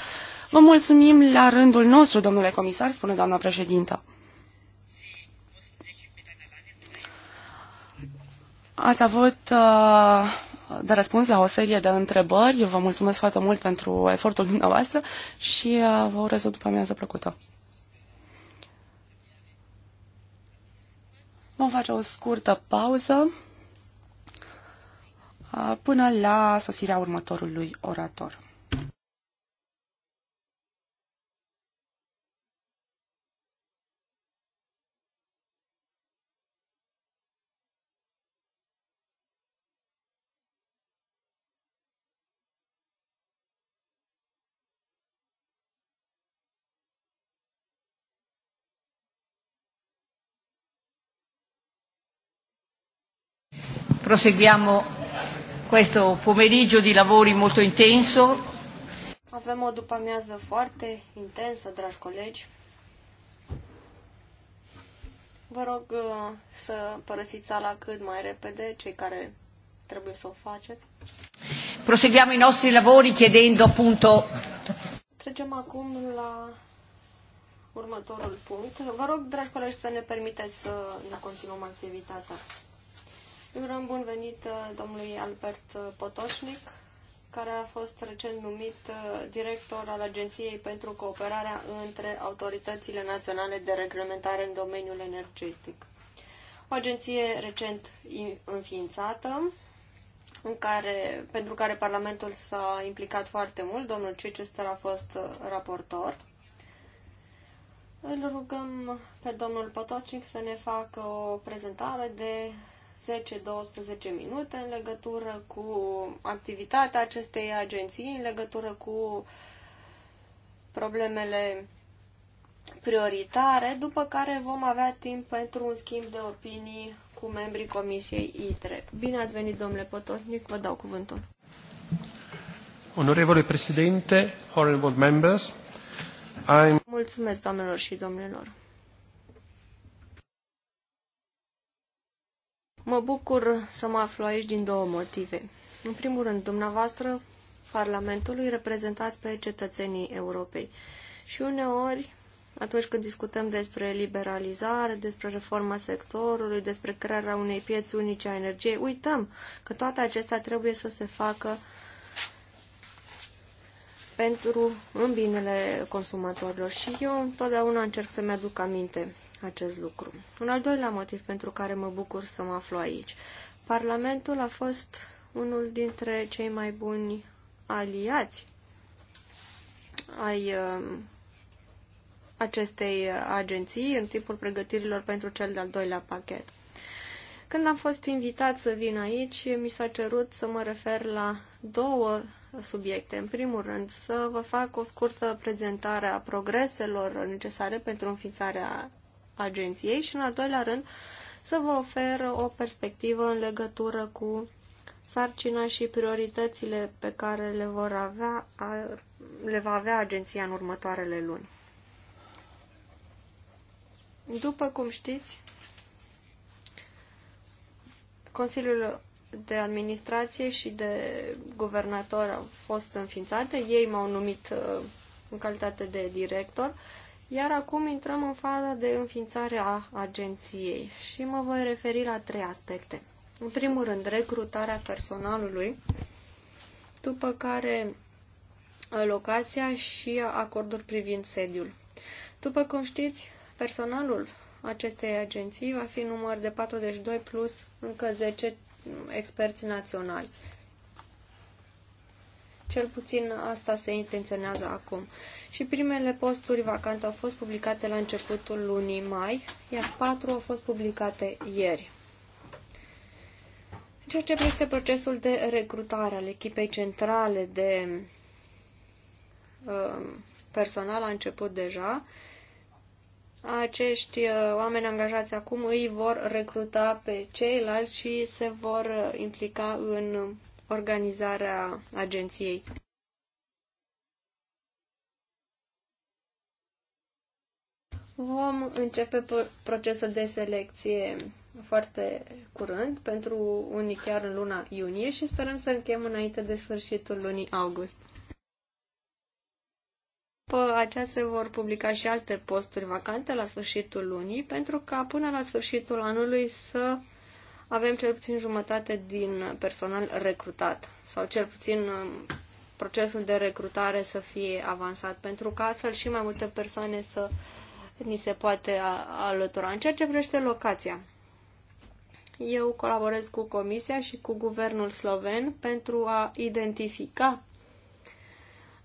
Vă mulțumim la rândul nostru, domnule comisar, spune doamna președintă. Ați avut uh, de răspuns la o serie de întrebări. Eu vă mulțumesc foarte mult pentru efortul dumneavoastră și vă urez o după amiază plăcută. Vom face o scurtă pauză până la sosirea următorului orator. Proseguiamo questo pomeriggio di lavori molto intenso. Avem o după-amiază foarte intensă, dragi colegi. Vă rog uh, să părăsiți sala cât mai repede, cei care trebuie să o faceți. Proseguiamo i nostri lavori chiedendo appunto... Trecem acum la următorul punct. Vă rog, dragi colegi, să ne permiteți să ne continuăm activitatea. Urăm bun venit uh, domnului Albert uh, Potoșnic, care a fost recent numit uh, director al Agenției pentru Cooperarea între Autoritățile Naționale de Reglementare în domeniul energetic. O agenție recent înființată, în care, pentru care Parlamentul s-a implicat foarte mult. Domnul Chichester a fost raportor. Îl rugăm pe domnul Potocic să ne facă o prezentare de 10-12 minute în legătură cu activitatea acestei agenții, în legătură cu problemele prioritare, după care vom avea timp pentru un schimb de opinii cu membrii Comisiei ITRE. Bine ați venit, domnule Potocnic, vă dau cuvântul. Onorevole președinte, honorable members, I'm... Mulțumesc, doamnelor și domnilor. Mă bucur să mă aflu aici din două motive. În primul rând, dumneavoastră, Parlamentului, reprezentați pe cetățenii Europei. Și uneori, atunci când discutăm despre liberalizare, despre reforma sectorului, despre crearea unei pieți unice a energiei, uităm că toate acestea trebuie să se facă pentru în binele consumatorilor. Și eu întotdeauna încerc să-mi aduc aminte acest lucru. Un al doilea motiv pentru care mă bucur să mă aflu aici. Parlamentul a fost unul dintre cei mai buni aliați ai um, acestei agenții în timpul pregătirilor pentru cel de-al doilea pachet. Când am fost invitat să vin aici, mi s-a cerut să mă refer la două subiecte. În primul rând, să vă fac o scurtă prezentare a progreselor necesare pentru înființarea agenției și, în al doilea rând, să vă ofer o perspectivă în legătură cu sarcina și prioritățile pe care le, vor avea, le va avea agenția în următoarele luni. După cum știți, Consiliul de administrație și de guvernator au fost înființate. Ei m-au numit uh, în calitate de director iar acum intrăm în faza de înființare a agenției și mă voi referi la trei aspecte. În primul rând, recrutarea personalului, după care locația și acordul privind sediul. După cum știți, personalul acestei agenții va fi număr de 42 plus încă 10 experți naționali. Cel puțin asta se intenționează acum. Și primele posturi vacante au fost publicate la începutul lunii mai, iar patru au fost publicate ieri. În ceea ce privește procesul de recrutare al echipei centrale de uh, personal a început deja. Acești uh, oameni angajați acum îi vor recruta pe ceilalți și se vor uh, implica în organizarea agenției. Vom începe procesul de selecție foarte curând, pentru unii chiar în luna iunie și sperăm să încheiem înainte de sfârșitul lunii august. După aceea se vor publica și alte posturi vacante la sfârșitul lunii, pentru ca până la sfârșitul anului să avem cel puțin jumătate din personal recrutat sau cel puțin um, procesul de recrutare să fie avansat, pentru ca astfel și mai multe persoane să ni se poate alătura. În ceea ce privește locația, eu colaborez cu Comisia și cu Guvernul Sloven pentru a identifica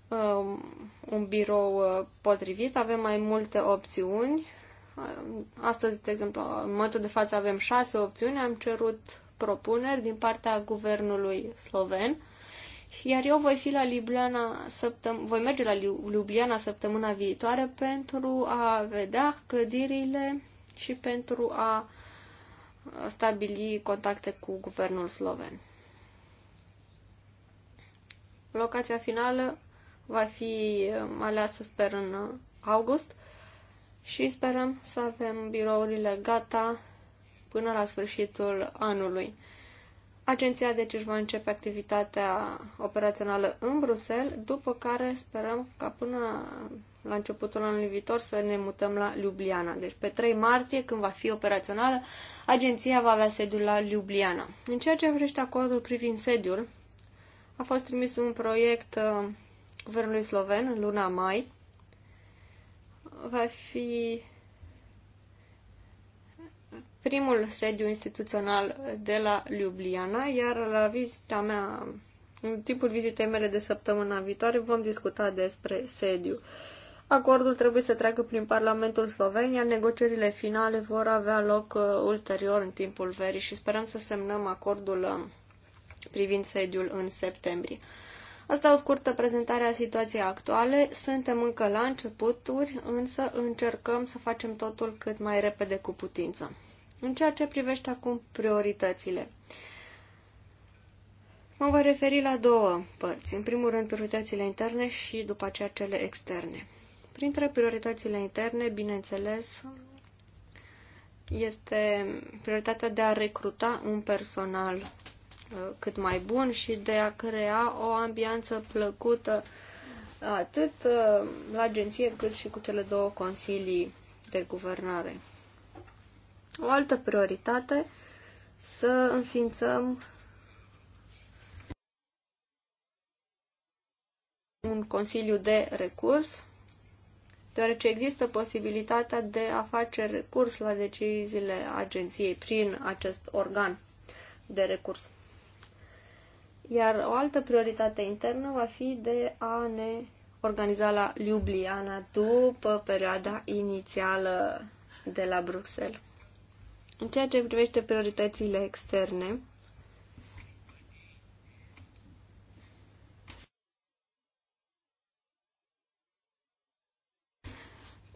um, un birou uh, potrivit. Avem mai multe opțiuni Astăzi, de exemplu, în momentul de față avem șase opțiuni, am cerut propuneri din partea guvernului sloven, iar eu voi fi la Ljubljana săptăm- voi merge la Ljubljana săptămâna viitoare pentru a vedea clădirile și pentru a stabili contacte cu guvernul sloven. Locația finală va fi um, aleasă, sper, în august și sperăm să avem birourile gata până la sfârșitul anului. Agenția deci își va începe activitatea operațională în Bruxelles, după care sperăm ca până la începutul anului viitor să ne mutăm la Ljubljana. Deci pe 3 martie, când va fi operațională, agenția va avea sediul la Ljubljana. În ceea ce privește acordul privind sediul, a fost trimis un proiect uh, guvernului sloven în luna mai va fi primul sediu instituțional de la Ljubljana, iar la vizita mea, în timpul vizitei mele de săptămâna viitoare, vom discuta despre sediu. Acordul trebuie să treacă prin Parlamentul Slovenia, negocierile finale vor avea loc uh, ulterior în timpul verii și sperăm să semnăm acordul uh, privind sediul în septembrie. Asta o scurtă prezentare a situației actuale. Suntem încă la începuturi, însă încercăm să facem totul cât mai repede cu putință. În ceea ce privește acum prioritățile. Mă voi referi la două părți. În primul rând, prioritățile interne și după aceea cele externe. Printre prioritățile interne, bineînțeles, este prioritatea de a recruta un personal cât mai bun și de a crea o ambianță plăcută atât uh, la agenție cât și cu cele două consilii de guvernare. O altă prioritate, să înființăm un consiliu de recurs, deoarece există posibilitatea de a face recurs la deciziile agenției prin acest organ de recurs. Iar o altă prioritate internă va fi de a ne organiza la Ljubljana după perioada inițială de la Bruxelles. În ceea ce privește prioritățile externe,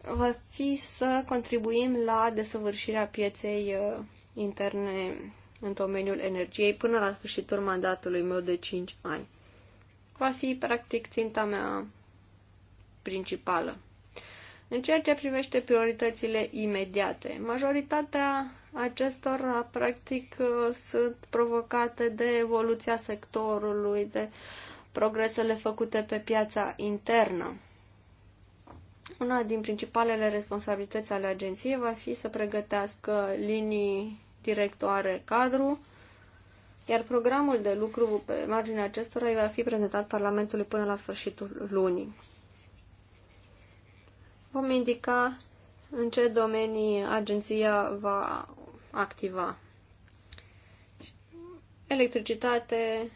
va fi să contribuim la desăvârșirea pieței uh, interne în domeniul energiei până la sfârșitul mandatului meu de 5 ani. Va fi, practic, ținta mea principală. În ceea ce privește prioritățile imediate, majoritatea acestora, practic, sunt provocate de evoluția sectorului, de progresele făcute pe piața internă. Una din principalele responsabilități ale agenției va fi să pregătească linii directoare cadru, iar programul de lucru pe marginea acestora va fi prezentat Parlamentului până la sfârșitul lunii. Vom indica în ce domenii agenția va activa. Electricitate,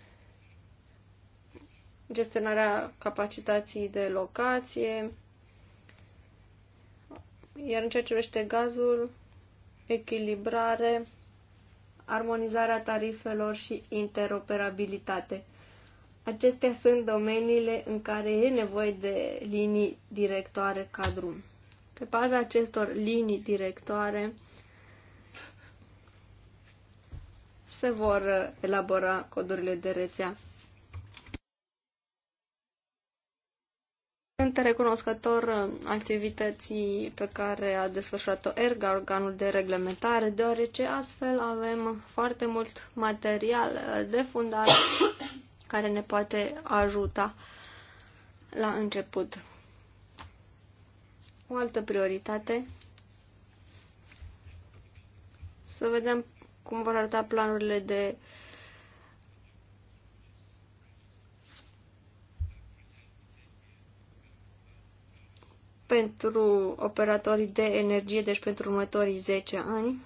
gestionarea capacității de locație, iar în ceea ce privește gazul, echilibrare, armonizarea tarifelor și interoperabilitate. Acestea sunt domeniile în care e nevoie de linii directoare cadru. Pe baza acestor linii directoare se vor elabora codurile de rețea. Sunt recunoscător uh, activității pe care a desfășurat-o ERGA, organul de reglementare, deoarece astfel avem foarte mult material uh, de fundare [coughs] care ne poate ajuta la început. O altă prioritate. Să vedem cum vor arăta planurile de pentru operatorii de energie, deci pentru următorii 10 ani,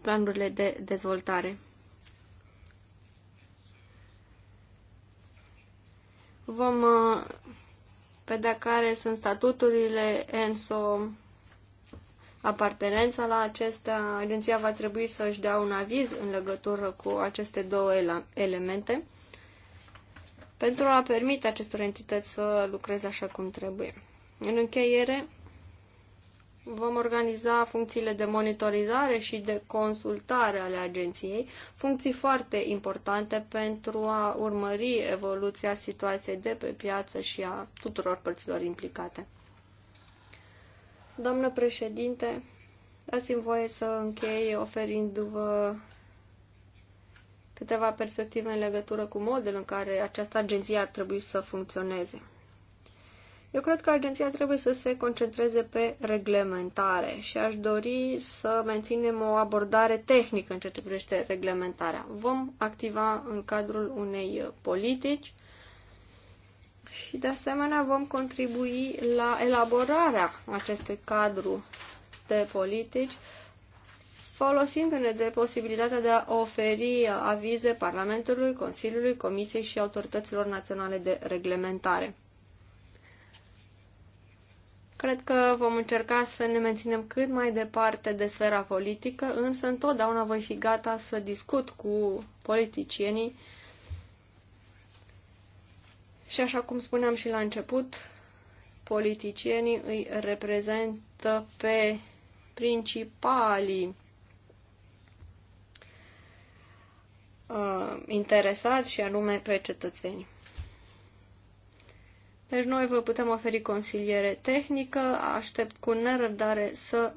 planurile de dezvoltare. Vom uh, vedea care sunt statuturile ENSO, apartenența la acestea. Agenția va trebui să-și dea un aviz în legătură cu aceste două elemente pentru a permite acestor entități să lucreze așa cum trebuie. În încheiere, vom organiza funcțiile de monitorizare și de consultare ale agenției, funcții foarte importante pentru a urmări evoluția situației de pe piață și a tuturor părților implicate. Doamnă președinte, dați-mi voie să închei oferindu-vă câteva perspective în legătură cu modul în care această agenție ar trebui să funcționeze. Eu cred că agenția trebuie să se concentreze pe reglementare și aș dori să menținem o abordare tehnică în ceea ce privește reglementarea. Vom activa în cadrul unei politici și de asemenea vom contribui la elaborarea acestui cadru de politici folosindu-ne de posibilitatea de a oferi avize Parlamentului, Consiliului, Comisiei și autorităților naționale de reglementare. Cred că vom încerca să ne menținem cât mai departe de sfera politică, însă întotdeauna voi fi gata să discut cu politicienii și așa cum spuneam și la început, politicienii îi reprezintă pe principalii uh, interesați și anume pe cetățeni. Deci noi vă putem oferi consiliere tehnică, aștept cu nerăbdare să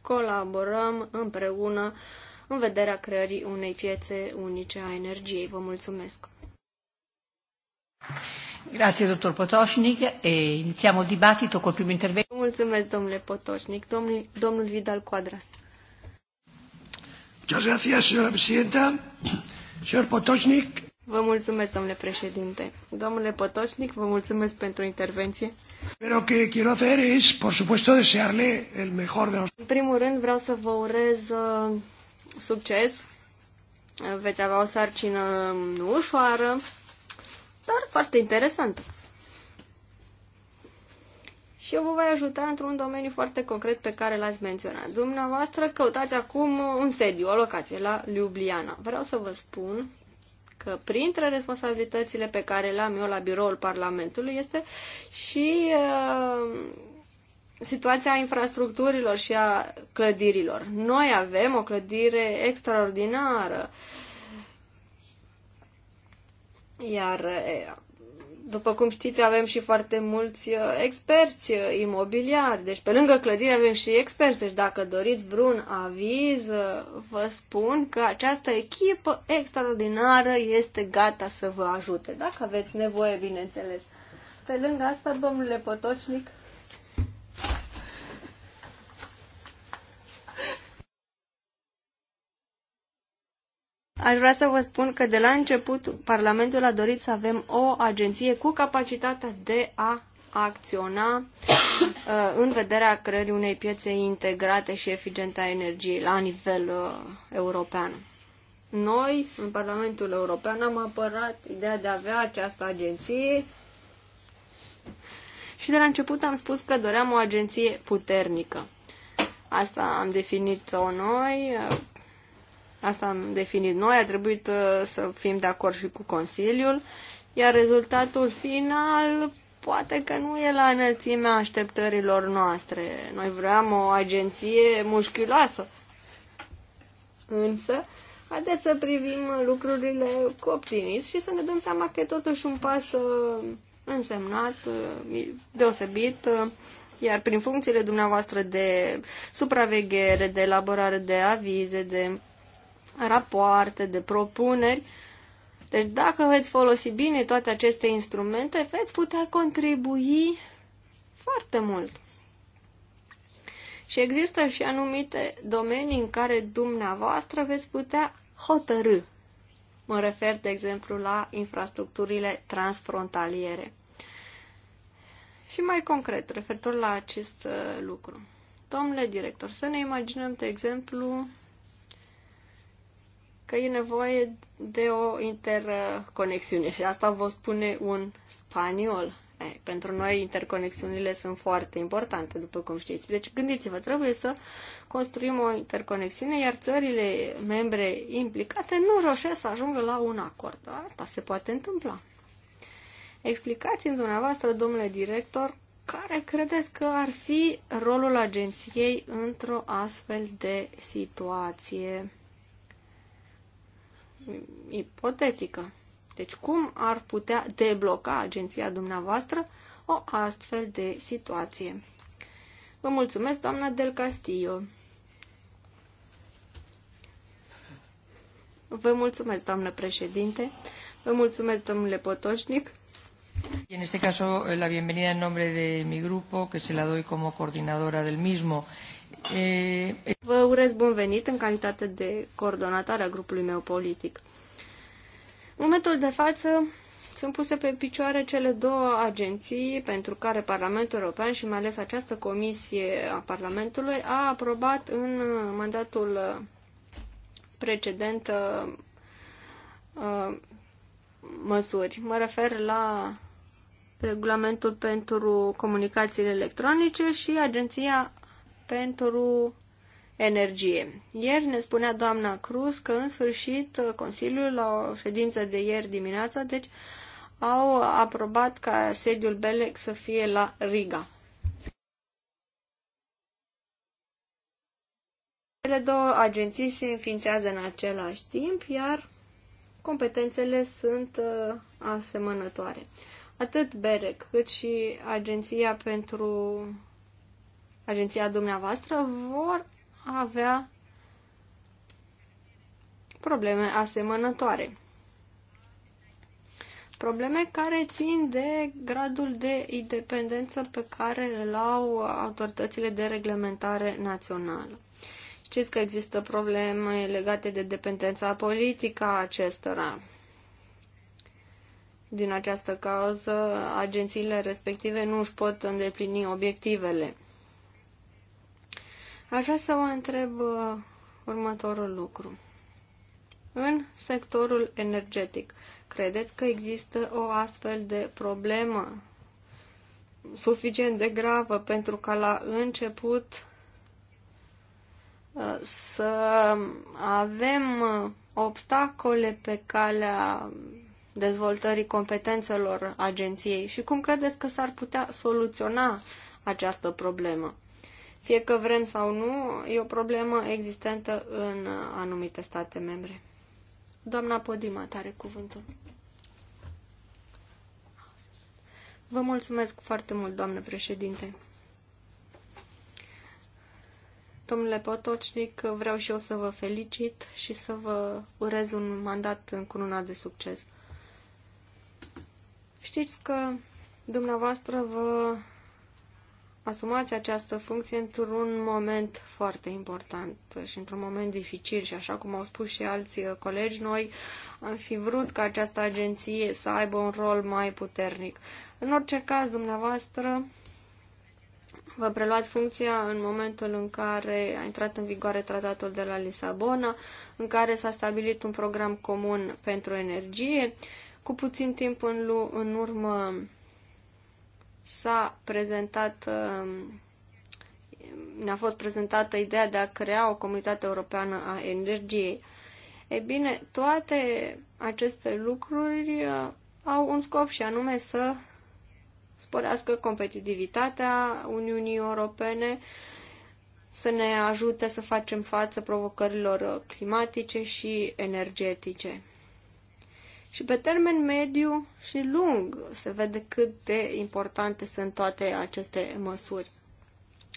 colaborăm împreună în vederea creării unei piețe unice a energiei. Vă mulțumesc! Grazie, dottor Potocnic. E iniziamo il dibattito col primo intervento. Mulțumesc, domnule Potocnic. Domnul, domnul Vidal Quadras. Potocnik? Vă mulțumesc, domnule președinte. Domnule Potocnik, vă mulțumesc pentru intervenție. Pero que quiero hacer es, por supuesto, desearle el mejor de los... În primul rând, vreau să vă urez uh, succes. Veți avea o sarcină ușoară, dar foarte interesantă și eu vă voi ajuta într-un domeniu foarte concret pe care l-ați menționat. Dumneavoastră căutați acum un sediu, o locație la Ljubljana. Vreau să vă spun că printre responsabilitățile pe care le-am eu la biroul Parlamentului este și uh, situația infrastructurilor și a clădirilor. Noi avem o clădire extraordinară. Iar uh, după cum știți, avem și foarte mulți uh, experți uh, imobiliari. Deci, pe lângă clădire avem și experți. Deci, dacă doriți vreun aviz, uh, vă spun că această echipă extraordinară este gata să vă ajute. Dacă aveți nevoie, bineînțeles. Pe lângă asta, domnule Potocnic, Aș vrea să vă spun că de la început Parlamentul a dorit să avem o agenție cu capacitatea de a acționa uh, în vederea creării unei piețe integrate și eficiente a energiei la nivel uh, european. Noi, în Parlamentul European, am apărat ideea de a avea această agenție și de la început am spus că doream o agenție puternică. Asta am definit-o noi uh, Asta am definit noi, a trebuit uh, să fim de acord și cu Consiliul, iar rezultatul final poate că nu e la înălțimea așteptărilor noastre. Noi vreau o agenție mușchiuloasă. Însă, haideți să privim lucrurile cu optimism și să ne dăm seama că e totuși un pas uh, însemnat, uh, deosebit, iar prin funcțiile dumneavoastră de supraveghere, de elaborare de avize, de rapoarte, de propuneri. Deci dacă veți folosi bine toate aceste instrumente, veți putea contribui foarte mult. Și există și anumite domenii în care dumneavoastră veți putea hotărâ. Mă refer, de exemplu, la infrastructurile transfrontaliere. Și mai concret, referitor la acest uh, lucru. Domnule director, să ne imaginăm, de exemplu, că e nevoie de o interconexiune și asta vă spune un spaniol. E, pentru noi interconexiunile sunt foarte importante, după cum știți. Deci gândiți-vă, trebuie să construim o interconexiune, iar țările membre implicate nu reușesc să ajungă la un acord. Asta se poate întâmpla. Explicați-mi dumneavoastră, domnule director, care credeți că ar fi rolul agenției într-o astfel de situație? ipotetică. Deci cum ar putea debloca agenția dumneavoastră o astfel de situație? Vă mulțumesc, doamna Del Castillo. Vă mulțumesc, doamnă președinte. Vă mulțumesc, domnule Potoșnic. En este caso, la bienvenida en nombre de mi grupo, que se la doy como coordinadora del mismo. Vă urez bun venit în calitate de coordonatare a grupului meu politic. În momentul de față sunt puse pe picioare cele două agenții pentru care Parlamentul European și mai ales această comisie a Parlamentului a aprobat în mandatul precedent uh, uh, măsuri. Mă refer la regulamentul pentru comunicațiile electronice și agenția pentru energie. Ieri ne spunea doamna Cruz că în sfârșit Consiliul, la o ședință de ieri dimineața, deci au aprobat ca sediul Belec să fie la Riga. Cele două agenții se înființează în același timp, iar competențele sunt uh, asemănătoare. Atât BEREC cât și Agenția pentru agenția dumneavoastră vor avea probleme asemănătoare. Probleme care țin de gradul de independență pe care îl au autoritățile de reglementare națională. Știți că există probleme legate de dependența politică a acestora. Din această cauză, agențiile respective nu își pot îndeplini obiectivele. Aș vrea să vă întreb uh, următorul lucru. În sectorul energetic, credeți că există o astfel de problemă suficient de gravă pentru ca la început uh, să avem uh, obstacole pe calea dezvoltării competențelor agenției și cum credeți că s-ar putea soluționa această problemă? fie că vrem sau nu, e o problemă existentă în anumite state membre. Doamna Podima, tare cuvântul. Vă mulțumesc foarte mult, doamnă președinte. Domnule Potocnic, vreau și eu să vă felicit și să vă urez un mandat încununat de succes. Știți că dumneavoastră vă asumați această funcție într-un moment foarte important și într-un moment dificil și așa cum au spus și alții colegi, noi am fi vrut ca această agenție să aibă un rol mai puternic. În orice caz, dumneavoastră vă preluați funcția în momentul în care a intrat în vigoare tratatul de la Lisabona, în care s-a stabilit un program comun pentru energie. Cu puțin timp în, în urmă, s-a prezentat, um, ne-a fost prezentată ideea de a crea o comunitate europeană a energiei. E bine, toate aceste lucruri uh, au un scop și anume să sporească competitivitatea Uniunii Europene, să ne ajute să facem față provocărilor climatice și energetice. Și pe termen mediu și lung se vede cât de importante sunt toate aceste măsuri.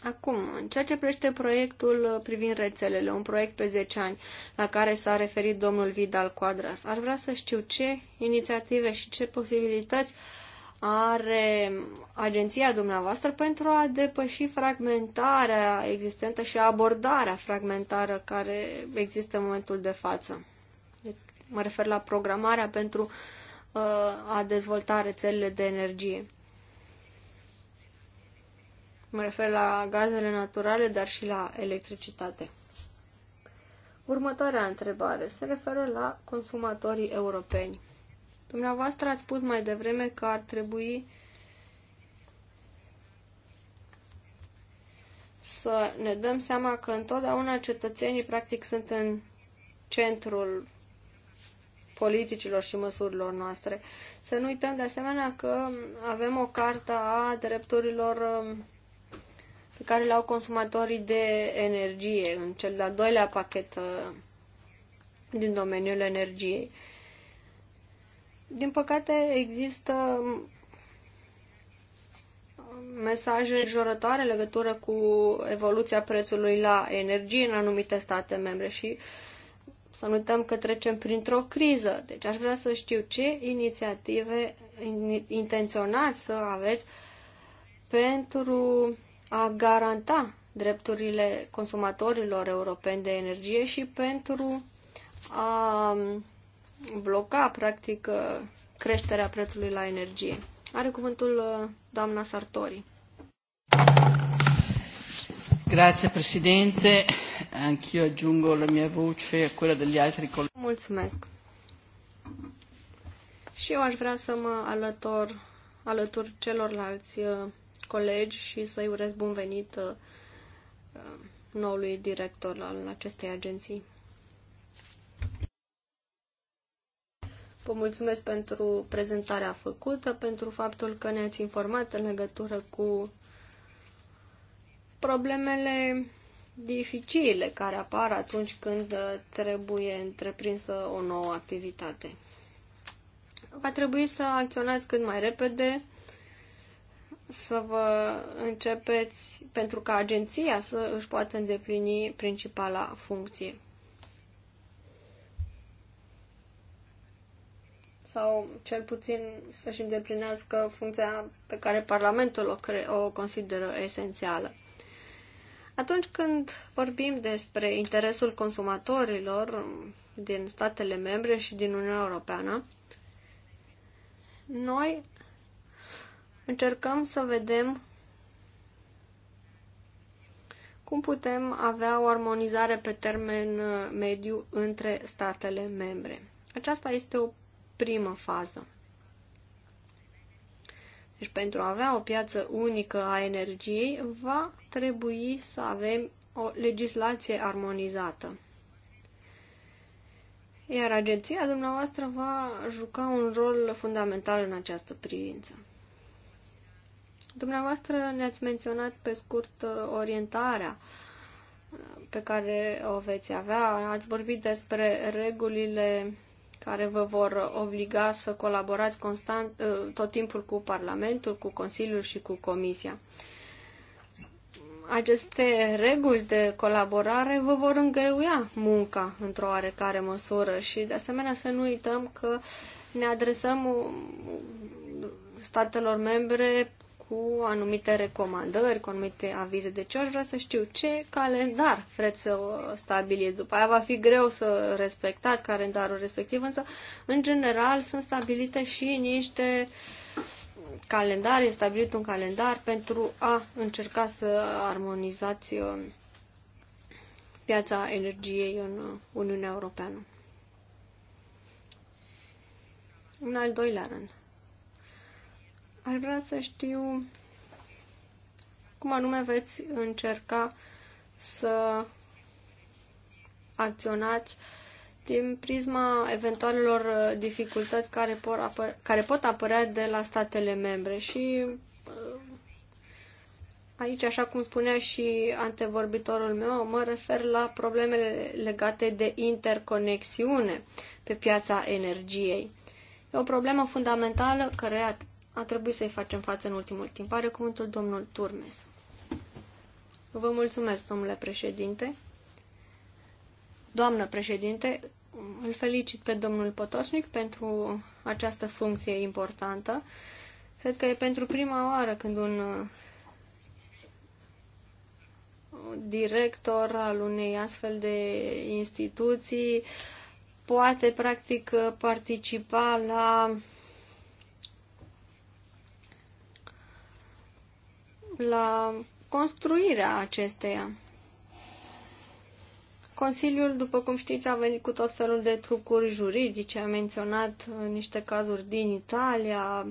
Acum, în ceea ce prește proiectul privind rețelele, un proiect pe 10 ani la care s-a referit domnul Vidal Quadras, ar vrea să știu ce inițiative și ce posibilități are agenția dumneavoastră pentru a depăși fragmentarea existentă și abordarea fragmentară care există în momentul de față. Mă refer la programarea pentru uh, a dezvolta rețelele de energie. Mă refer la gazele naturale, dar și la electricitate. Următoarea întrebare se referă la consumatorii europeni. Dumneavoastră ați spus mai devreme că ar trebui să ne dăm seama că întotdeauna cetățenii practic sunt în centrul politicilor și măsurilor noastre. Să nu uităm de asemenea că avem o carta a drepturilor um, pe care le au consumatorii de energie în cel de-al doilea pachet uh, din domeniul energiei. Din păcate există um, mesaje jurătoare legătură cu evoluția prețului la energie în anumite state membre și uh, să nu uităm că trecem printr-o criză. Deci aș vrea să știu ce inițiative intenționați să aveți pentru a garanta drepturile consumatorilor europeni de energie și pentru a bloca, practic, creșterea prețului la energie. Are cuvântul uh, doamna Sartori. Grazie Presidente, anch'io aggiungo la mia voce a quella degli altri colleghi. Mulțumesc. Și eu aș vrea să mă alătur alătur celorlalți uh, colegi și să-i urez bun venit uh, uh, noului director al acestei agenții. Vă mulțumesc pentru prezentarea făcută, pentru faptul că ne-ați informat în legătură cu problemele dificile care apar atunci când uh, trebuie întreprinsă o nouă activitate. Va trebui să acționați cât mai repede, să vă începeți pentru ca agenția să își poată îndeplini principala funcție. sau cel puțin să-și îndeplinească funcția pe care Parlamentul o, o consideră esențială. Atunci când vorbim despre interesul consumatorilor din statele membre și din Uniunea Europeană, noi încercăm să vedem cum putem avea o armonizare pe termen uh, mediu între statele membre. Aceasta este o primă fază. Deci pentru a avea o piață unică a energiei va trebui să avem o legislație armonizată. Iar agenția dumneavoastră va juca un rol fundamental în această privință. Dumneavoastră ne-ați menționat pe scurt uh, orientarea uh, pe care o veți avea. Ați vorbit despre regulile care vă vor obliga să colaborați constant, uh, tot timpul cu Parlamentul, cu Consiliul și cu Comisia. Aceste reguli de colaborare vă vor îngreuia munca într-o oarecare măsură și, de asemenea, să nu uităm că ne adresăm uh, statelor membre cu anumite recomandări, cu anumite avize. Deci eu aș vrea să știu ce calendar vreți să stabiliți. După aia va fi greu să respectați calendarul respectiv, însă în general sunt stabilite și niște calendar, e stabilit un calendar pentru a încerca să armonizați uh, piața energiei în Uniunea Europeană. În al doilea rând. Aș vrea să știu cum anume veți încerca să acționați din prisma eventualelor dificultăți care, por apă- care pot apărea de la statele membre. Și uh, aici, așa cum spunea și antevorbitorul meu, mă refer la problemele legate de interconexiune pe piața energiei. E o problemă fundamentală care a trebuit să-i facem față în ultimul timp. Are cuvântul domnul Turmes. Vă mulțumesc, domnule președinte. Doamnă președinte, îl felicit pe domnul Potocnic pentru această funcție importantă. Cred că e pentru prima oară când un director al unei astfel de instituții poate practic participa la la construirea acesteia. Consiliul, după cum știți, a venit cu tot felul de trucuri juridice, a menționat uh, niște cazuri din Italia,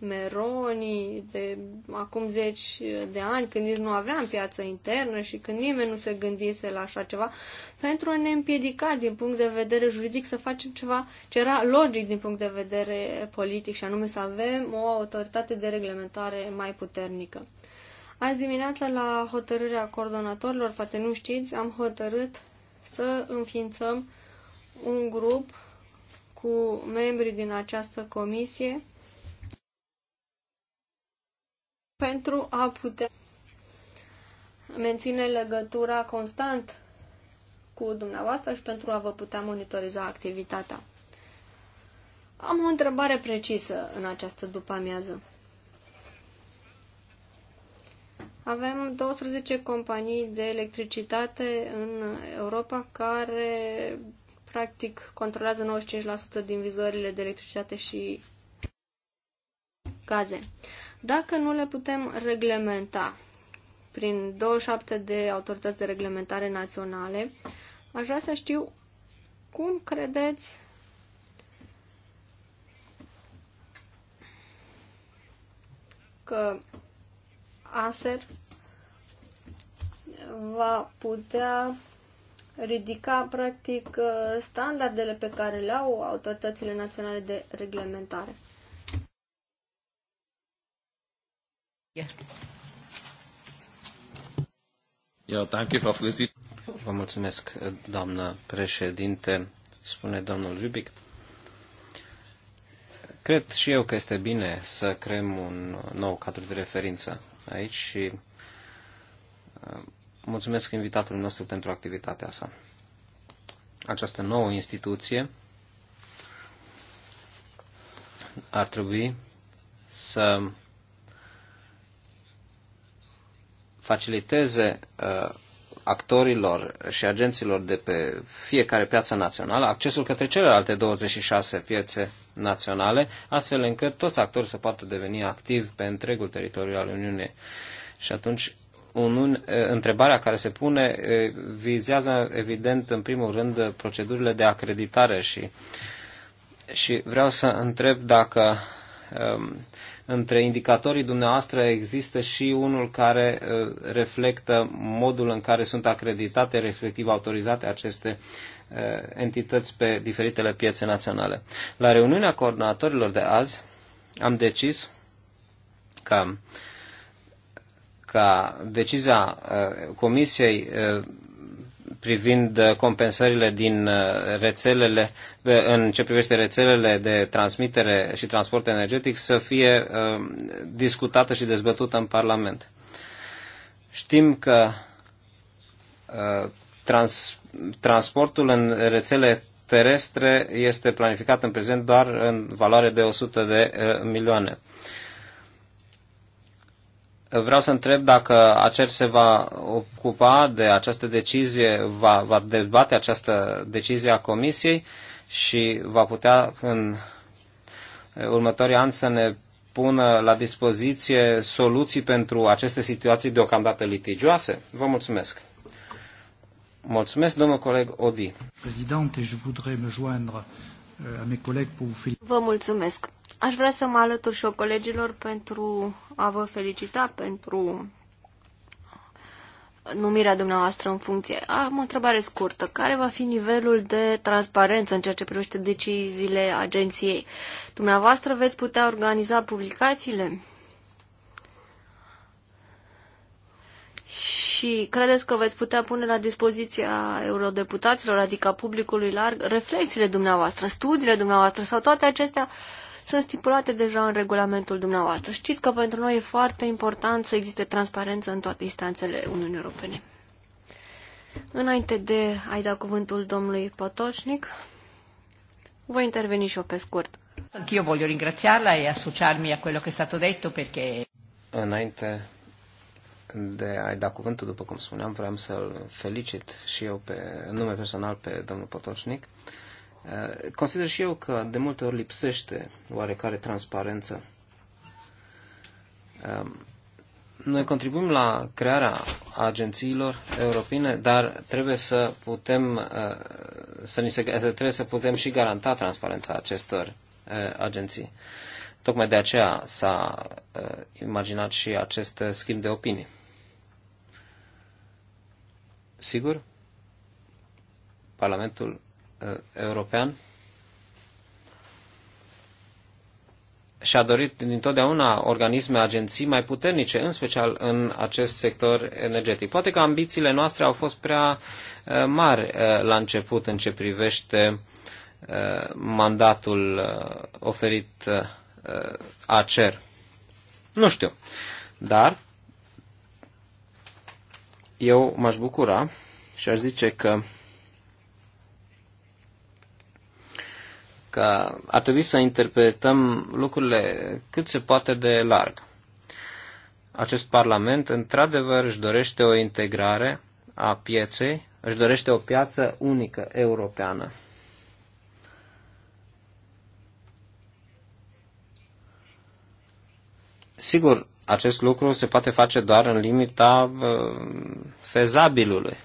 Meroni, de acum zeci de ani, când nici nu aveam piață internă și când nimeni nu se gândise la așa ceva, pentru a ne împiedica din punct de vedere juridic să facem ceva ce era logic din punct de vedere politic și anume să avem o autoritate de reglementare mai puternică. Azi dimineața la hotărârea coordonatorilor, poate nu știți, am hotărât să înființăm un grup cu membrii din această comisie pentru a putea menține legătura constant cu dumneavoastră și pentru a vă putea monitoriza activitatea. Am o întrebare precisă în această după-amiază. Avem 12 companii de electricitate în Europa care practic controlează 95% din vizorile de electricitate și gaze. Dacă nu le putem reglementa prin 27 de autorități de reglementare naționale, aș vrea să știu cum credeți că ASER va putea ridica practic uh, standardele pe care le au autoritățile naționale de reglementare. Eu, danke, Frau Vă mulțumesc, doamnă președinte, spune domnul Rubic. Cred și eu că este bine să creăm un nou cadru de referință aici și uh, mulțumesc invitatului nostru pentru activitatea sa. Această nouă instituție ar trebui să faciliteze uh, actorilor și agenților de pe fiecare piață națională accesul către celelalte 26 piețe naționale, astfel încât toți actorii să poată deveni activi pe întregul teritoriu al Uniunii. Și atunci un, întrebarea care se pune vizează, evident, în primul rând, procedurile de acreditare și, și vreau să întreb dacă um, între indicatorii dumneavoastră există și unul care uh, reflectă modul în care sunt acreditate, respectiv autorizate aceste uh, entități pe diferitele piețe naționale. La reuniunea coordonatorilor de azi am decis ca, ca decizia uh, Comisiei privind uh, compensările din uh, rețelele, uh, în ce privește rețelele de transmitere și transport energetic, să fie discutată și dezbătută în Parlament. Știm că trans, transportul în rețele terestre este planificat în prezent doar în valoare de 100 de milioane. Vreau să întreb dacă ACER se va ocupa de această decizie, va, va debate această decizie a Comisiei și va putea în următorii ani să ne pună la dispoziție soluții pentru aceste situații deocamdată litigioase. Vă mulțumesc! Mulțumesc, domnul coleg Odi. Uh, Vă mulțumesc. Aș vrea să mă alătur și o colegilor pentru a vă felicita pentru numirea dumneavoastră în funcție. Am o întrebare scurtă. Care va fi nivelul de transparență în ceea ce privește deciziile agenției? Dumneavoastră veți putea organiza publicațiile? Și credeți că veți putea pune la dispoziția eurodeputaților, adică publicului larg, reflexiile dumneavoastră, studiile dumneavoastră sau toate acestea uh, sunt stipulate deja în regulamentul dumneavoastră. Știți că pentru noi e foarte important să existe transparență în toate instanțele Uniunii Europene. Înainte de a-i da cuvântul domnului Potocnic, voi interveni și eu pe scurt. Anch'io voglio ringraziarla e associarmi a quello che è stato detto perché... Înainte de a-i da cuvântul, după cum spuneam, vreau să-l felicit și eu pe, în nume personal pe domnul Potocnic. Uh, Eh, consider și eu că de multe ori lipsește oarecare transparență. Ehm, noi contribuim la crearea agențiilor europene, dar trebuie să putem eh, să, ni se, trebuie să putem și garanta transparența acestor eh, agenții. Tocmai de aceea s-a imaginat și acest schimb de opinii. Sigur, Parlamentul Uh, european și-a dorit dintotdeauna organisme, agenții mai puternice, în special în acest sector energetic. Poate că ambițiile noastre au fost prea uh, mari uh, la început în ce privește mandatul oferit ACER. Nu știu. Dar eu m-aș bucura și aș zice că că ar trebui să interpretăm lucrurile cât se poate de larg. Acest Parlament, într-adevăr, își dorește o integrare a pieței, își dorește o piață unică europeană. Sigur, acest lucru se poate face doar în limita uh, fezabilului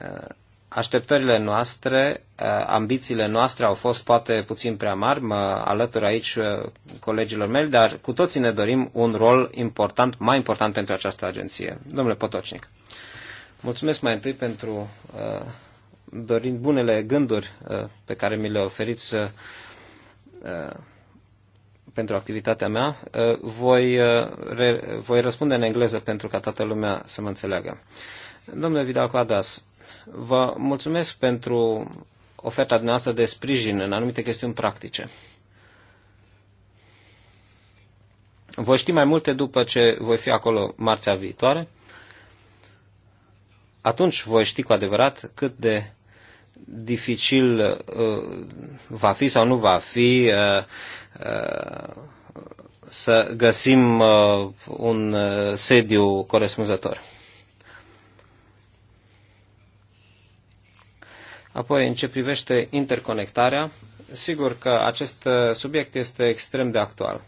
uh, așteptările noastre, eh, ambițiile noastre au fost poate puțin prea mari, mă alătur aici eh, colegilor mei, dar cu toții ne dorim un rol important, mai important pentru această agenție. Domnule Potocnic, mulțumesc mai întâi pentru uh, dorind bunele gânduri uh, pe care mi le oferiți uh, pentru activitatea mea. Voi, voi răspunde în engleză pentru ca toată lumea să mă înțeleagă. Domnule Vidal Coadas, Vă mulțumesc pentru oferta dumneavoastră de sprijin în anumite chestiuni practice. Voi ști mai multe după ce voi fi acolo marțea viitoare. Atunci voi ști cu adevărat cât de dificil uh, va fi sau nu va fi uh, uh, să găsim uh, un uh, sediu corespunzător. Apoi, în ce privește interconectarea, sigur că acest uh, subiect este extrem de actual.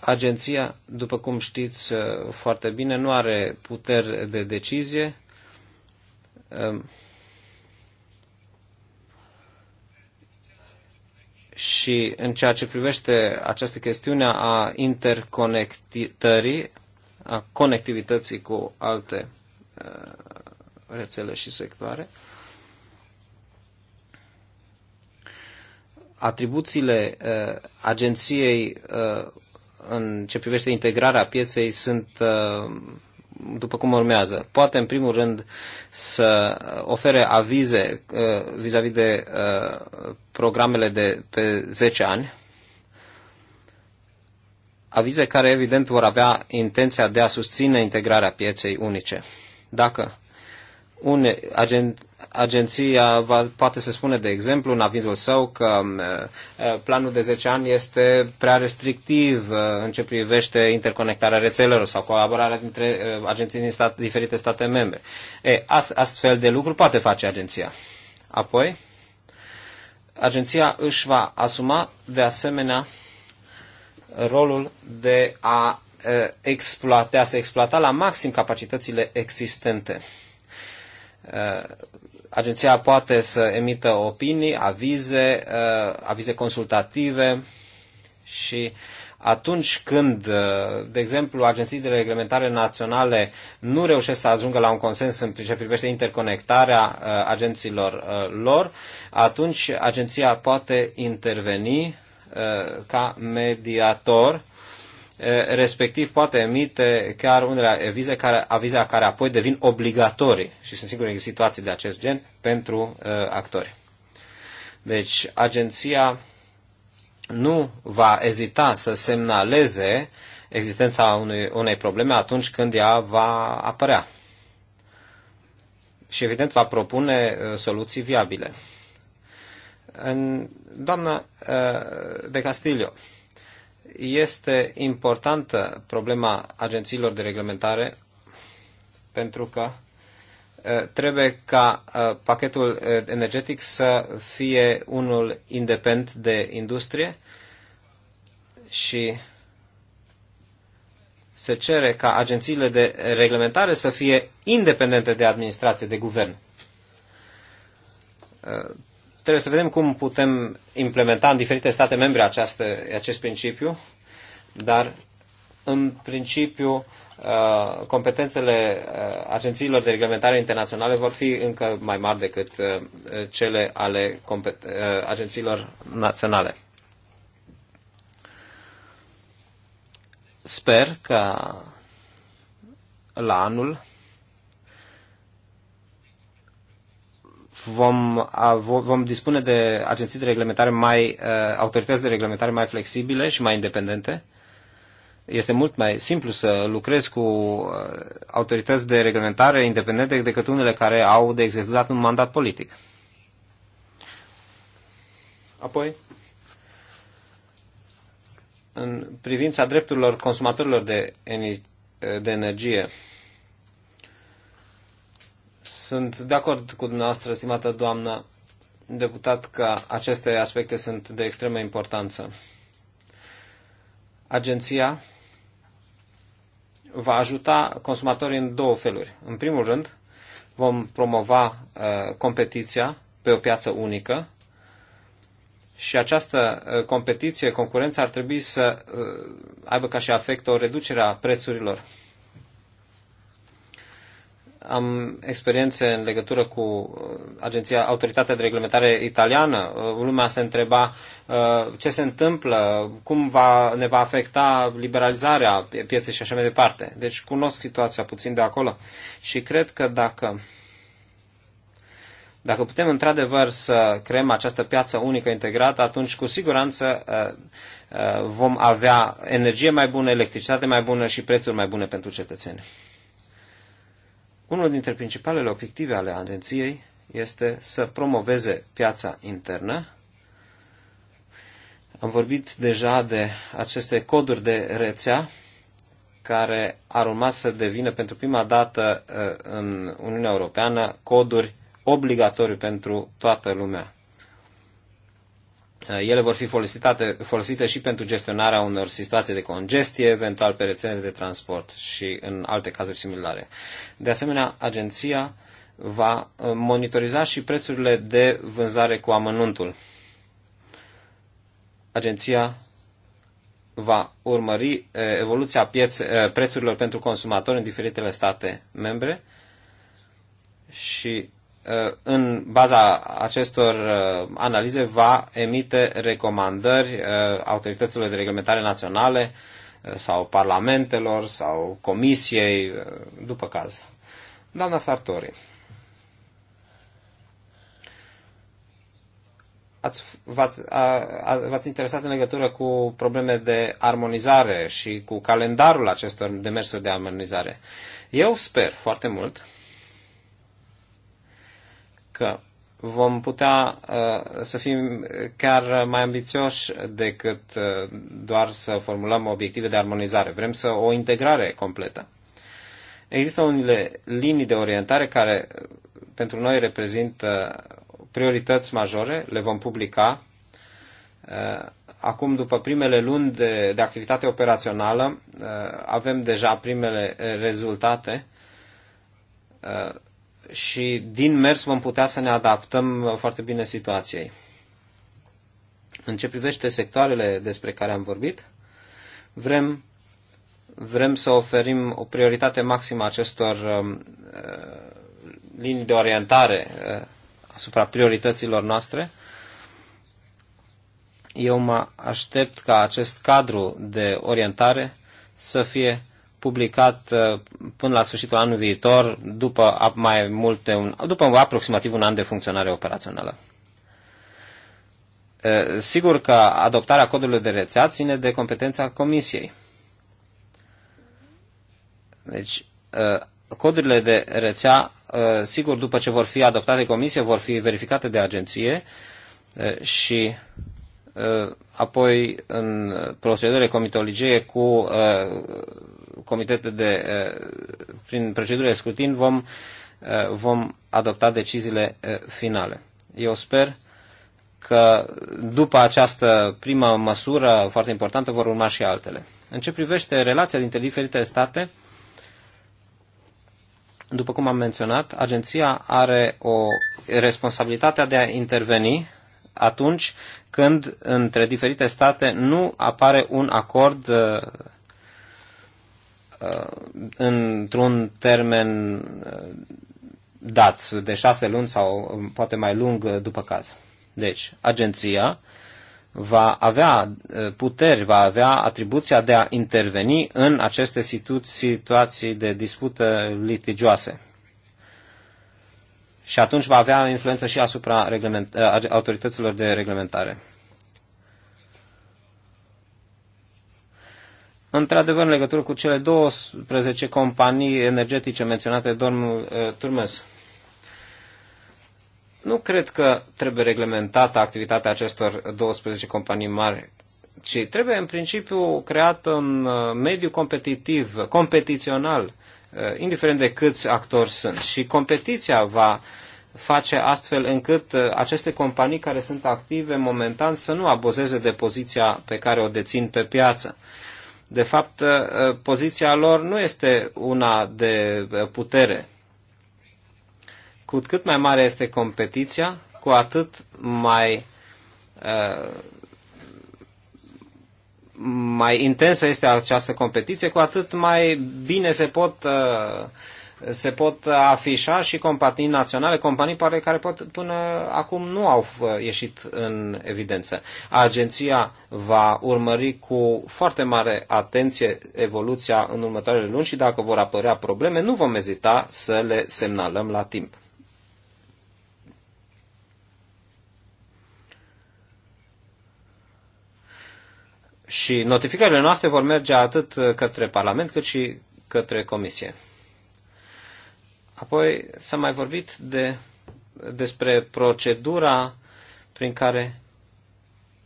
Agenția, după cum știți uh, foarte bine, nu are puteri de decizie. Um, și în ceea ce privește această chestiune a interconectării, a conectivității cu alte uh, rețele și sectoare, atribuțiile uh, agenției uh, în ce privește integrarea pieței sunt uh, după cum urmează. Poate, în primul rând, să ofere avize vis-a-vis -vis de programele de pe 10 ani, avize care, evident, vor avea intenția de a susține integrarea pieței unice. Dacă une, agen, agenția va, poate să spune, de exemplu, în avizul său că um, uh, uh, planul de 10 ani este prea restrictiv uh, în ce privește interconectarea rețelelor sau colaborarea dintre agenții din stat, diferite state membre. E, astfel de lucruri poate face agenția. Apoi, agenția își va asuma, de asemenea, rolul de a exploata, să exploata la maxim capacitățile existente Uh, agenția poate să emită opinii, avize, uh, avize consultative și atunci când, uh, de exemplu, agenții de reglementare naționale nu reușesc să ajungă la un consens în ce privește interconectarea agenților lor, atunci agenția poate interveni ca mediator respectiv poate emite chiar unele avize care, avize care apoi devin obligatorii și sunt sigur că situații de acest gen pentru uh, actori. Deci agenția nu va ezita să semnaleze existența unui, unei probleme atunci când ea va apărea. Și evident va propune uh, soluții viabile. În, doamna uh, de Castillo, este importantă problema agențiilor de reglementare pentru că uh, trebuie ca uh, pachetul uh, energetic să fie unul independent de industrie și se cere ca agențiile de reglementare să fie independente de administrație, de guvern Trebuie să vedem cum putem implementa în diferite state membre această, acest principiu, dar în principiu uh, competențele uh, agențiilor de reglementare internaționale vor fi încă mai mari decât uh, cele ale agențiilor naționale. Sper că la anul vom, vom dispune de agenții de reglementare mai, uh, autorități de reglementare mai flexibile și mai independente. Este mult mai simplu să lucrezi cu uh, autorități de reglementare independente decât unele care au de executat un mandat politic. Apoi, în privința drepturilor consumatorilor de, de energie, sunt de acord cu dumneavoastră, stimată doamnă deputat, că aceste aspecte sunt de extremă importanță. Agenția va ajuta consumatorii în două feluri. În primul rând, vom promova uh, competiția pe o piață unică și această uh, competiție, concurență, ar trebui să uh, aibă ca și afect o reducere a prețurilor am experiențe în legătură cu uh, agenția, autoritatea de reglementare italiană. Uh, lumea se întreba uh, ce se întâmplă, cum va, ne va afecta liberalizarea pieței și așa mai departe. Deci cunosc situația puțin de acolo și cred că dacă dacă putem într-adevăr să creăm această piață unică integrată, atunci cu siguranță vom avea energie mai bună, electricitate mai bună și prețuri mai bune pentru cetățeni. Unul dintre principalele obiective ale agenției este să promoveze piața internă. Am vorbit deja de aceste coduri de rețea care ar urma să devină pentru prima dată uh, în Uniunea Europeană coduri obligatorii pentru toată lumea. Eh, ele vor fi folosite, folosite și pentru gestionarea unor situații de congestie, eventual pe rețele de transport și în alte cazuri similare. De asemenea, agenția va eh, monitoriza și prețurile de vânzare cu amănuntul. Agenția va urmări eh, evoluția pieț- prețurilor pentru consumatori în diferitele state membre și Uh, în baza acestor uh, analize va emite recomandări uh, autorităților de reglementare naționale sau parlamentelor sau comisiei, după caz. Doamna Sartori, ați, v-ați, v-ați interesat în legătură cu probleme de armonizare și cu calendarul acestor demersuri de armonizare. Eu sper foarte mult că vom putea uh, să fim chiar mai ambițioși decât uh, doar să formulăm obiective de armonizare. Vrem să o integrare completă. Există unele linii de orientare care uh, pentru noi reprezintă priorități majore, le vom publica. Uh, acum, după primele luni de, de activitate operațională, uh, avem deja primele rezultate și din mers vom putea să ne adaptăm foarte bine situației. În ce privește sectoarele despre care am vorbit, vrem, vrem să oferim o prioritate maximă acestor um, uh, linii de orientare uh, asupra priorităților noastre. Eu mă aștept ca acest cadru de orientare să fie publicat uh, până la sfârșitul anului viitor, după mai multe, după aproximativ un an de funcționare operațională. Uh, sigur că adoptarea codului de rețea ține de competența Comisiei. Deci, uh, codurile de rețea, sigur, după ce vor fi adoptate Comisie, vor fi verificate de agenție și apoi în procedurile comitologie cu comitete de, eh, prin procedură de scrutin vom, eh, vom adopta deciziile eh, finale. Eu sper că după această primă măsură foarte importantă vor urma și altele. În ce privește relația dintre diferite state, după cum am menționat, agenția are o responsabilitate de a interveni atunci când între diferite state nu apare un acord Uh, într-un termen uh, dat, de șase luni sau um, poate mai lung uh, după caz. Deci, agenția va avea puteri, va avea atribuția de a interveni în aceste situații de dispută litigioase. Și atunci va avea influență și asupra autorităților de reglementare. Într-adevăr, în legătură cu cele 12 companii energetice menționate, domnul eh, Turmes, nu cred că trebuie reglementată activitatea acestor 12 companii mari, ci trebuie în principiu creat un eh, mediu competitiv, competițional, eh, indiferent de câți actori sunt. Și competiția va face astfel încât aceste companii care sunt active momentan să nu abozeze de poziția pe care o dețin pe piață. De fapt, ă, poziția lor nu este una de ă, putere. Cu cât mai mare este competiția, cu atât mai, ă, mai intensă este această competiție, cu atât mai bine se pot se pot afișa și companii naționale, companii pare care pot, până acum nu au ieșit în evidență. Agenția va urmări cu foarte mare atenție evoluția în următoarele luni și dacă vor apărea probleme, nu vom ezita să le semnalăm la timp. Și notificările noastre vor merge atât către Parlament cât și către Comisie. Apoi s-a mai vorbit de, despre procedura prin care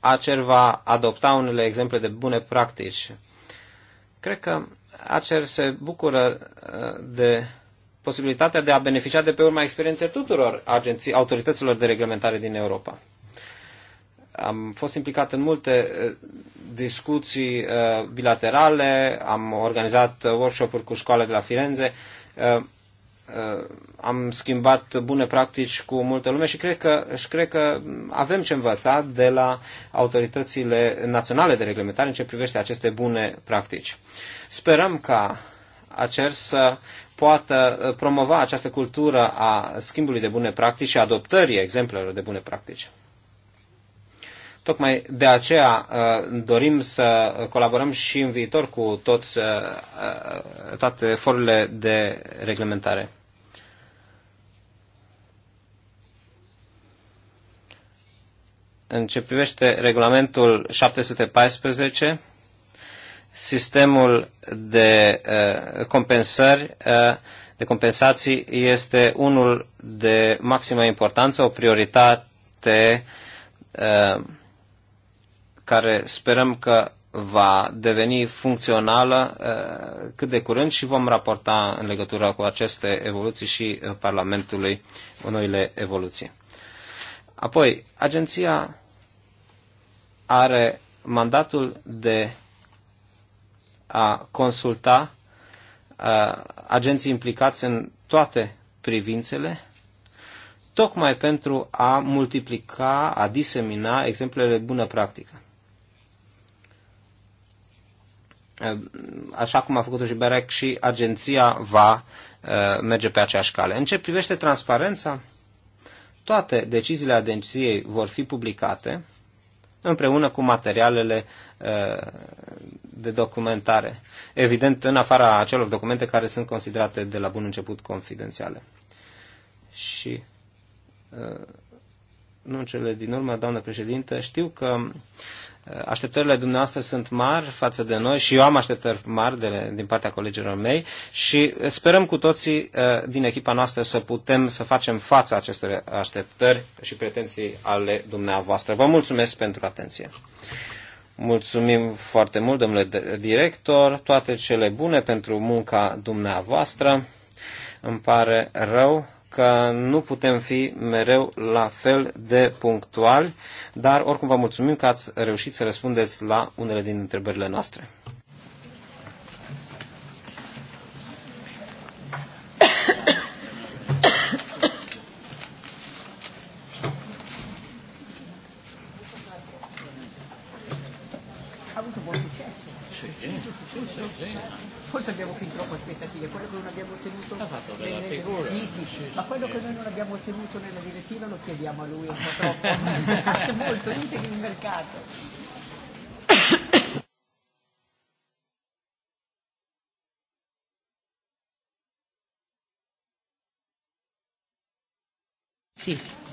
Acer va adopta unele exemple de bune practici. Cred că Acer se bucură uh, de posibilitatea de a beneficia de pe urma experienței tuturor agenții, autorităților de reglementare din Europa. Am fost implicat în multe uh, discuții uh, bilaterale, am organizat workshop-uri cu școală de la Firenze, Uh, am schimbat bune practici cu multă lume și cred că, și cred că avem ce învăța de la autoritățile naționale de reglementare în ce privește aceste bune practici. Sperăm ca acer să poată uh, promova această cultură a schimbului de bune practici și adoptării exemplelor de bune practici. Tocmai de aceea uh, dorim să colaborăm și în viitor cu toți, toate forurile de reglementare. în ce privește regulamentul 714, sistemul de uh, compensări, uh, de compensații este unul de maximă importanță, o prioritate uh, care sperăm că va deveni funcțională cât de curând și vom raporta în legătură cu aceste evoluții și Parlamentului o noile evoluții. Apoi, agenția are mandatul de a consulta uh, agenții implicați în toate privințele, tocmai pentru a multiplica, a disemina exemplele de bună practică. Uh, așa cum a făcut-o și Berec, și agenția va uh, merge pe aceeași cale. În ce privește transparența, toate deciziile agenției vor fi publicate împreună cu materialele uh, de documentare. Evident, în afara acelor documente care sunt considerate de la bun început confidențiale. Și uh, nu în cele din urmă, doamnă președintă, știu că Uh, așteptările dumneavoastră sunt mari față de noi și eu am așteptări mari de, din partea colegilor mei și sperăm cu toții uh, din echipa noastră să putem să facem față acestor așteptări și pretenții ale dumneavoastră. Vă mulțumesc pentru atenție. Mulțumim foarte mult, domnule director, toate cele bune pentru munca dumneavoastră. Îmi pare rău că nu putem fi mereu la fel de punctuali, dar oricum vă mulțumim că ați reușit să răspundeți la unele din întrebările noastre. ma quello che noi non abbiamo ottenuto nella direttiva lo chiediamo a lui un po' troppo, anche [laughs] molto integri il mercato. Sì.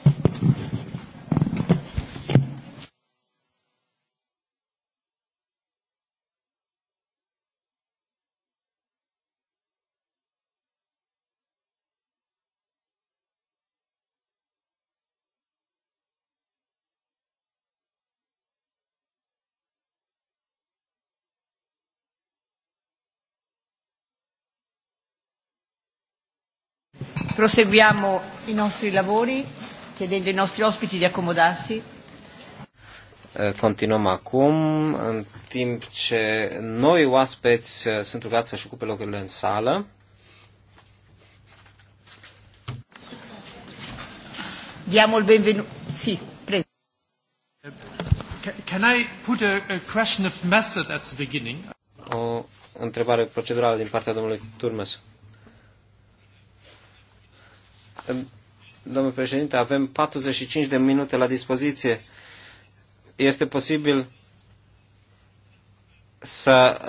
Proseguiamo i nostri lavori chiedendo ai nostri ospiti di accomodarsi. Eh, continuăm acum, în timp ce noi oaspeți eh, sunt rugați să-și ocupe locurile în sală. Diamo il benvenuto. Sì, prego. Can I put a, question of method at the beginning? O întrebare procedurală din partea domnului Turmes. Uh, Domnul președinte, avem 45 de minute la dispoziție. Este posibil să,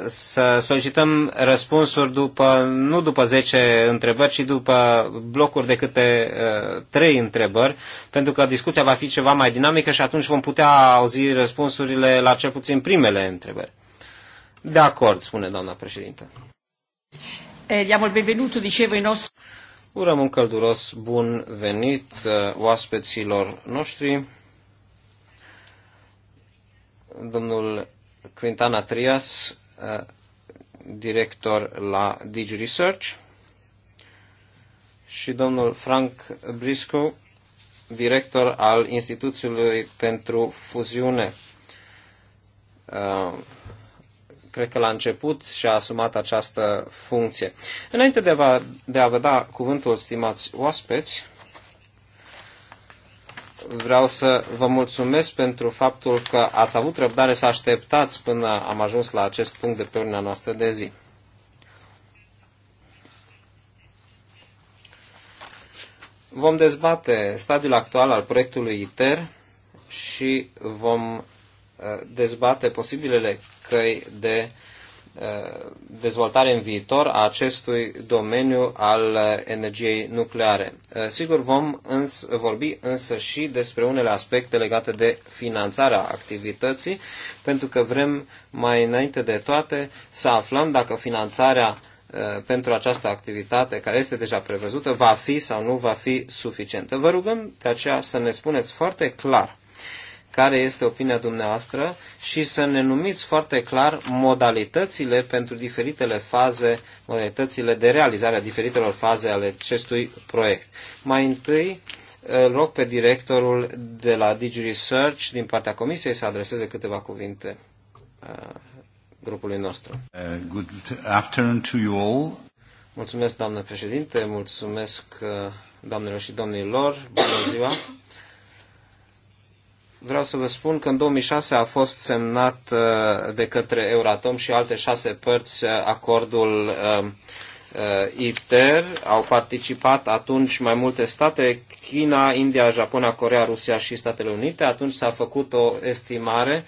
uh, să solicităm răspunsuri după, nu după 10 întrebări, ci după blocuri de câte 3 uh, întrebări, pentru că discuția va fi ceva mai dinamică și atunci vom putea auzi răspunsurile la cel puțin primele întrebări. De acord, spune doamna președinte. Eh, diamo il benvenuto, dicevo, ai nostri... Urăm un călduros bun venit uh, oaspeților noștri. Domnul Quintana Trias, uh, director la Digi Research, și domnul Frank Brisco, director al Instituțiului pentru Fuziune uh, cred că la început și-a asumat această funcție. Înainte de, a, de a vă da cuvântul, stimați oaspeți, vreau să vă mulțumesc pentru faptul că ați avut răbdare să așteptați până am ajuns la acest punct de pe urmea noastră de zi. Vom dezbate stadiul actual al proiectului ITER și vom dezbate posibilele căi de eh, dezvoltare în viitor a acestui domeniu al eh, energiei nucleare. Eh, sigur, vom îns- vorbi însă și despre unele aspecte legate de finanțarea activității, pentru că vrem mai înainte de toate să aflăm dacă finanțarea pentru această activitate care este deja prevăzută va fi sau nu va fi suficientă. Vă rugăm de aceea să ne spuneți foarte clar care este opinia dumneavoastră și să ne numiți foarte clar modalitățile pentru diferitele faze, modalitățile de realizare a diferitelor faze ale acestui proiect. Mai întâi, îl rog pe directorul de la Digi Research din partea Comisiei să adreseze câteva cuvinte uh, grupului nostru. Uh, good afternoon to you all. Mulțumesc, doamnă președinte, mulțumesc uh, doamnelor și domnilor, bună ziua vreau să vă spun că în 2006 a fost semnat uh, de către Euratom și alte șase părți uh, acordul uh, ITER. Au participat atunci mai multe state, China, India, Japonia, Corea, Rusia și Statele Unite. Atunci s-a făcut o estimare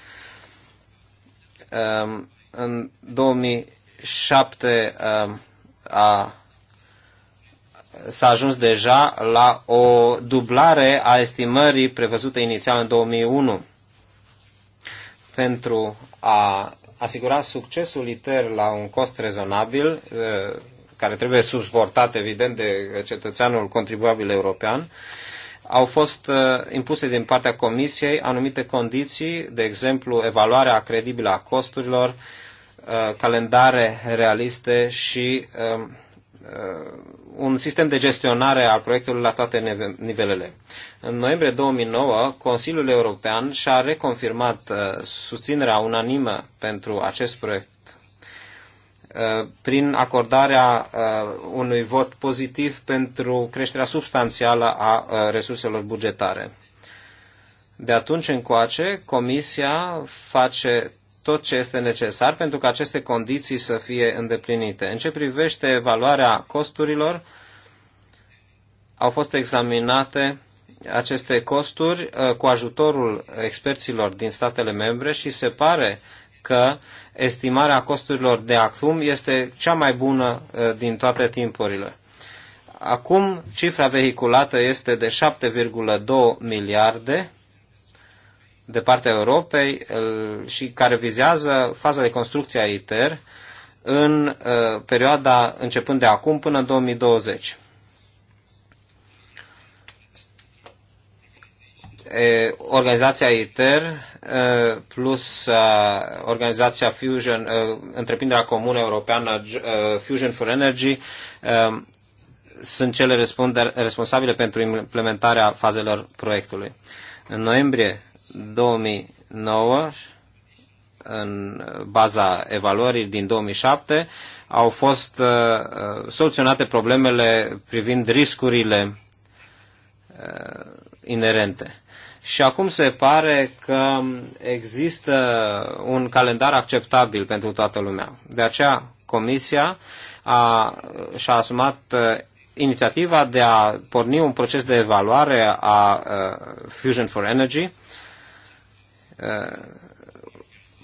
um, în 2007 um, a s-a ajuns deja la o dublare a estimării prevăzute inițial în 2001. Pentru a asigura succesul ITER la un cost rezonabil, eh, care trebuie suportat evident de cetățeanul contribuabil european, au fost eh, impuse din partea Comisiei anumite condiții, de exemplu evaluarea credibilă a costurilor, eh, calendare realiste și un sistem de gestionare al proiectului la toate nivelele. În noiembrie 2009, Consiliul European și-a reconfirmat uh, susținerea unanimă pentru acest proiect uh, prin acordarea uh, unui vot pozitiv pentru creșterea substanțială a resurselor bugetare. De atunci încoace, Comisia face tot ce este necesar pentru ca aceste condiții să fie îndeplinite. În ce privește evaluarea costurilor, au fost examinate aceste costuri uh, cu ajutorul experților din statele membre și se pare că estimarea costurilor de acum este cea mai bună uh, din toate timpurile. Acum cifra vehiculată este de 7,2 miliarde de partea Europei și care vizează faza de construcție a ITER în uh, perioada începând de acum până în 2020. organizația ITER uh, plus uh, organizația Fusion, întreprinderea comună europeană Fusion for Energy sunt cele responsabile pentru implementarea fazelor proiectului. În noiembrie 2009 în baza evaluării din 2007 au fost uh, uh, soluționate problemele privind riscurile uh, inerente. Și acum se pare că există un calendar acceptabil pentru toată lumea. De aceea Comisia a, și-a asumat uh, inițiativa de a porni un proces de evaluare a uh, Fusion for Energy uh, Uh,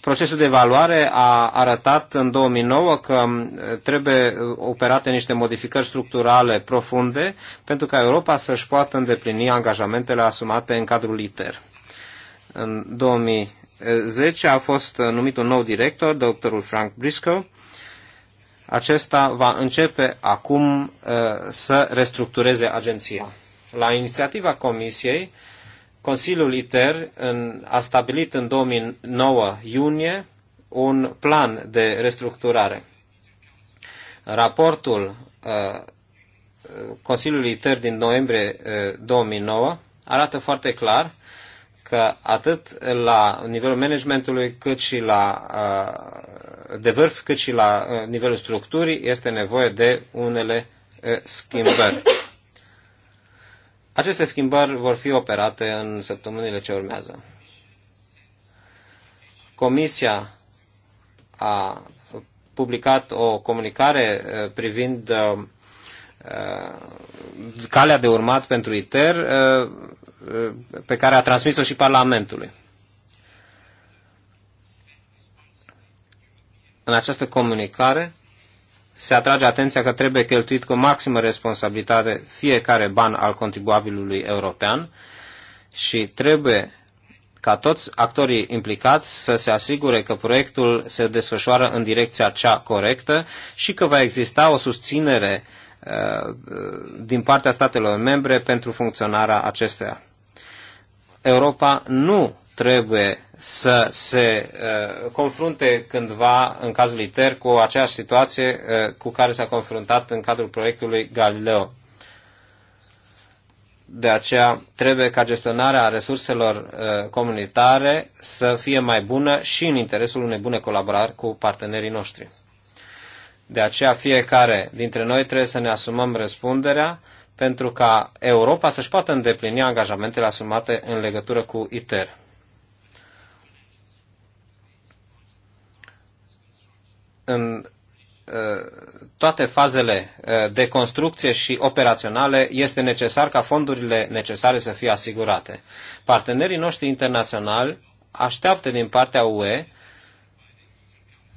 procesul de evaluare a arătat în 2009 că uh, trebuie uh, operate niște modificări structurale profunde pentru ca Europa să-și poată îndeplini angajamentele asumate în cadrul ITER. În 2010 a fost numit un nou director, doctorul Frank Briscoe. Acesta va începe acum să restructureze agenția. La inițiativa Comisiei, Consiliul ITER în, a stabilit în 2009 iunie un plan de restructurare. Raportul uh, Consiliului ITER din noiembrie uh, 2009 arată foarte clar că atât la nivelul managementului cât și la uh, de vârf, cât și la uh, nivelul structurii este nevoie de unele uh, schimbări. Aceste schimbări vor fi operate în săptămânile ce urmează. Comisia a publicat o comunicare eh, privind eh, eh, calea de urmat pentru ITER pe care a transmis-o și Parlamentului. În această comunicare, se atrage atenția că trebuie cheltuit cu maximă responsabilitate fiecare ban al contribuabilului european și trebuie ca toți actorii implicați să se asigure că proiectul se desfășoară în direcția cea corectă și că va exista o susținere uh, din partea statelor membre pentru funcționarea acesteia. Europa nu trebuie să se uh, confrunte cândva, în cazul ITER, cu aceeași situație uh, cu care s-a confruntat în cadrul proiectului Galileo. De aceea trebuie ca gestionarea resurselor uh, comunitare să fie mai bună și în interesul unei bune colaborări cu partenerii noștri. De aceea fiecare dintre noi trebuie să ne asumăm răspunderea pentru ca Europa să-și poată îndeplini angajamentele asumate în legătură cu ITER. în uh, toate fazele uh, de construcție și operaționale este necesar ca fondurile necesare să fie asigurate. Partenerii noștri internaționali așteaptă din partea UE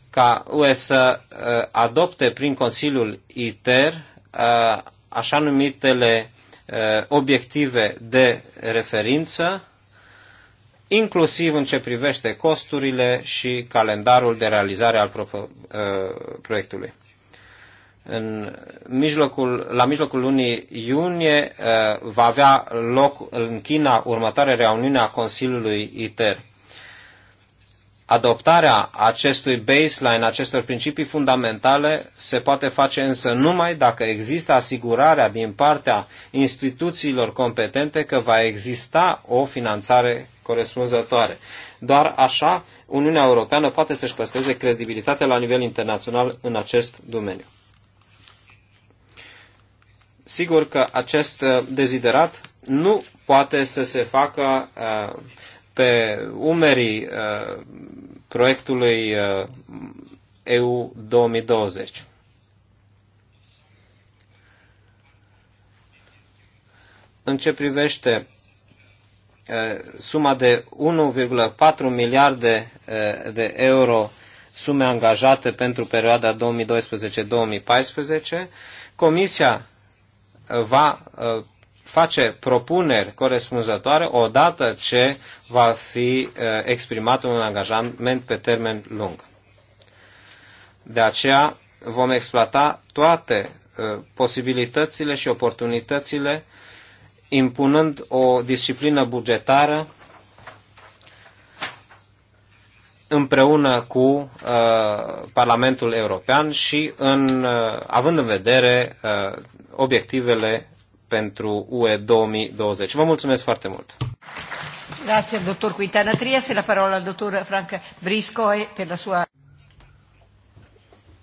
ca UE să uh, adopte prin Consiliul ITER așa numitele obiective de referință inclusiv în ce privește costurile și calendarul de realizare al uh, proiectului. În mijlocul, la mijlocul lunii iunie uh, va avea loc în China următoarea reuniune a Consiliului ITER. Adoptarea acestui baseline, acestor principii fundamentale, se poate face însă numai dacă există asigurarea din partea instituțiilor competente că va exista o finanțare corespunzătoare. Doar așa Uniunea Europeană poate să-și păstreze credibilitatea la nivel internațional în acest domeniu. Sigur că acest uh, deziderat nu poate să se facă uh, pe umerii uh, proiectului uh, EU 2020. În ce privește uh, suma de 1,4 miliarde uh, de euro sume angajate pentru perioada 2012-2014, Comisia uh, va uh, face propuneri corespunzătoare odată ce va fi uh, exprimat un angajament pe termen lung. De aceea vom exploata toate uh, posibilitățile și oportunitățile impunând o disciplină bugetară împreună cu uh, Parlamentul European și în, uh, având în vedere uh, obiectivele pentru UE 2020. Vă mulțumesc foarte mult! Grazie al dottor Quintana Trias e la parola al dottor Frank Briscoe per la sua...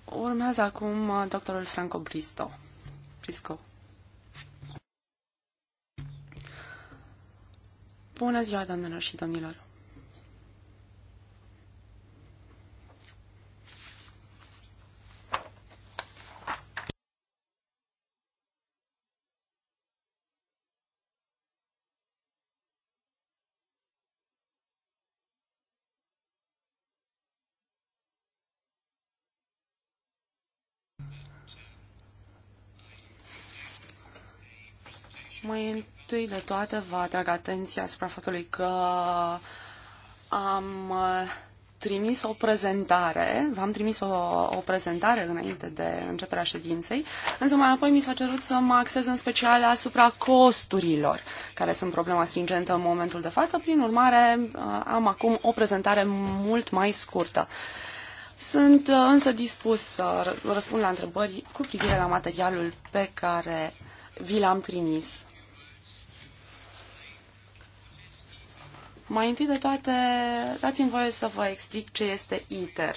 Urmează acum uh, doctorul Franco Bristo. Brisco. Bună ziua, doamnelor și domnilor! Mai întâi de toate vă atrag atenția asupra faptului că am uh, trimis o prezentare, v-am trimis o, o prezentare înainte de începerea ședinței, însă mai apoi mi s-a cerut să mă axez în special asupra costurilor, care sunt problema stringentă în momentul de față, prin urmare uh, am acum o prezentare mult mai scurtă. Sunt uh, însă dispus să răspund la întrebări cu privire la materialul pe care vi l-am trimis. Mai întâi de toate, dați-mi voie să vă explic ce este ITER.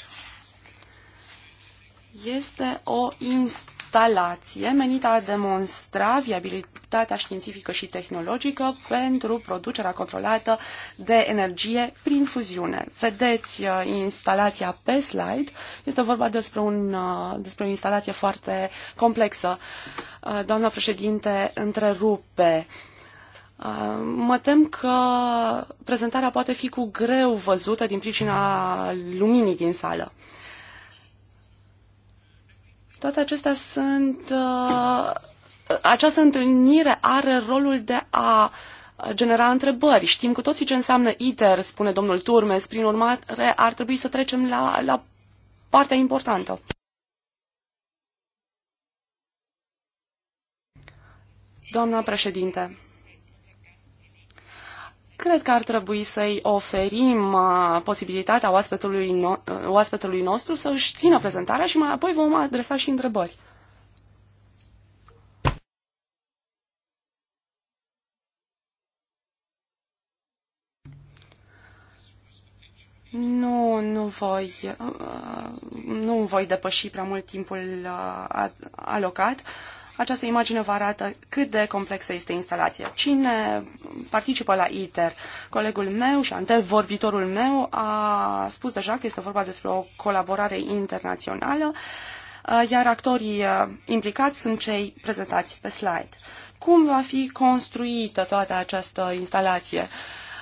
Este o instalație menită a demonstra viabilitatea științifică și tehnologică pentru producerea controlată de energie prin fuziune. Vedeți uh, instalația pe slide. Este vorba despre, un, uh, despre o instalație foarte complexă. Uh, doamna președinte întrerupe Uh, mă tem că prezentarea poate fi cu greu văzută din pricina luminii din sală. Toate acestea sunt... Uh, această întâlnire are rolul de a genera întrebări. Știm cu toții ce înseamnă ITER, spune domnul Turmes, prin urmare ar trebui să trecem la, la partea importantă. Doamna președinte, Cred că ar trebui să-i oferim uh, posibilitatea oaspetului, no- uh, oaspetului nostru să-și țină prezentarea și mai apoi vom adresa și întrebări. Nu, nu voi, uh, nu voi depăși prea mult timpul alocat. Această imagine vă arată cât de complexă este instalația. Cine participă la ITER? Colegul meu și antevorbitorul meu a spus deja că este vorba despre o colaborare internațională, uh, iar actorii uh, implicați sunt cei prezentați pe slide. Cum va fi construită toată această instalație? Uh,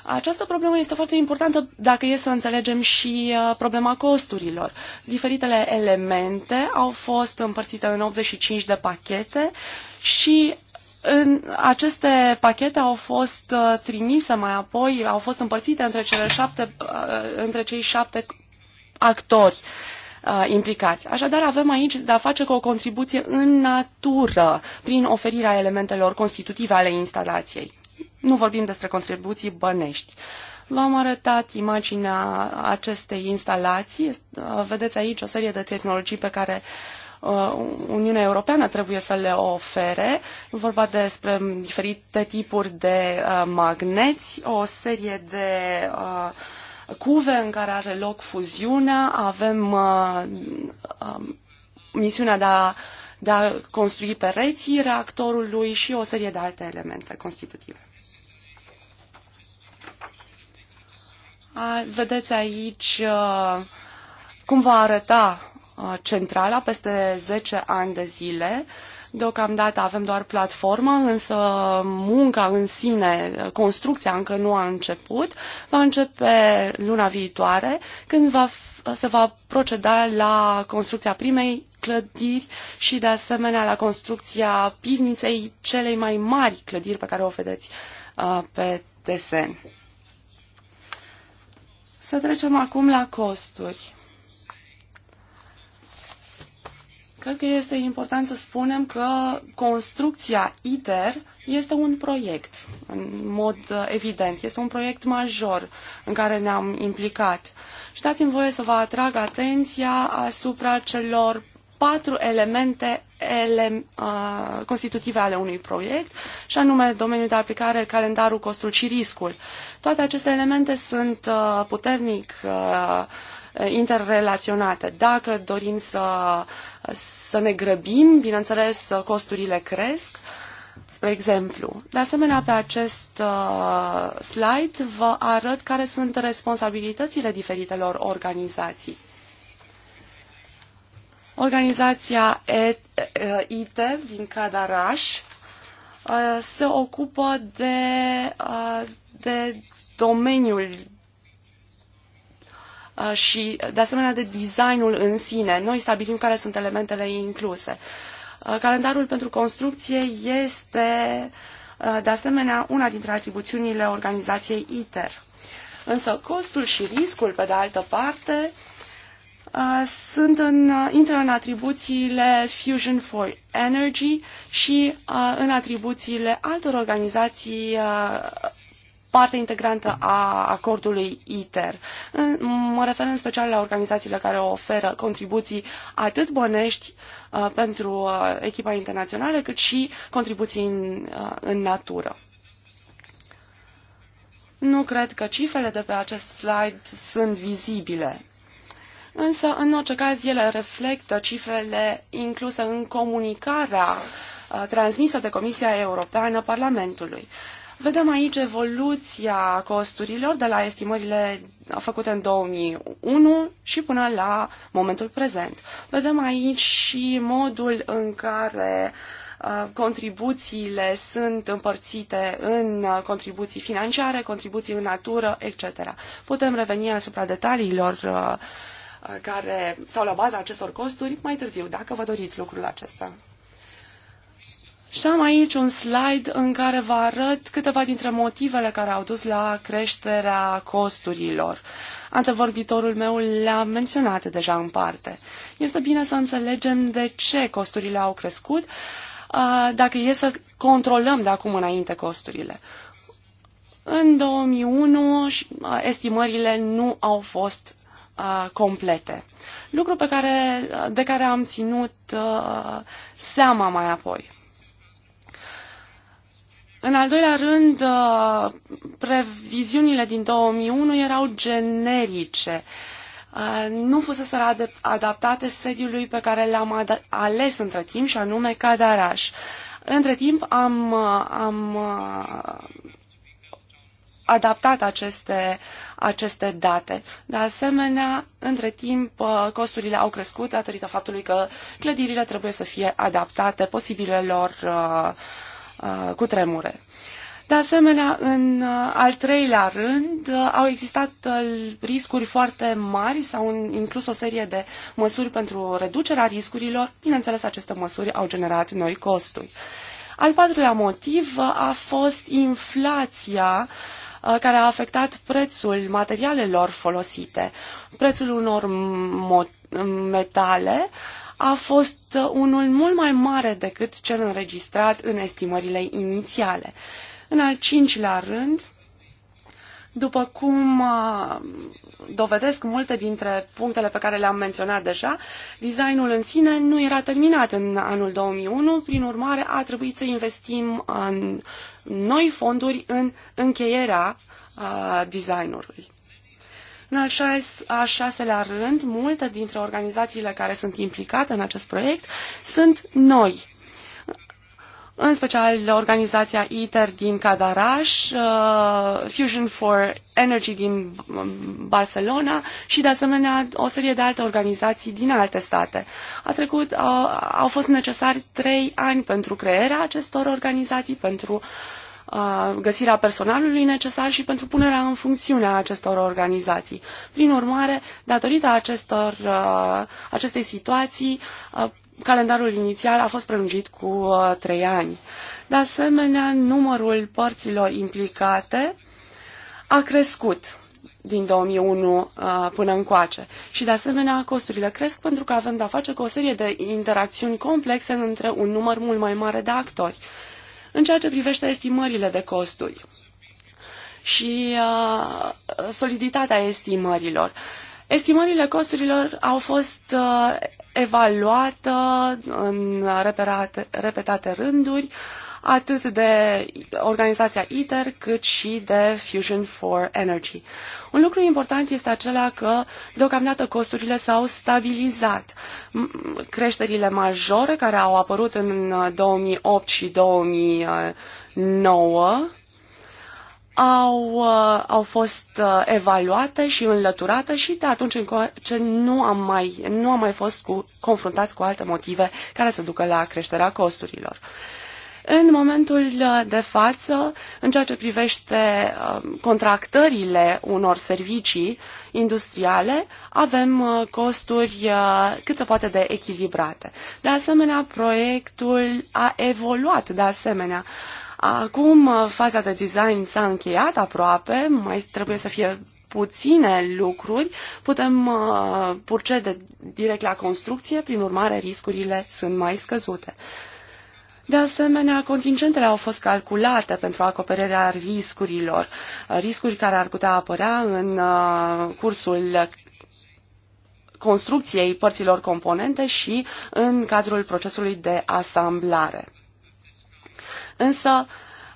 această problemă este foarte importantă dacă e să înțelegem și uh, problema costurilor. Diferitele elemente au fost împărțite în 85 de pachete și în aceste pachete au fost uh, trimise mai apoi, au fost împărțite între, cele șapte, uh, între cei șapte actori implicați. Așadar, avem aici de a face cu o contribuție în natură prin oferirea elementelor constitutive ale instalației. Nu vorbim despre contribuții bănești. V-am arătat imaginea acestei instalații. Vedeți aici o serie de tehnologii pe care uh, Uniunea Europeană trebuie să le ofere. vorba despre diferite tipuri de uh, magneți, o serie de uh, cuve în care are loc fuziunea, avem um, misiunea de a, de a construi pereții reactorului și o serie de alte elemente constitutive. A, vedeți aici uh, cum va arăta uh, centrala peste 10 ani de zile. Deocamdată avem doar platformă, însă munca în sine, construcția încă nu a început. Va începe luna viitoare, când va, se va proceda la construcția primei clădiri și, de asemenea, la construcția pivniței celei mai mari clădiri pe care o vedeți uh, pe desen. Să trecem acum la costuri. Cred că este important să spunem că construcția ITER este un proiect, în mod evident. Este un proiect major în care ne-am implicat. Și dați-mi voie să vă atrag atenția asupra celor patru elemente ele, uh, constitutive ale unui proiect, și anume domeniul de aplicare, calendarul, costul și riscul. Toate aceste elemente sunt uh, puternic uh, interrelaționate. Dacă dorim să, să ne grăbim, bineînțeles, costurile cresc, spre exemplu. De asemenea, pe acest uh, slide vă arăt care sunt responsabilitățile diferitelor organizații. Organizația ITER din Cadaraș uh, se ocupă de, uh, de domeniul uh, și, de asemenea, de designul în sine. Noi stabilim care sunt elementele incluse. Calendarul pentru construcție este, de asemenea, una dintre atribuțiunile organizației ITER. Însă costul și riscul, pe de altă parte, Uh, sunt în, uh, intră în atribuțiile Fusion for Energy și uh, în atribuțiile altor organizații parte integrantă a acordului ITER. Mă refer în special la organizațiile care oferă contribuții atât bănești pentru echipa internațională, cât și contribuții în, în natură. Nu cred că cifrele de pe acest slide sunt vizibile însă în orice caz ele reflectă cifrele incluse în comunicarea uh, transmisă de Comisia Europeană Parlamentului. Vedem aici evoluția costurilor de la estimările făcute în 2001 și până la momentul prezent. Vedem aici și modul în care uh, contribuțiile sunt împărțite în uh, contribuții financiare, contribuții în natură, etc. Putem reveni asupra detaliilor care stau la baza acestor costuri mai târziu, dacă vă doriți lucrul acesta. Și am aici un slide în care vă arăt câteva dintre motivele care au dus la creșterea costurilor. Antevorbitorul meu le-a menționat deja în parte. Este bine să înțelegem de ce costurile au crescut, dacă e să controlăm de acum înainte costurile. În 2001 estimările nu au fost uh, complete. Lucru pe care, uh, de care am ținut uh, seama mai apoi. În al doilea rând, uh, previziunile din 2001 erau generice. Uh, nu fusese adaptate sediului pe care l-am ales între timp și anume Cadaraș. Între timp am, uh, am uh, adaptat aceste uh, aceste date. De asemenea, între timp, uh, costurile au crescut datorită faptului că clădirile trebuie să fie adaptate posibilelor uh, uh, cu tremure. De asemenea, în al treilea rând, au existat riscuri foarte mari, sau inclus o serie de măsuri pentru reducerea riscurilor. Bineînțeles, aceste măsuri au generat noi costuri. Al patrulea motiv a fost inflația Uh, care a afectat prețul materialelor folosite. Prețul unor metale a fost uh, unul mult mai mare decât cel înregistrat în estimările inițiale. În al cincilea rând, după cum uh, dovedesc multe dintre punctele pe care le-am menționat deja, designul în sine nu era terminat în anul 2001, prin urmare a trebuit să investim în noi fonduri în încheierea uh, designului. În al șase, șaselea rând, multe dintre organizațiile care sunt implicate în acest proiect sunt noi în special organizația ITER din Cadaraș, uh, Fusion for Energy din um, Barcelona și, de asemenea, o serie de alte organizații din alte state. A trecut, au, au fost necesari trei ani pentru crearea acestor organizații, pentru uh, găsirea personalului necesar și pentru punerea în funcțiune a acestor organizații. Prin urmare, datorită acestor, uh, acestei situații, calendarul inițial a fost prelungit cu uh, trei ani. De asemenea, numărul părților implicate a crescut din 2001 uh, până încoace. Și de asemenea, costurile cresc pentru că avem de-a face cu o serie de interacțiuni complexe între un număr mult mai mare de actori. În ceea ce privește estimările de costuri și uh, soliditatea estimărilor. Estimările costurilor au fost uh, evaluată în repetate, repetate rânduri atât de organizația ITER cât și de Fusion for Energy. Un lucru important este acela că deocamdată costurile s-au stabilizat. Creșterile majore care au apărut în 2008 uh, și 2009 au, uh, au fost uh, evaluate și înlăturate și de atunci încoace nu am mai, nu am mai fost cu, confruntați cu alte motive care să ducă la creșterea costurilor. În momentul uh, de față, în ceea ce privește contractările unor servicii industriale, avem costuri cât se poate de echilibrate. De asemenea, proiectul a evoluat de asemenea. Acum uh, faza de design s-a încheiat aproape, mai trebuie să fie puține lucruri, putem uh, procede direct la construcție, prin urmare riscurile sunt mai scăzute. De asemenea, contingentele au fost calculate pentru acoperirea riscurilor, uh, riscuri care ar putea apărea în uh, cursul construcției părților componente și în cadrul procesului de asamblare însă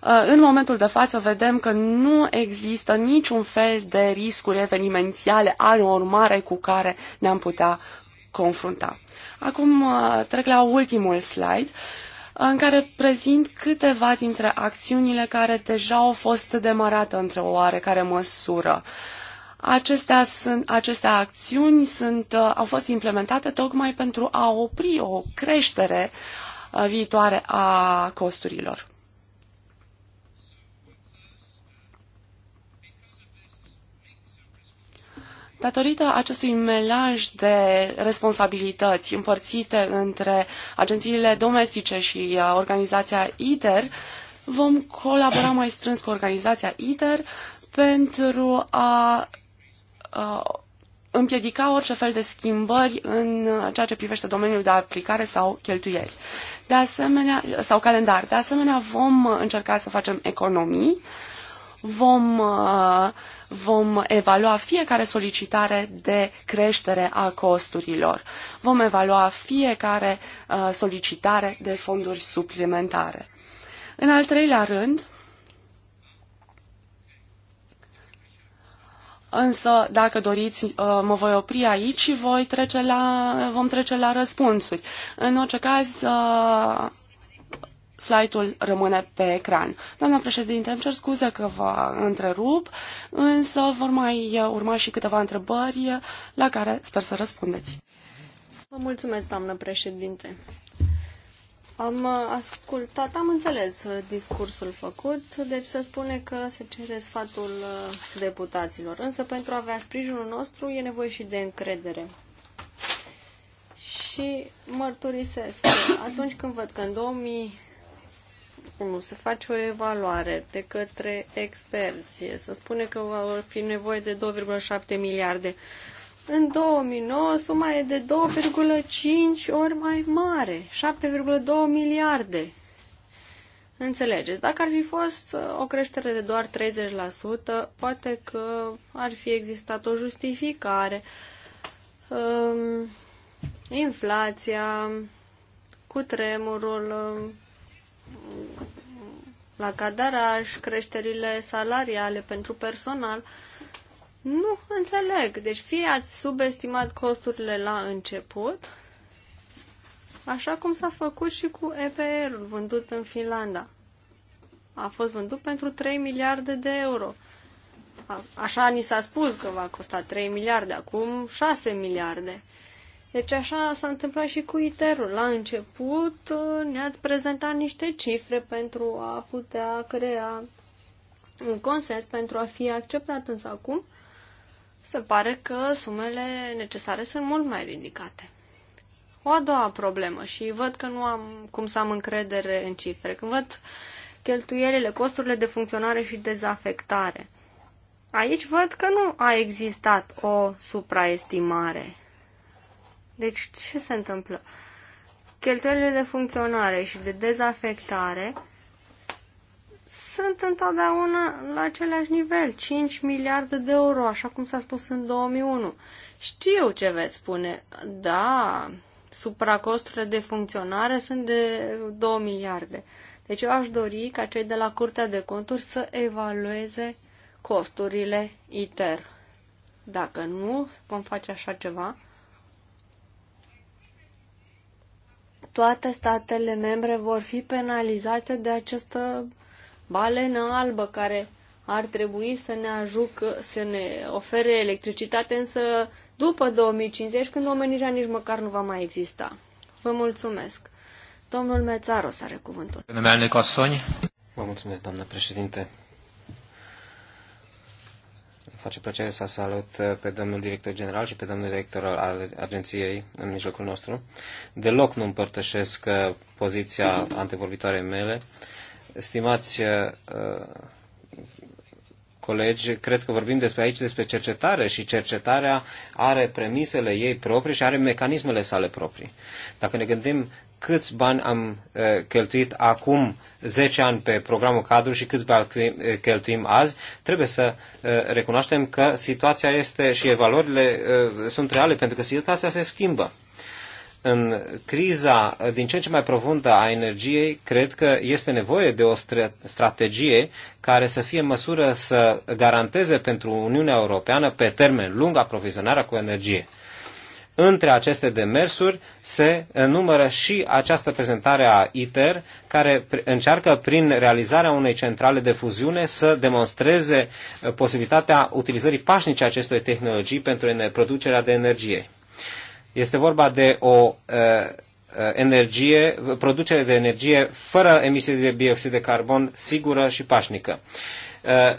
uh, în momentul de față vedem că nu există niciun fel de riscuri evenimentiale ale urmare cu care ne-am putea confrunta. Acum uh, trec la ultimul slide uh, în care prezint câteva dintre acțiunile care deja au fost demarate între o oarecare măsură. Acestea, sunt, aceste acțiuni sunt, au fost implementate tocmai pentru a opri o creștere viitoare a costurilor. Datorită acestui melanj de responsabilități împărțite între agențiile domestice și uh, organizația ITER, vom colabora mai strâns cu organizația ITER pentru a, a uh, împiedica orice fel de schimbări în ceea ce privește domeniul de aplicare sau cheltuieli. De asemenea, sau calendar. De asemenea, vom încerca să facem economii, vom uh, vom evalua fiecare solicitare de creștere a costurilor. Vom evalua fiecare uh, solicitare de fonduri suplimentare. În al treilea rând, Însă, dacă doriți, uh, mă voi opri aici și voi trece la, vom trece la răspunsuri. În orice caz, uh, slide-ul rămâne pe ecran. Doamna președinte, îmi cer scuze că vă întrerup, însă vor mai uh, urma și câteva întrebări la care sper să răspundeți. Vă mulțumesc, doamnă președinte. Am uh, ascultat, am înțeles uh, discursul făcut, deci se spune că se cere sfatul deputaților, însă pentru a avea sprijinul nostru e nevoie și de încredere. Și mărturisesc, atunci când văd că în 2000 1. se face o evaluare de către experți. să spune că va fi nevoie de 2,7 miliarde. În 2009 suma e de 2,5 ori mai mare, 7,2 miliarde. Înțelegeți, dacă ar fi fost uh, o creștere de doar 30%, poate că ar fi existat o justificare. Um, inflația, cu tremurul, um, la cadaraj, creșterile salariale pentru personal. Nu înțeleg. Deci fie ați subestimat costurile la început, așa cum s-a făcut și cu EPR-ul vândut în Finlanda. A fost vândut pentru 3 miliarde de euro. A, așa ni s-a spus că va costa 3 miliarde, acum 6 miliarde. Deci așa s-a întâmplat și cu ITER-ul. La început uh, ne-ați prezentat niște cifre pentru a putea crea un consens, pentru a fi acceptat, însă acum se pare că sumele necesare sunt mult mai ridicate. O a doua problemă și văd că nu am cum să am încredere în cifre. Când văd cheltuielile, costurile de funcționare și dezafectare, aici văd că nu a existat o supraestimare deci, ce se întâmplă? Cheltuielile de funcționare și de dezafectare sunt întotdeauna la același nivel, 5 miliarde de euro, așa cum s-a spus în 2001. Știu ce veți spune, da, supracosturile de funcționare sunt de 2 miliarde. Deci eu aș dori ca cei de la Curtea de Conturi să evalueze costurile ITER. Dacă nu vom face așa ceva, toate statele membre vor fi penalizate de această balenă albă care ar trebui să ne ajucă, să ne ofere electricitate, însă după 2050, când omenirea nici măcar nu va mai exista. Vă mulțumesc. Domnul Mețaros are cuvântul. Vă mulțumesc, doamnă președinte face plăcere să salut uh, pe domnul director general și pe domnul director al agenției în mijlocul nostru. Deloc nu împărtășesc uh, poziția antevorbitoare mele. Stimați uh, colegi, cred că vorbim despre aici despre cercetare și cercetarea are premisele ei proprii și are mecanismele sale proprii. Dacă ne gândim câți bani am cheltuit acum 10 ani pe programul cadru și câți bani cheltuim azi, trebuie să uh, recunoaștem că situația este și evaluările uh, sunt reale pentru că situația se schimbă. În criza uh, din ce în ce mai profundă a energiei, cred că este nevoie de o strategie care să fie în măsură să garanteze pentru Uniunea Europeană pe termen lung aprovizionarea cu energie între aceste demersuri se numără și această prezentare a ITER, care încearcă prin realizarea unei centrale de fuziune să demonstreze uh, posibilitatea utilizării pașnice acestor tehnologii pentru producerea de energie. Este vorba de o uh, uh, energie, producere de energie fără emisii de dioxid de carbon sigură și pașnică.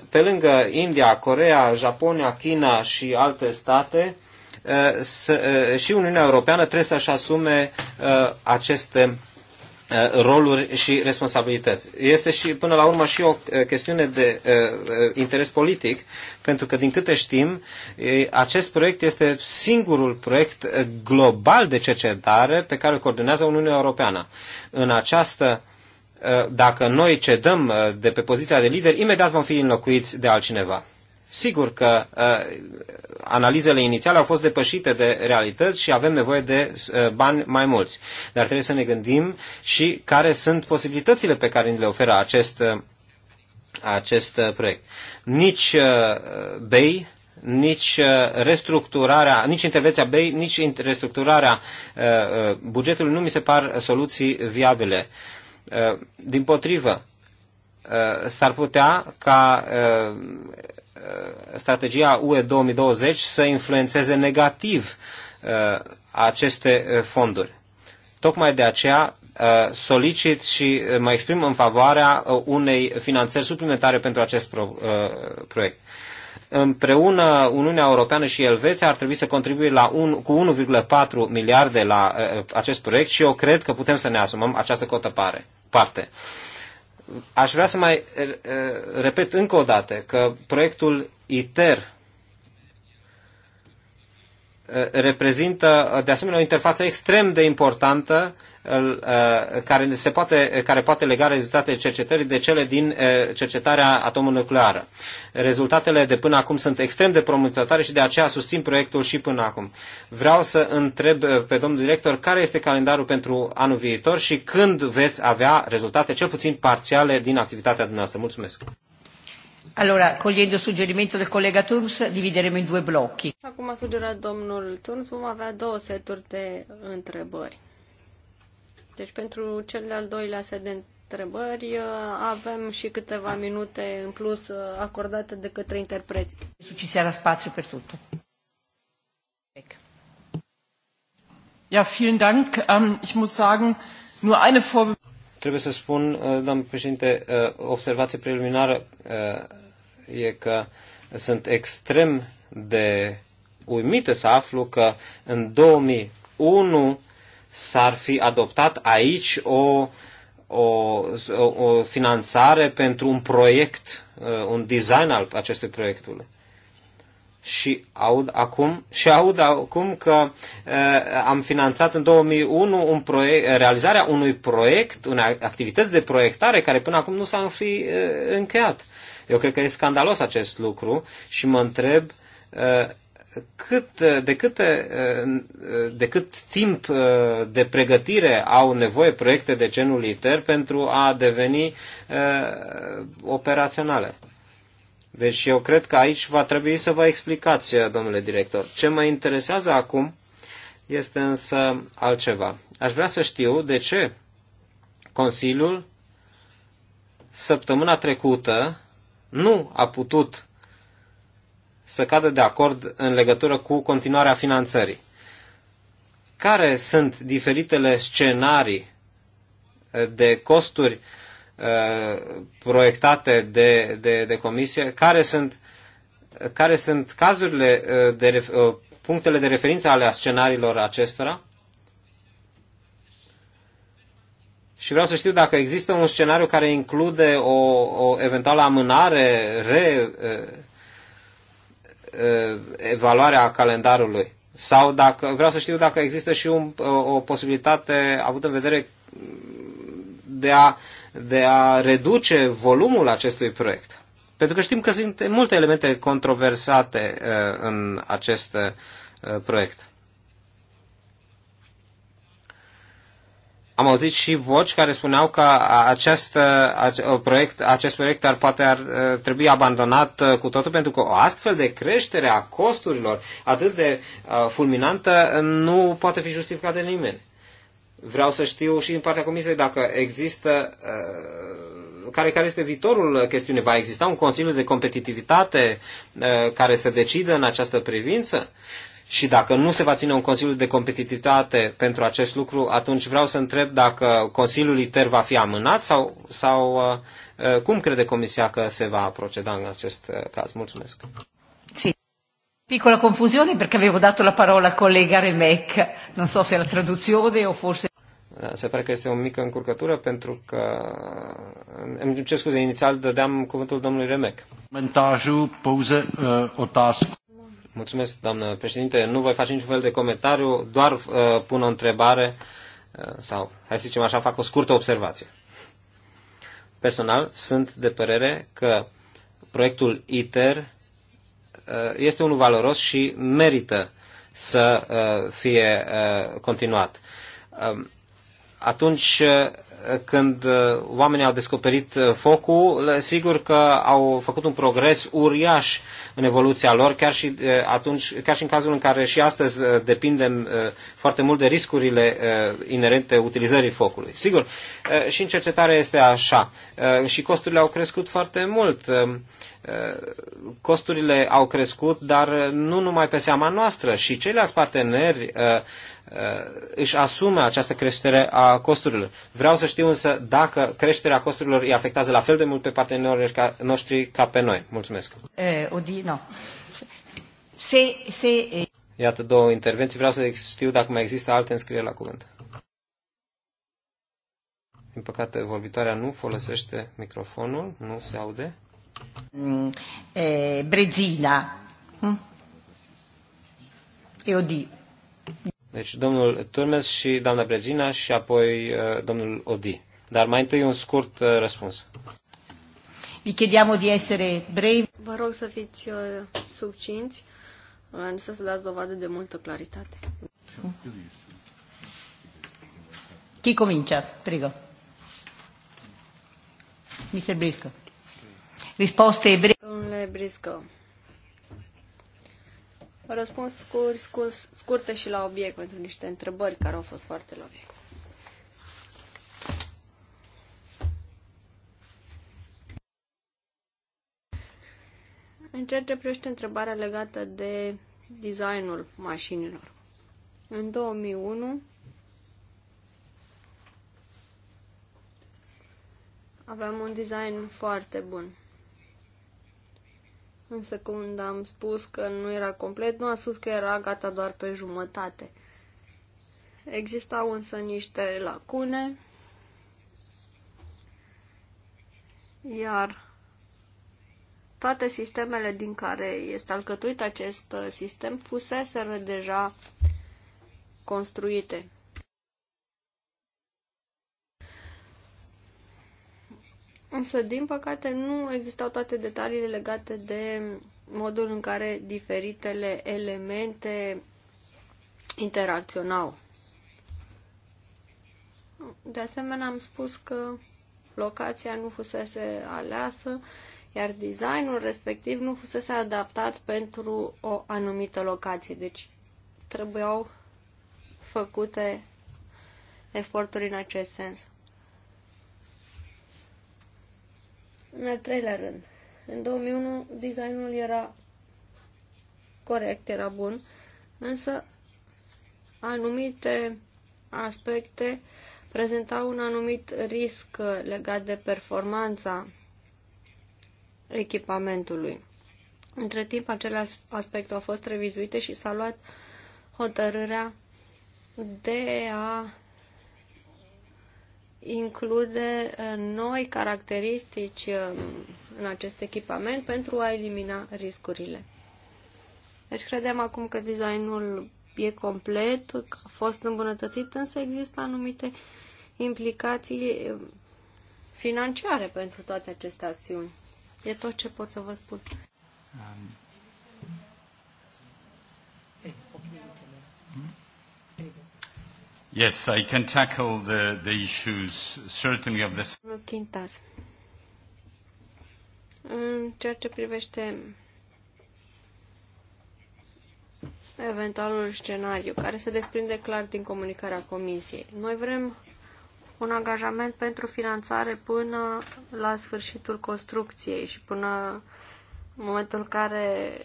Pe lângă India, Corea, Japonia, China și alte state, Eh, eh, și Uniunea Europeană trebuie să-și asume eh, aceste roluri și responsabilități. Este și, până la urmă, și o chestiune de interes politic, pentru că, din câte știm, acest proiect este singurul proiect global de cercetare pe care îl coordonează Uniunea Europeană. În această dacă noi cedăm de pe poziția de lider, imediat vom fi înlocuiți de altcineva. Sigur că uh, analizele inițiale au fost depășite de realități și avem nevoie de uh, bani mai mulți. Dar trebuie să ne gândim și care sunt posibilitățile pe care ni le oferă acest, uh, acest uh, proiect. Nici uh, BEI, nici uh, restructurarea, nici intervenția BEI, nici restructurarea uh, uh, bugetului nu mi se par soluții viabile. Uh, din potrivă, s-ar putea ca Uh, strategia UE 2020 să influențeze negativ uh, aceste uh, fonduri. Tocmai de aceea solicit și mă exprim în favoarea unei finanțări suplimentare pentru acest pro, proiect. Împreună, Uniunea Europeană și Elveția ar trebui să contribuie la un, cu 1,4 miliarde la acest proiect și eu cred că putem să ne asumăm această cotă pare, parte aș vrea să mai eh, eh, repet încă o dată că proiectul ITER eh, reprezintă de asemenea o interfață extrem de importantă Uh, care, se poate, care poate lega rezultatele cercetării de cele din uh, cercetarea atomonucleară. nucleară. Rezultatele de până acum sunt extrem de promițătoare și de aceea susțin proiectul și până acum. Vreau să întreb uh, pe domnul director care este calendarul pentru anul viitor și când veți avea rezultate cel puțin parțiale din activitatea dumneavoastră. Mulțumesc! Allora, cogliendo il suggerimento del collega Turms, divideremo in due blocchi. Acum suggerito il domnul Turms, vom avea două seturi de întrebări. Deci pentru cel de-al doilea set de întrebări uh, avem și câteva minute în plus uh, acordate de către interpreți. Ci seara spațiu pe totul. Ja, vielen Dank. Um, ich muss sagen, nur eine Vor Trebuie să spun, uh, doamnă președinte, observație preliminară e că sunt extrem de uimită să aflu că în 2001 s-ar fi adoptat aici o, o, o finanțare pentru un proiect, uh, un design al acestui proiectului și aud acum, și aud acum că uh, am finanțat în 2001 un proiect, realizarea unui proiect, unei activități de proiectare care până acum nu s-a fi uh, încheiat. Eu cred că e scandalos acest lucru și mă întreb uh, cât, de, câte, de cât timp de pregătire au nevoie proiecte de genul ITER pentru a deveni uh, operaționale. Deci eu cred că aici va trebui să vă explicați, domnule director. Ce mă interesează acum este însă altceva. Aș vrea să știu de ce Consiliul săptămâna trecută nu a putut să cadă de acord în legătură cu continuarea finanțării. Care sunt diferitele scenarii eh, de costuri eh, proiectate de, de, de comisie? Care sunt, care sunt cazurile eh, de, punctele de referință ale scenariilor acestora? Și vreau să știu dacă există un scenariu care include o, o eventuală amânare, re, Uh, evaluarea calendarului? Sau dacă, vreau să știu dacă există și un, o, o posibilitate, avut în vedere, mm, de a, de a reduce volumul acestui proiect. Pentru că știm că sunt multe elemente controversate uh, în acest uh, proiect. am auzit și voci care spuneau că acest, proiect, acest proiect ar poate ar uh, trebui abandonat uh, cu totul pentru că o astfel de creștere a costurilor atât de uh, fulminantă nu poate fi justificată de nimeni. Vreau să știu și din partea Comisiei dacă există care, care este viitorul chestiunii? Va exista un Consiliu de Competitivitate care să decidă în această privință? Și dacă nu se va ține un Consiliu de Competitivitate pentru acest lucru, atunci vreau să întreb dacă Consiliul ITER va fi amânat sau, sau uh, uh, cum crede Comisia că se va proceda în acest uh, caz. Mulțumesc. Sì. Piccola confusione perché avevo dato la parola al collega Remec. Non so se la traduzione o forse... Se pare că este o mică încurcătură pentru că, îmi cer scuze, inițial dădeam cuvântul domnului Remec. Comentajul, pouze, uh, o task. Mulțumesc, doamnă președinte. Nu voi face niciun fel de comentariu, doar uh, pun o întrebare uh, sau, hai să zicem așa, fac o scurtă observație. Personal, sunt de părere că proiectul ITER uh, este unul valoros și merită să uh, fie uh, continuat. Um, uh, atunci când uh, oamenii au descoperit uh, focul, sigur că au făcut un progres uriaș în evoluția lor, chiar și, uh, atunci, chiar și în cazul în care și astăzi depindem foarte mult de riscurile inerente utilizării focului. Sigur, și în cercetare este așa. Și costurile au crescut foarte mult. Costurile au crescut, dar nu numai pe seama noastră. Și ceilalți parteneri Uh, își asume această creștere a costurilor. Vreau să știu însă dacă creșterea costurilor îi afectează la fel de mult pe partenerii noștri ca pe noi. Mulțumesc. Eh, Odino. Se, se... Iată două intervenții. Vreau să știu dacă mai există alte înscrieri la cuvânt. Din păcate, vorbitoarea nu folosește microfonul, nu se aude. Mm, eh, brezina. Hm? Eu deci domnul Turmes și doamna Brezina și apoi uh, domnul Odi. Dar mai întâi un scurt uh, răspuns. Vi Vă rog să fiți uh, succinți, însă să dați dovadă de multă claritate. Chi comincia? Prego. Mr. Brisco. Risposte breve. Domnule Brisco, răspuns scur, scur, scurte și la obiect pentru niște întrebări care au fost foarte la obiect. În ceea ce privește întrebarea legată de designul mașinilor. În 2001 aveam un design foarte bun. Însă când am spus că nu era complet, nu a spus că era gata doar pe jumătate. Existau însă niște lacune, iar toate sistemele din care este alcătuit acest sistem fuseseră deja construite. Însă, din păcate, nu existau toate detaliile legate de modul în care diferitele elemente interacționau. De asemenea, am spus că locația nu fusese aleasă, iar designul respectiv nu fusese adaptat pentru o anumită locație. Deci trebuiau făcute eforturi în acest sens. În al treilea rând, în 2001 designul era corect, era bun, însă anumite aspecte prezentau un anumit risc legat de performanța echipamentului. Între timp, acele aspecte au fost revizuite și s-a luat hotărârea de a include uh, noi caracteristici uh, în acest echipament pentru a elimina riscurile. Deci credem acum că designul e complet, că a fost îmbunătățit, însă există anumite implicații uh, financiare pentru toate aceste acțiuni. E tot ce pot să vă spun. Um, Yes, I can tackle the, the issues certainly of this. Quintas. În ceea ce privește eventualul scenariu, care se desprinde clar din comunicarea Comisiei, noi vrem un angajament pentru finanțare până la sfârșitul construcției și până momentul în care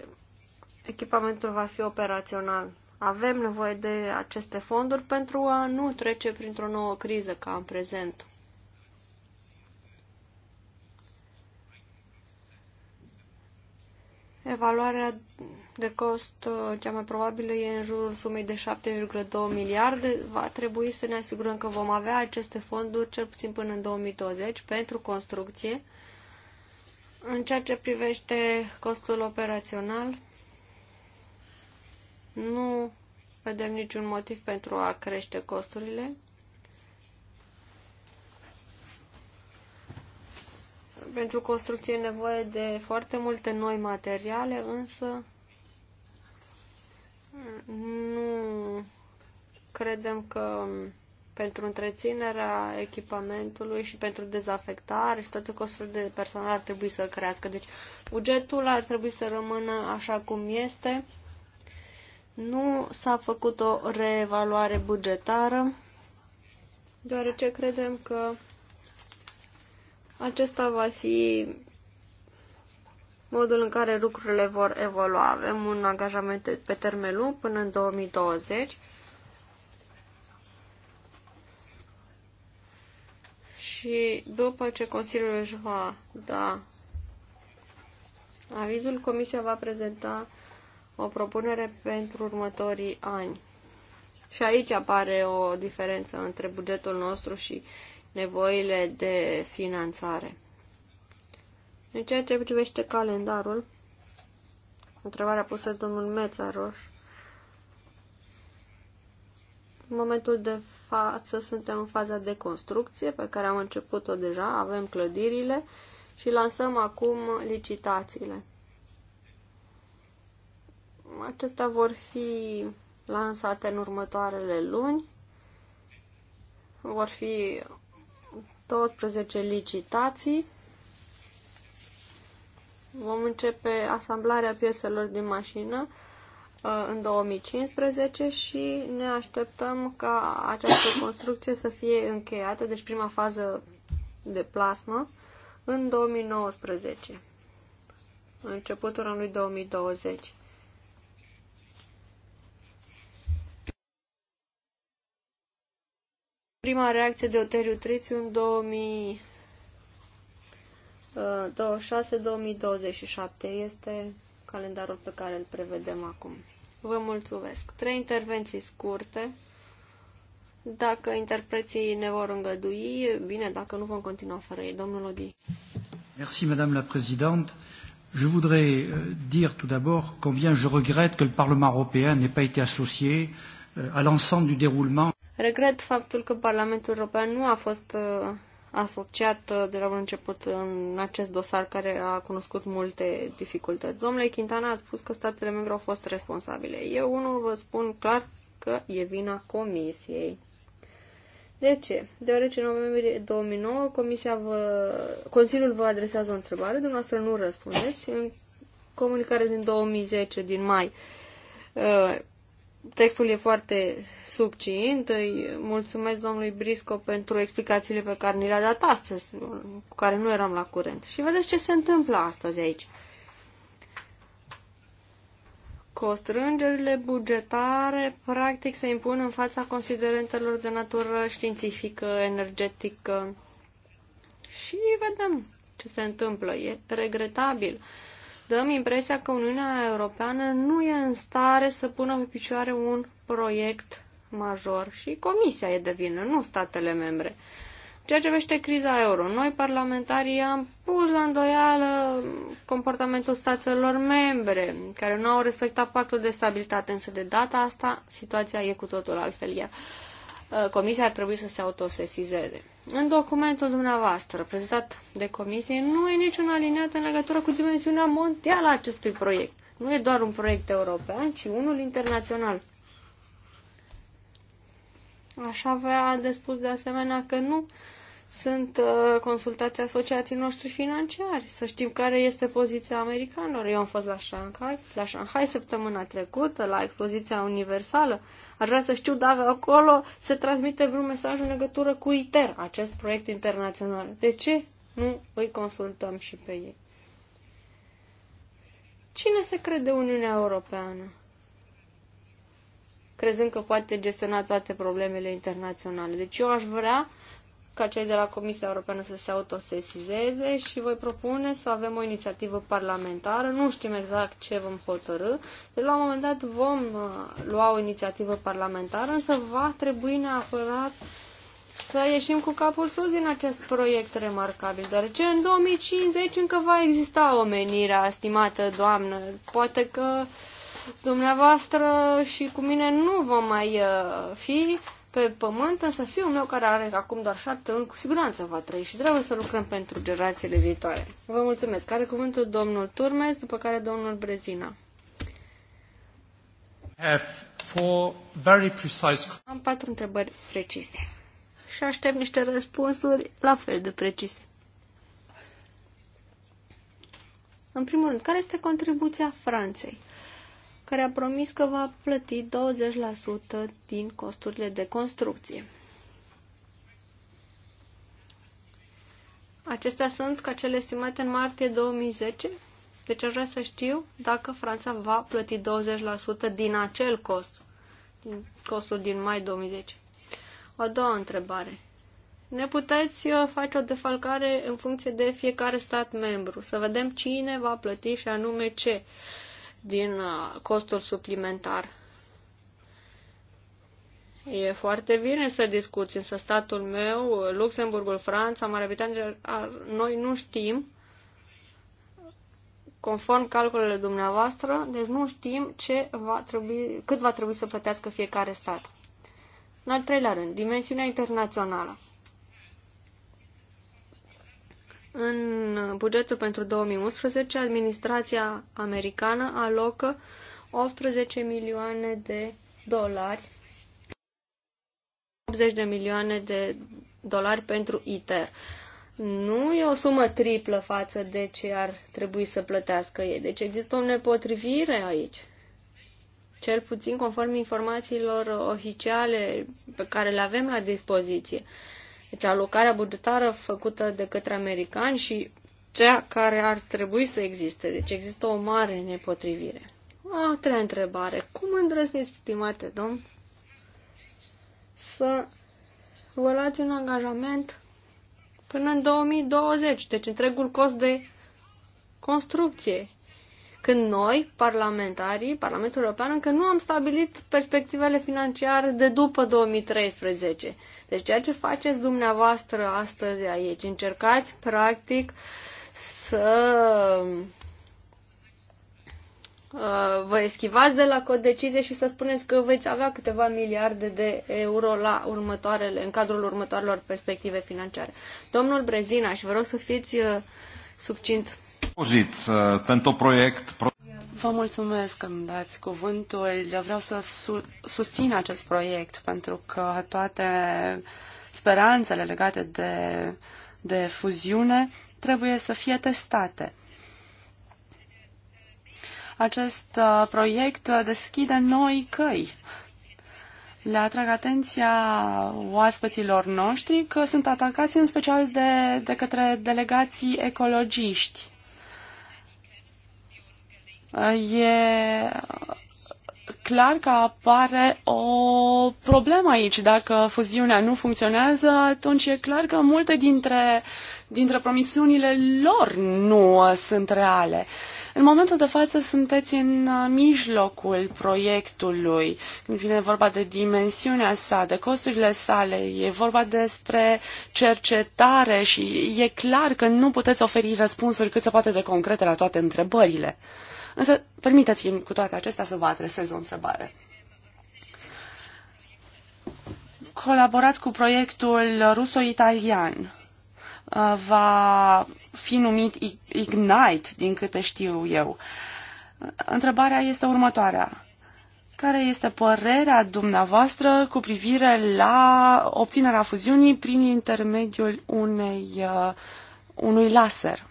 echipamentul va fi operațional. Avem nevoie de aceste fonduri pentru a nu trece printr-o nouă criză ca în prezent. Evaluarea de cost cea mai probabilă e în jurul sumei de 7,2 miliarde. Va trebui să ne asigurăm că vom avea aceste fonduri cel puțin până în 2020 pentru construcție. În ceea ce privește costul operațional, nu vedem niciun motiv pentru a crește costurile. Pentru construcție e nevoie de foarte multe noi materiale, însă nu credem că pentru întreținerea echipamentului și pentru dezafectare și toate costurile de personal ar trebui să crească. Deci bugetul ar trebui să rămână așa cum este. Nu s-a făcut o reevaluare bugetară, deoarece credem că acesta va fi modul în care lucrurile vor evolua. Avem un angajament pe termen lung până în 2020 și după ce Consiliul își va da avizul, Comisia va prezenta o propunere pentru următorii ani. Și aici apare o diferență între bugetul nostru și nevoile de finanțare. În ceea ce privește calendarul, întrebarea pusă de domnul Mețaroș, în momentul de față suntem în faza de construcție pe care am început-o deja, avem clădirile și lansăm acum licitațiile. Acestea vor fi lansate în următoarele luni. Vor fi 12 licitații. Vom începe asamblarea pieselor din mașină uh, în 2015 și ne așteptăm ca această construcție să fie încheiată, deci prima fază de plasmă, în 2019, în începutul anului 2020. prima reacție de oteriutrițiu în 2026 2027 uh, este calendarul pe care îl prevedem acum. Vă mulțumesc. Trei intervenții scurte. Dacă interpreții ne vor îngădui, bine, dacă nu vom continua fără ei. Domnul Odi. Merci, Madame la Présidente. Je voudrais euh, dire tout d'abord combien je regrette que le Parlement européen n'ait pas été associé euh, à l'ensemble du déroulement. Regret faptul că Parlamentul European nu a fost uh, asociat uh, de la bun început în acest dosar care a cunoscut multe dificultăți. Domnule Quintana, a spus că statele membre au fost responsabile. Eu unul vă spun clar că e vina Comisiei. De ce? Deoarece în noiembrie 2009 comisia vă, Consiliul vă adresează o întrebare, dumneavoastră nu răspundeți. În comunicare din 2010, din mai, uh, Textul e foarte succint. Îi mulțumesc domnului Brisco pentru explicațiile pe care ni le-a dat astăzi, cu care nu eram la curent. Și vedeți ce se întâmplă astăzi aici. Costrângerile bugetare practic se impun în fața considerentelor de natură științifică, energetică și vedem ce se întâmplă. E regretabil. Uh, dăm impresia că Uniunea Europeană nu e în stare să pună pe picioare un proiect major și Comisia e de vină, nu statele membre. Ceea ce vește criza euro, noi parlamentarii am pus la îndoială comportamentul statelor membre care nu au respectat pactul de stabilitate, însă de data asta situația e cu totul altfel, iar uh, Comisia ar trebui să se autosesizeze. În documentul dumneavoastră prezentat de comisie nu e niciun aliniat în legătură cu dimensiunea mondială a acestui proiect. Nu e doar un proiect european, ci unul internațional. Așa avea de spus de asemenea că nu sunt uh, consultați asociații noștri financiari, să știm care este poziția americanilor. Eu am fost la Shanghai, la Shanghai săptămâna trecută, la expoziția universală. Uh, Aș vrea să știu dacă acolo se transmite vreun mesaj în legătură cu ITER, acest proiect internațional. De ce nu îi consultăm și pe ei? Cine se crede Uniunea Europeană? Crezând că poate gestiona toate problemele internaționale. Deci eu aș vrea ca cei de la Comisia Europeană să se autosesizeze și voi propune să avem o inițiativă parlamentară. Nu știm exact ce vom hotărâ. De deci, la un moment dat vom uh, lua o inițiativă parlamentară, însă va trebui neapărat să ieșim cu capul sus din acest proiect remarcabil, deoarece în 2050 încă va exista omenirea, stimată doamnă. Poate că dumneavoastră și cu mine nu vom mai uh, fi, pe pământ, însă fiul meu, care are acum doar șapte luni, cu siguranță va trăi și trebuie să lucrăm pentru generațiile viitoare. Vă mulțumesc. Care cuvântul domnul Turmes, după care domnul Brezina. Very precise... Am patru întrebări precise și aștept niște răspunsuri la fel de precise. În primul rând, care este contribuția Franței care a promis că va plăti 20% din costurile de construcție. Acestea sunt ca cele estimate în martie 2010, deci aș vrea să știu dacă Franța va plăti 20% din acel cost, din costul din mai 2010. O a doua întrebare. Ne puteți uh, face o defalcare în funcție de fiecare stat membru, să vedem cine va plăti și anume ce. Uh, din uh, costul suplimentar. E foarte bine să discuți, însă statul meu, Luxemburgul, Franța, Marea Britanie, noi nu știm, conform calculele dumneavoastră, deci nu știm ce va trebui, cât va trebui să plătească fiecare stat. În al treilea rând, dimensiunea internațională. În bugetul pentru 2011, administrația americană alocă 18 milioane de dolari, 80 de milioane de dolari pentru ITER. Nu e o sumă triplă față de ce ar trebui să plătească ei. Deci există o nepotrivire aici. Cel puțin conform informațiilor oficiale pe care le avem la dispoziție. Uh, deci alocarea bugetară făcută de către americani și cea care ar trebui să existe. Deci există o mare nepotrivire. A treia întrebare. Cum îndrăzniți, stimate domn, să vă luați un angajament până în 2020, deci întregul cost de construcție. Când noi, parlamentarii, Parlamentul European, încă nu am stabilit perspectivele financiare de după 2013. Deci ceea ce faceți dumneavoastră astăzi aici, încercați practic să uh, vă eschivați de la codecizie și să spuneți că veți avea câteva miliarde de euro la următoarele, în cadrul următoarelor perspective financiare. Domnul Brezina, și vă rog să fiți uh, succint. Uh, pentru proiect, pro... Vă mulțumesc că îmi dați cuvântul. Eu vreau să su- susțin acest proiect pentru că toate speranțele legate de, de fuziune trebuie să fie testate. Acest uh, proiect deschide noi căi. Le atrag atenția oaspeților noștri că sunt atacați în special de, de către delegații ecologiști e clar că apare o problemă aici. Dacă fuziunea nu funcționează, atunci e clar că multe dintre, dintre promisiunile lor nu uh, sunt reale. În momentul de față sunteți în uh, mijlocul proiectului, când vine vorba de dimensiunea sa, de costurile sale, e vorba despre cercetare și e clar că nu puteți oferi răspunsuri cât se poate de concrete la toate întrebările. Însă, permiteți-mi cu toate acestea să vă adresez o întrebare. Colaborați cu proiectul ruso-italian. Uh, va fi numit Ignite, din câte știu eu. Întrebarea este următoarea care este părerea dumneavoastră cu privire la obținerea fuziunii prin intermediul unei, uh, unui laser.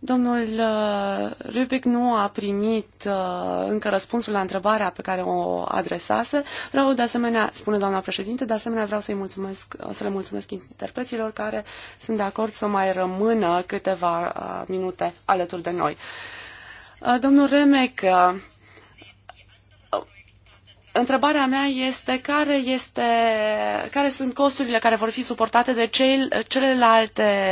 Domnul uh, Rubic nu a primit uh, încă răspunsul la întrebarea pe care o adresase. Vreau de asemenea, spune doamna președinte, de asemenea vreau să-i mulțumesc, să le mulțumesc interpreților care sunt de acord să mai rămână câteva uh, minute alături de noi. Domnul Remec, întrebarea mea este care, este care sunt costurile care vor fi suportate de cel, celelalte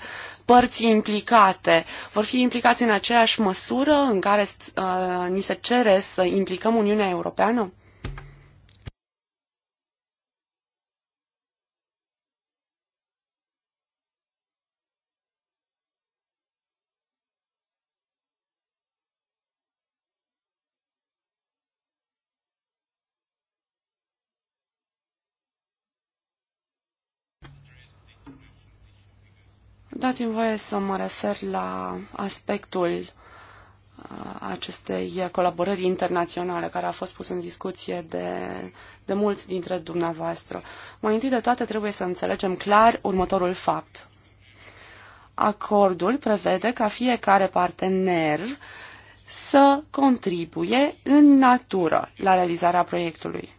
uh, părții implicate vor fi implicați în aceeași măsură în care uh, ni se cere să implicăm Uniunea Europeană? Dați-mi voie să mă refer la aspectul uh, acestei colaborări internaționale care a fost pus în discuție de, de mulți dintre dumneavoastră. Mai întâi de toate trebuie să înțelegem clar următorul fapt. Acordul prevede ca fiecare partener să contribuie în natură la realizarea proiectului.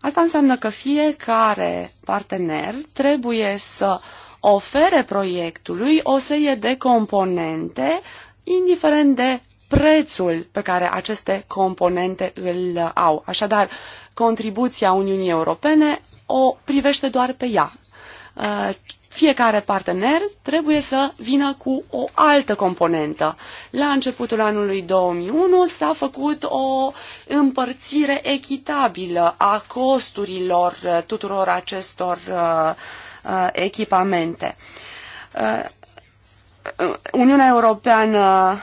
Asta înseamnă că fiecare partener trebuie să ofere proiectului o serie de componente, indiferent de prețul pe care aceste componente îl au. Așadar, contribuția Uniunii Europene o privește doar pe ea. Uh, fiecare partener trebuie să vină cu o altă componentă. La începutul anului 2001 s-a făcut o împărțire echitabilă a costurilor uh, tuturor acestor uh, uh, echipamente. Uniunea Europeană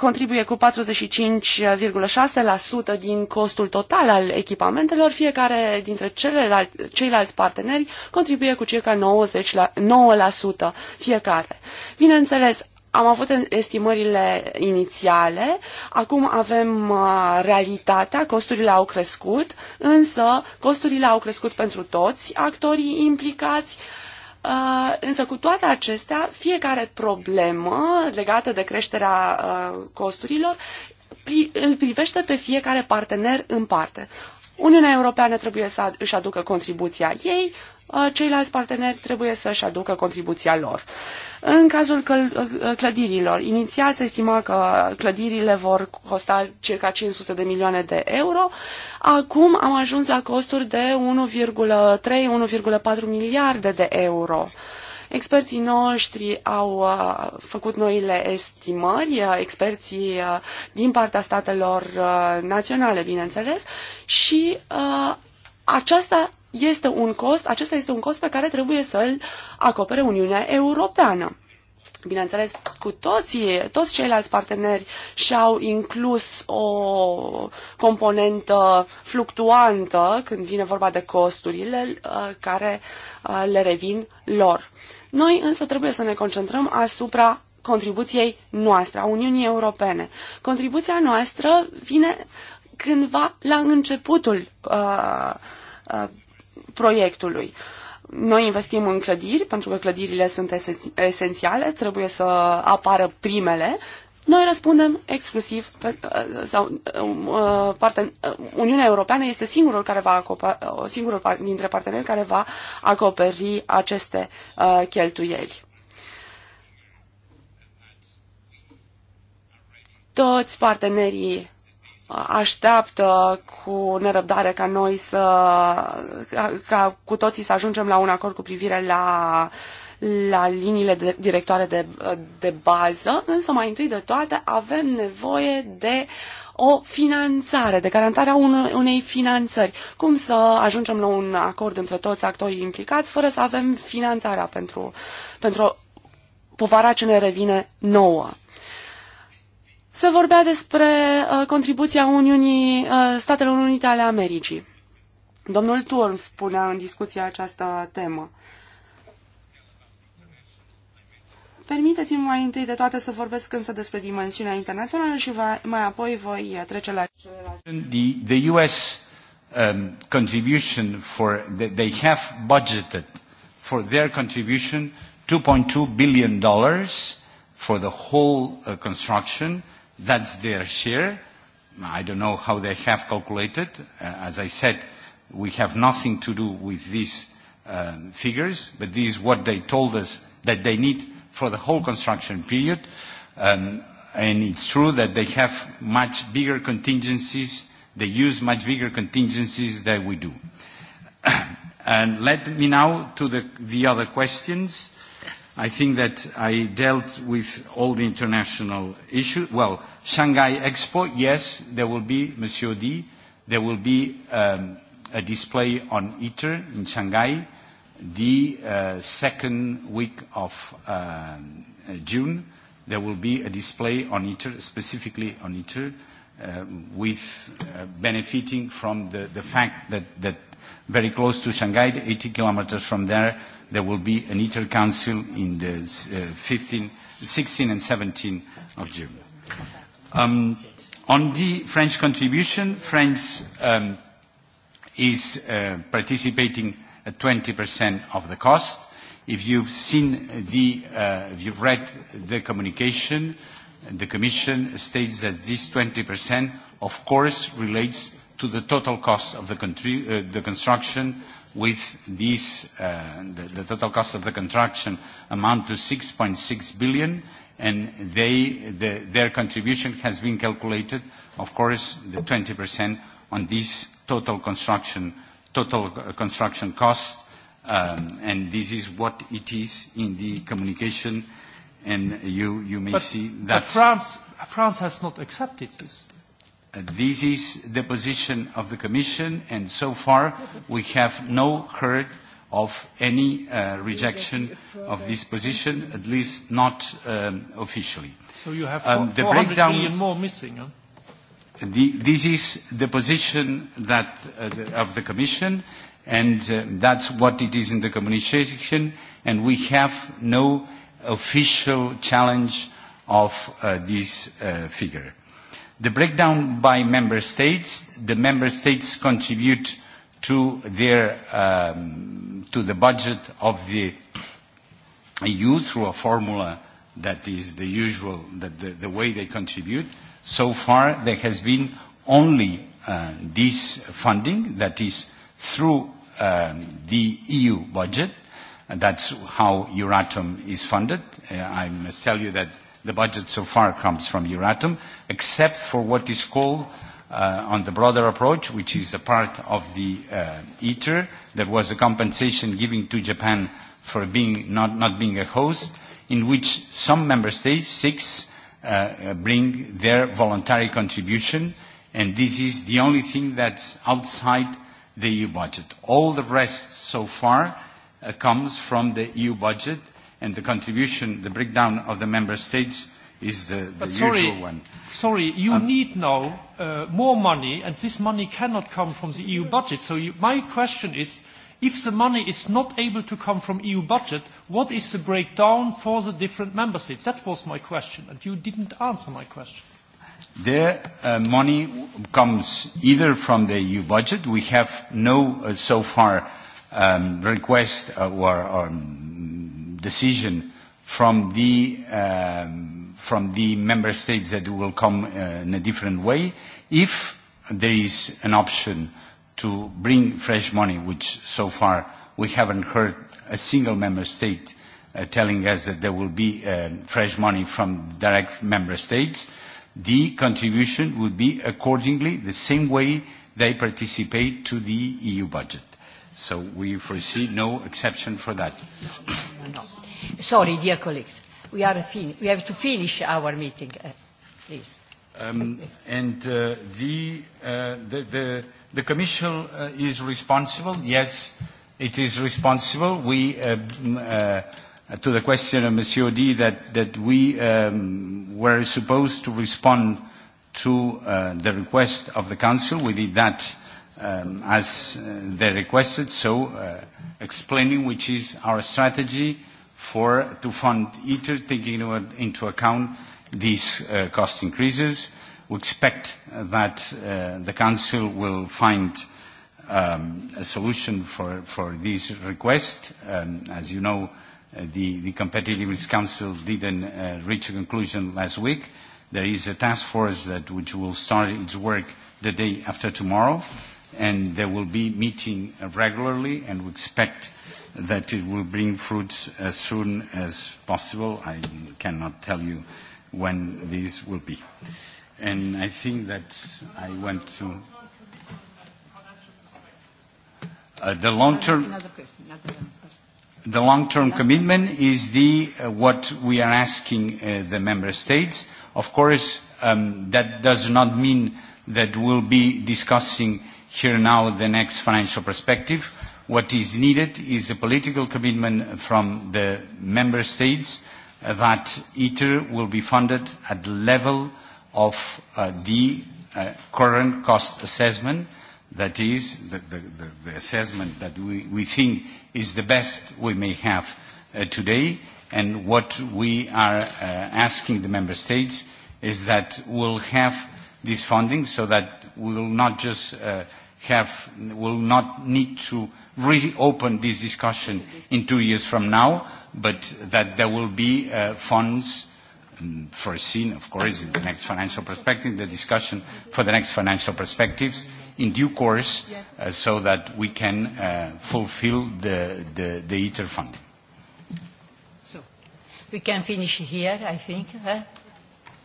contribuie cu 45,6% din costul total al echipamentelor, fiecare dintre ceilalți parteneri contribuie cu circa 90 la, 9% fiecare. Bineînțeles, am avut estimările inițiale, acum avem uh, realitatea, costurile au crescut, însă costurile au crescut pentru toți actorii implicați, Uh, însă cu toate acestea, fiecare problemă legată de creșterea uh, costurilor îl privește pe fiecare partener în parte. Uniunea Europeană trebuie să își aducă contribuția ei, Uh, ceilalți parteneri trebuie să-și aducă contribuția lor. În cazul uh, clădirilor, inițial se estima că clădirile vor costa circa 500 de milioane de euro. Acum am ajuns la costuri de 1,3-1,4 miliarde de euro. Experții noștri au uh, făcut noile estimări, experții din partea statelor naționale, bineînțeles, și aceasta este un cost, acesta este un cost pe care trebuie să-l acopere Uniunea Europeană. Bineînțeles, cu toții, toți ceilalți parteneri și-au inclus o componentă fluctuantă când vine vorba de costurile uh, care uh, le revin lor. Noi însă trebuie să ne concentrăm asupra contribuției noastre, a Uniunii Europene. Contribuția noastră vine cândva la începutul uh, uh proiectului. Noi investim în clădiri, pentru că clădirile sunt esențiale, trebuie să apară primele. Noi răspundem exclusiv, pe, uh, sau uh, uh, parte, Uniunea Europeană este singurul, care va acopa, singurul dintre parteneri care va acoperi aceste cheltuieli. Toți partenerii așteaptă cu nerăbdare ca noi să, ca, ca cu toții să ajungem la un acord cu privire la la liniile de, directoare de, de bază, însă mai întâi de toate avem nevoie de o finanțare, de garantarea unei finanțări. Cum să ajungem la un acord între toți actorii implicați fără să avem finanțarea pentru, pentru povara ce ne revine nouă? Se vorbea despre uh, contribuția Uniunii uh, Statelor Unite ale Americii. Domnul Turm spunea în discuția această temă. Permiteți-mi mai întâi de toate să vorbesc însă despre dimensiunea internațională și va, mai apoi voi uh, trece la The, the US um, contribution for, they have budgeted for their contribution 2.2 billion dollars for the whole uh, construction That's their share. I don't know how they have calculated. Uh, as I said, we have nothing to do with these uh, figures, but this is what they told us that they need for the whole construction period. Um, and it's true that they have much bigger contingencies, they use much bigger contingencies than we do. [coughs] and let me now to the, the other questions. I think that I dealt with all the international issues. Well, Shanghai Expo, yes, there will be Monsieur D. There will be um, a display on ITER in Shanghai the uh, second week of uh, June. There will be a display on ITER, specifically on ITER, uh, with uh, benefiting from the, the fact that, that very close to Shanghai, 80 kilometers from there, there will be an ITER Council in the uh, 15, 16 and 17 of June. Um, on the French contribution, France um, is uh, participating at 20% of the cost. If you've seen the, uh, if you've read the communication, the Commission states that this 20% of course relates to the total cost of the, uh, the construction with these, uh, the, total cost of the contraction amount to 6.6 billion, and they, their contribution has been calculated, of course, the 20% on this total construction, total uh, construction cost, um, and this is what it is in the communication, and you, you may see that... But France, France has not accepted this. Uh, this is the position of the Commission, and so far we have no heard of any uh, rejection of this position, at least not um, officially. So you have um, the breakdown, million more missing. Huh? The, this is the position that, uh, the, of the Commission, and uh, that's what it is in the communication, and we have no official challenge of uh, this uh, figure. The breakdown by member states, the member states contribute to their um, to the budget of the EU through a formula that is the usual, that the, the way they contribute. So far, there has been only uh, this funding that is through um, the EU budget. And that's how Euratom is funded. Uh, I must tell you that the budget so far comes from Euratom, except for what is called uh, on the broader approach, which is a part of the uh, ITER. There was a compensation given to Japan for being not, not being a host, in which some member states, six, uh, uh bring their voluntary contribution, and this is the only thing that's outside the EU budget. All the rest so far uh, comes from the EU budget, and the contribution, the breakdown of the member states is the, the but sorry, usual one. Sorry, you um, need now uh, more money, and this money cannot come from the EU budget. So you, my question is, if the money is not able to come from EU budget, what is the breakdown for the different member states? That was my question, and you didn't answer my question. Their uh, money comes either from the EU budget. We have no, uh, so far, um, request uh, or, or um, decision from the, um, from the member states that will come uh, in a different way. If there is an option to bring fresh money, which so far we haven't heard a single member state uh, telling us that there will be uh, fresh money from direct member states, the contribution would be accordingly the same way they participate to the EU budget. So we foresee no exception for that. No, no. Sorry, dear colleagues. We, are fin we have to finish our meeting, uh, please. Um, and uh, the, uh, the, the, the Commission uh, is responsible. Yes, it is responsible. We, uh, uh, to the question of Monsieur D, that, that we um, were supposed to respond to uh, the request of the Council. We did that um, as uh, they requested, so uh, explaining which is our strategy for to fund ITER, taking into account these uh, cost increases. We expect that the Council will find um, a solution for, for this request. Um, as you know, the, the Competitiveness Council didn't reach a conclusion last week. There is a task force that which will start its work the day after tomorrow and they will be meeting regularly and we expect that it will bring fruits as soon as possible. I cannot tell you when these will be. And I think that I went to uh, the long-term the long-term commitment is the uh, what we are asking uh, the member states. Of course, um, that does not mean that we'll be discussing here now the next financial perspective. What is needed is a political commitment from the member states that ITER will be funded at the level of uh, the uh, current cost assessment, that is, the, the, the assessment that we, we think is the best we may have uh, today, and what we are uh, asking the member states is that we'll have this funding so that we will not just uh, have, will not need to reopen this discussion in two years from now, but that there will be uh, funds um, foreseen, of course, in the next financial perspective, the discussion for the next financial perspectives in due course uh, so that we can uh, fulfill the, the, the ITER funding. So, we can finish here, I think. Huh?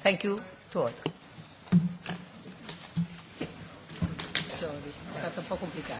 Thank you to all stato un po' complicato.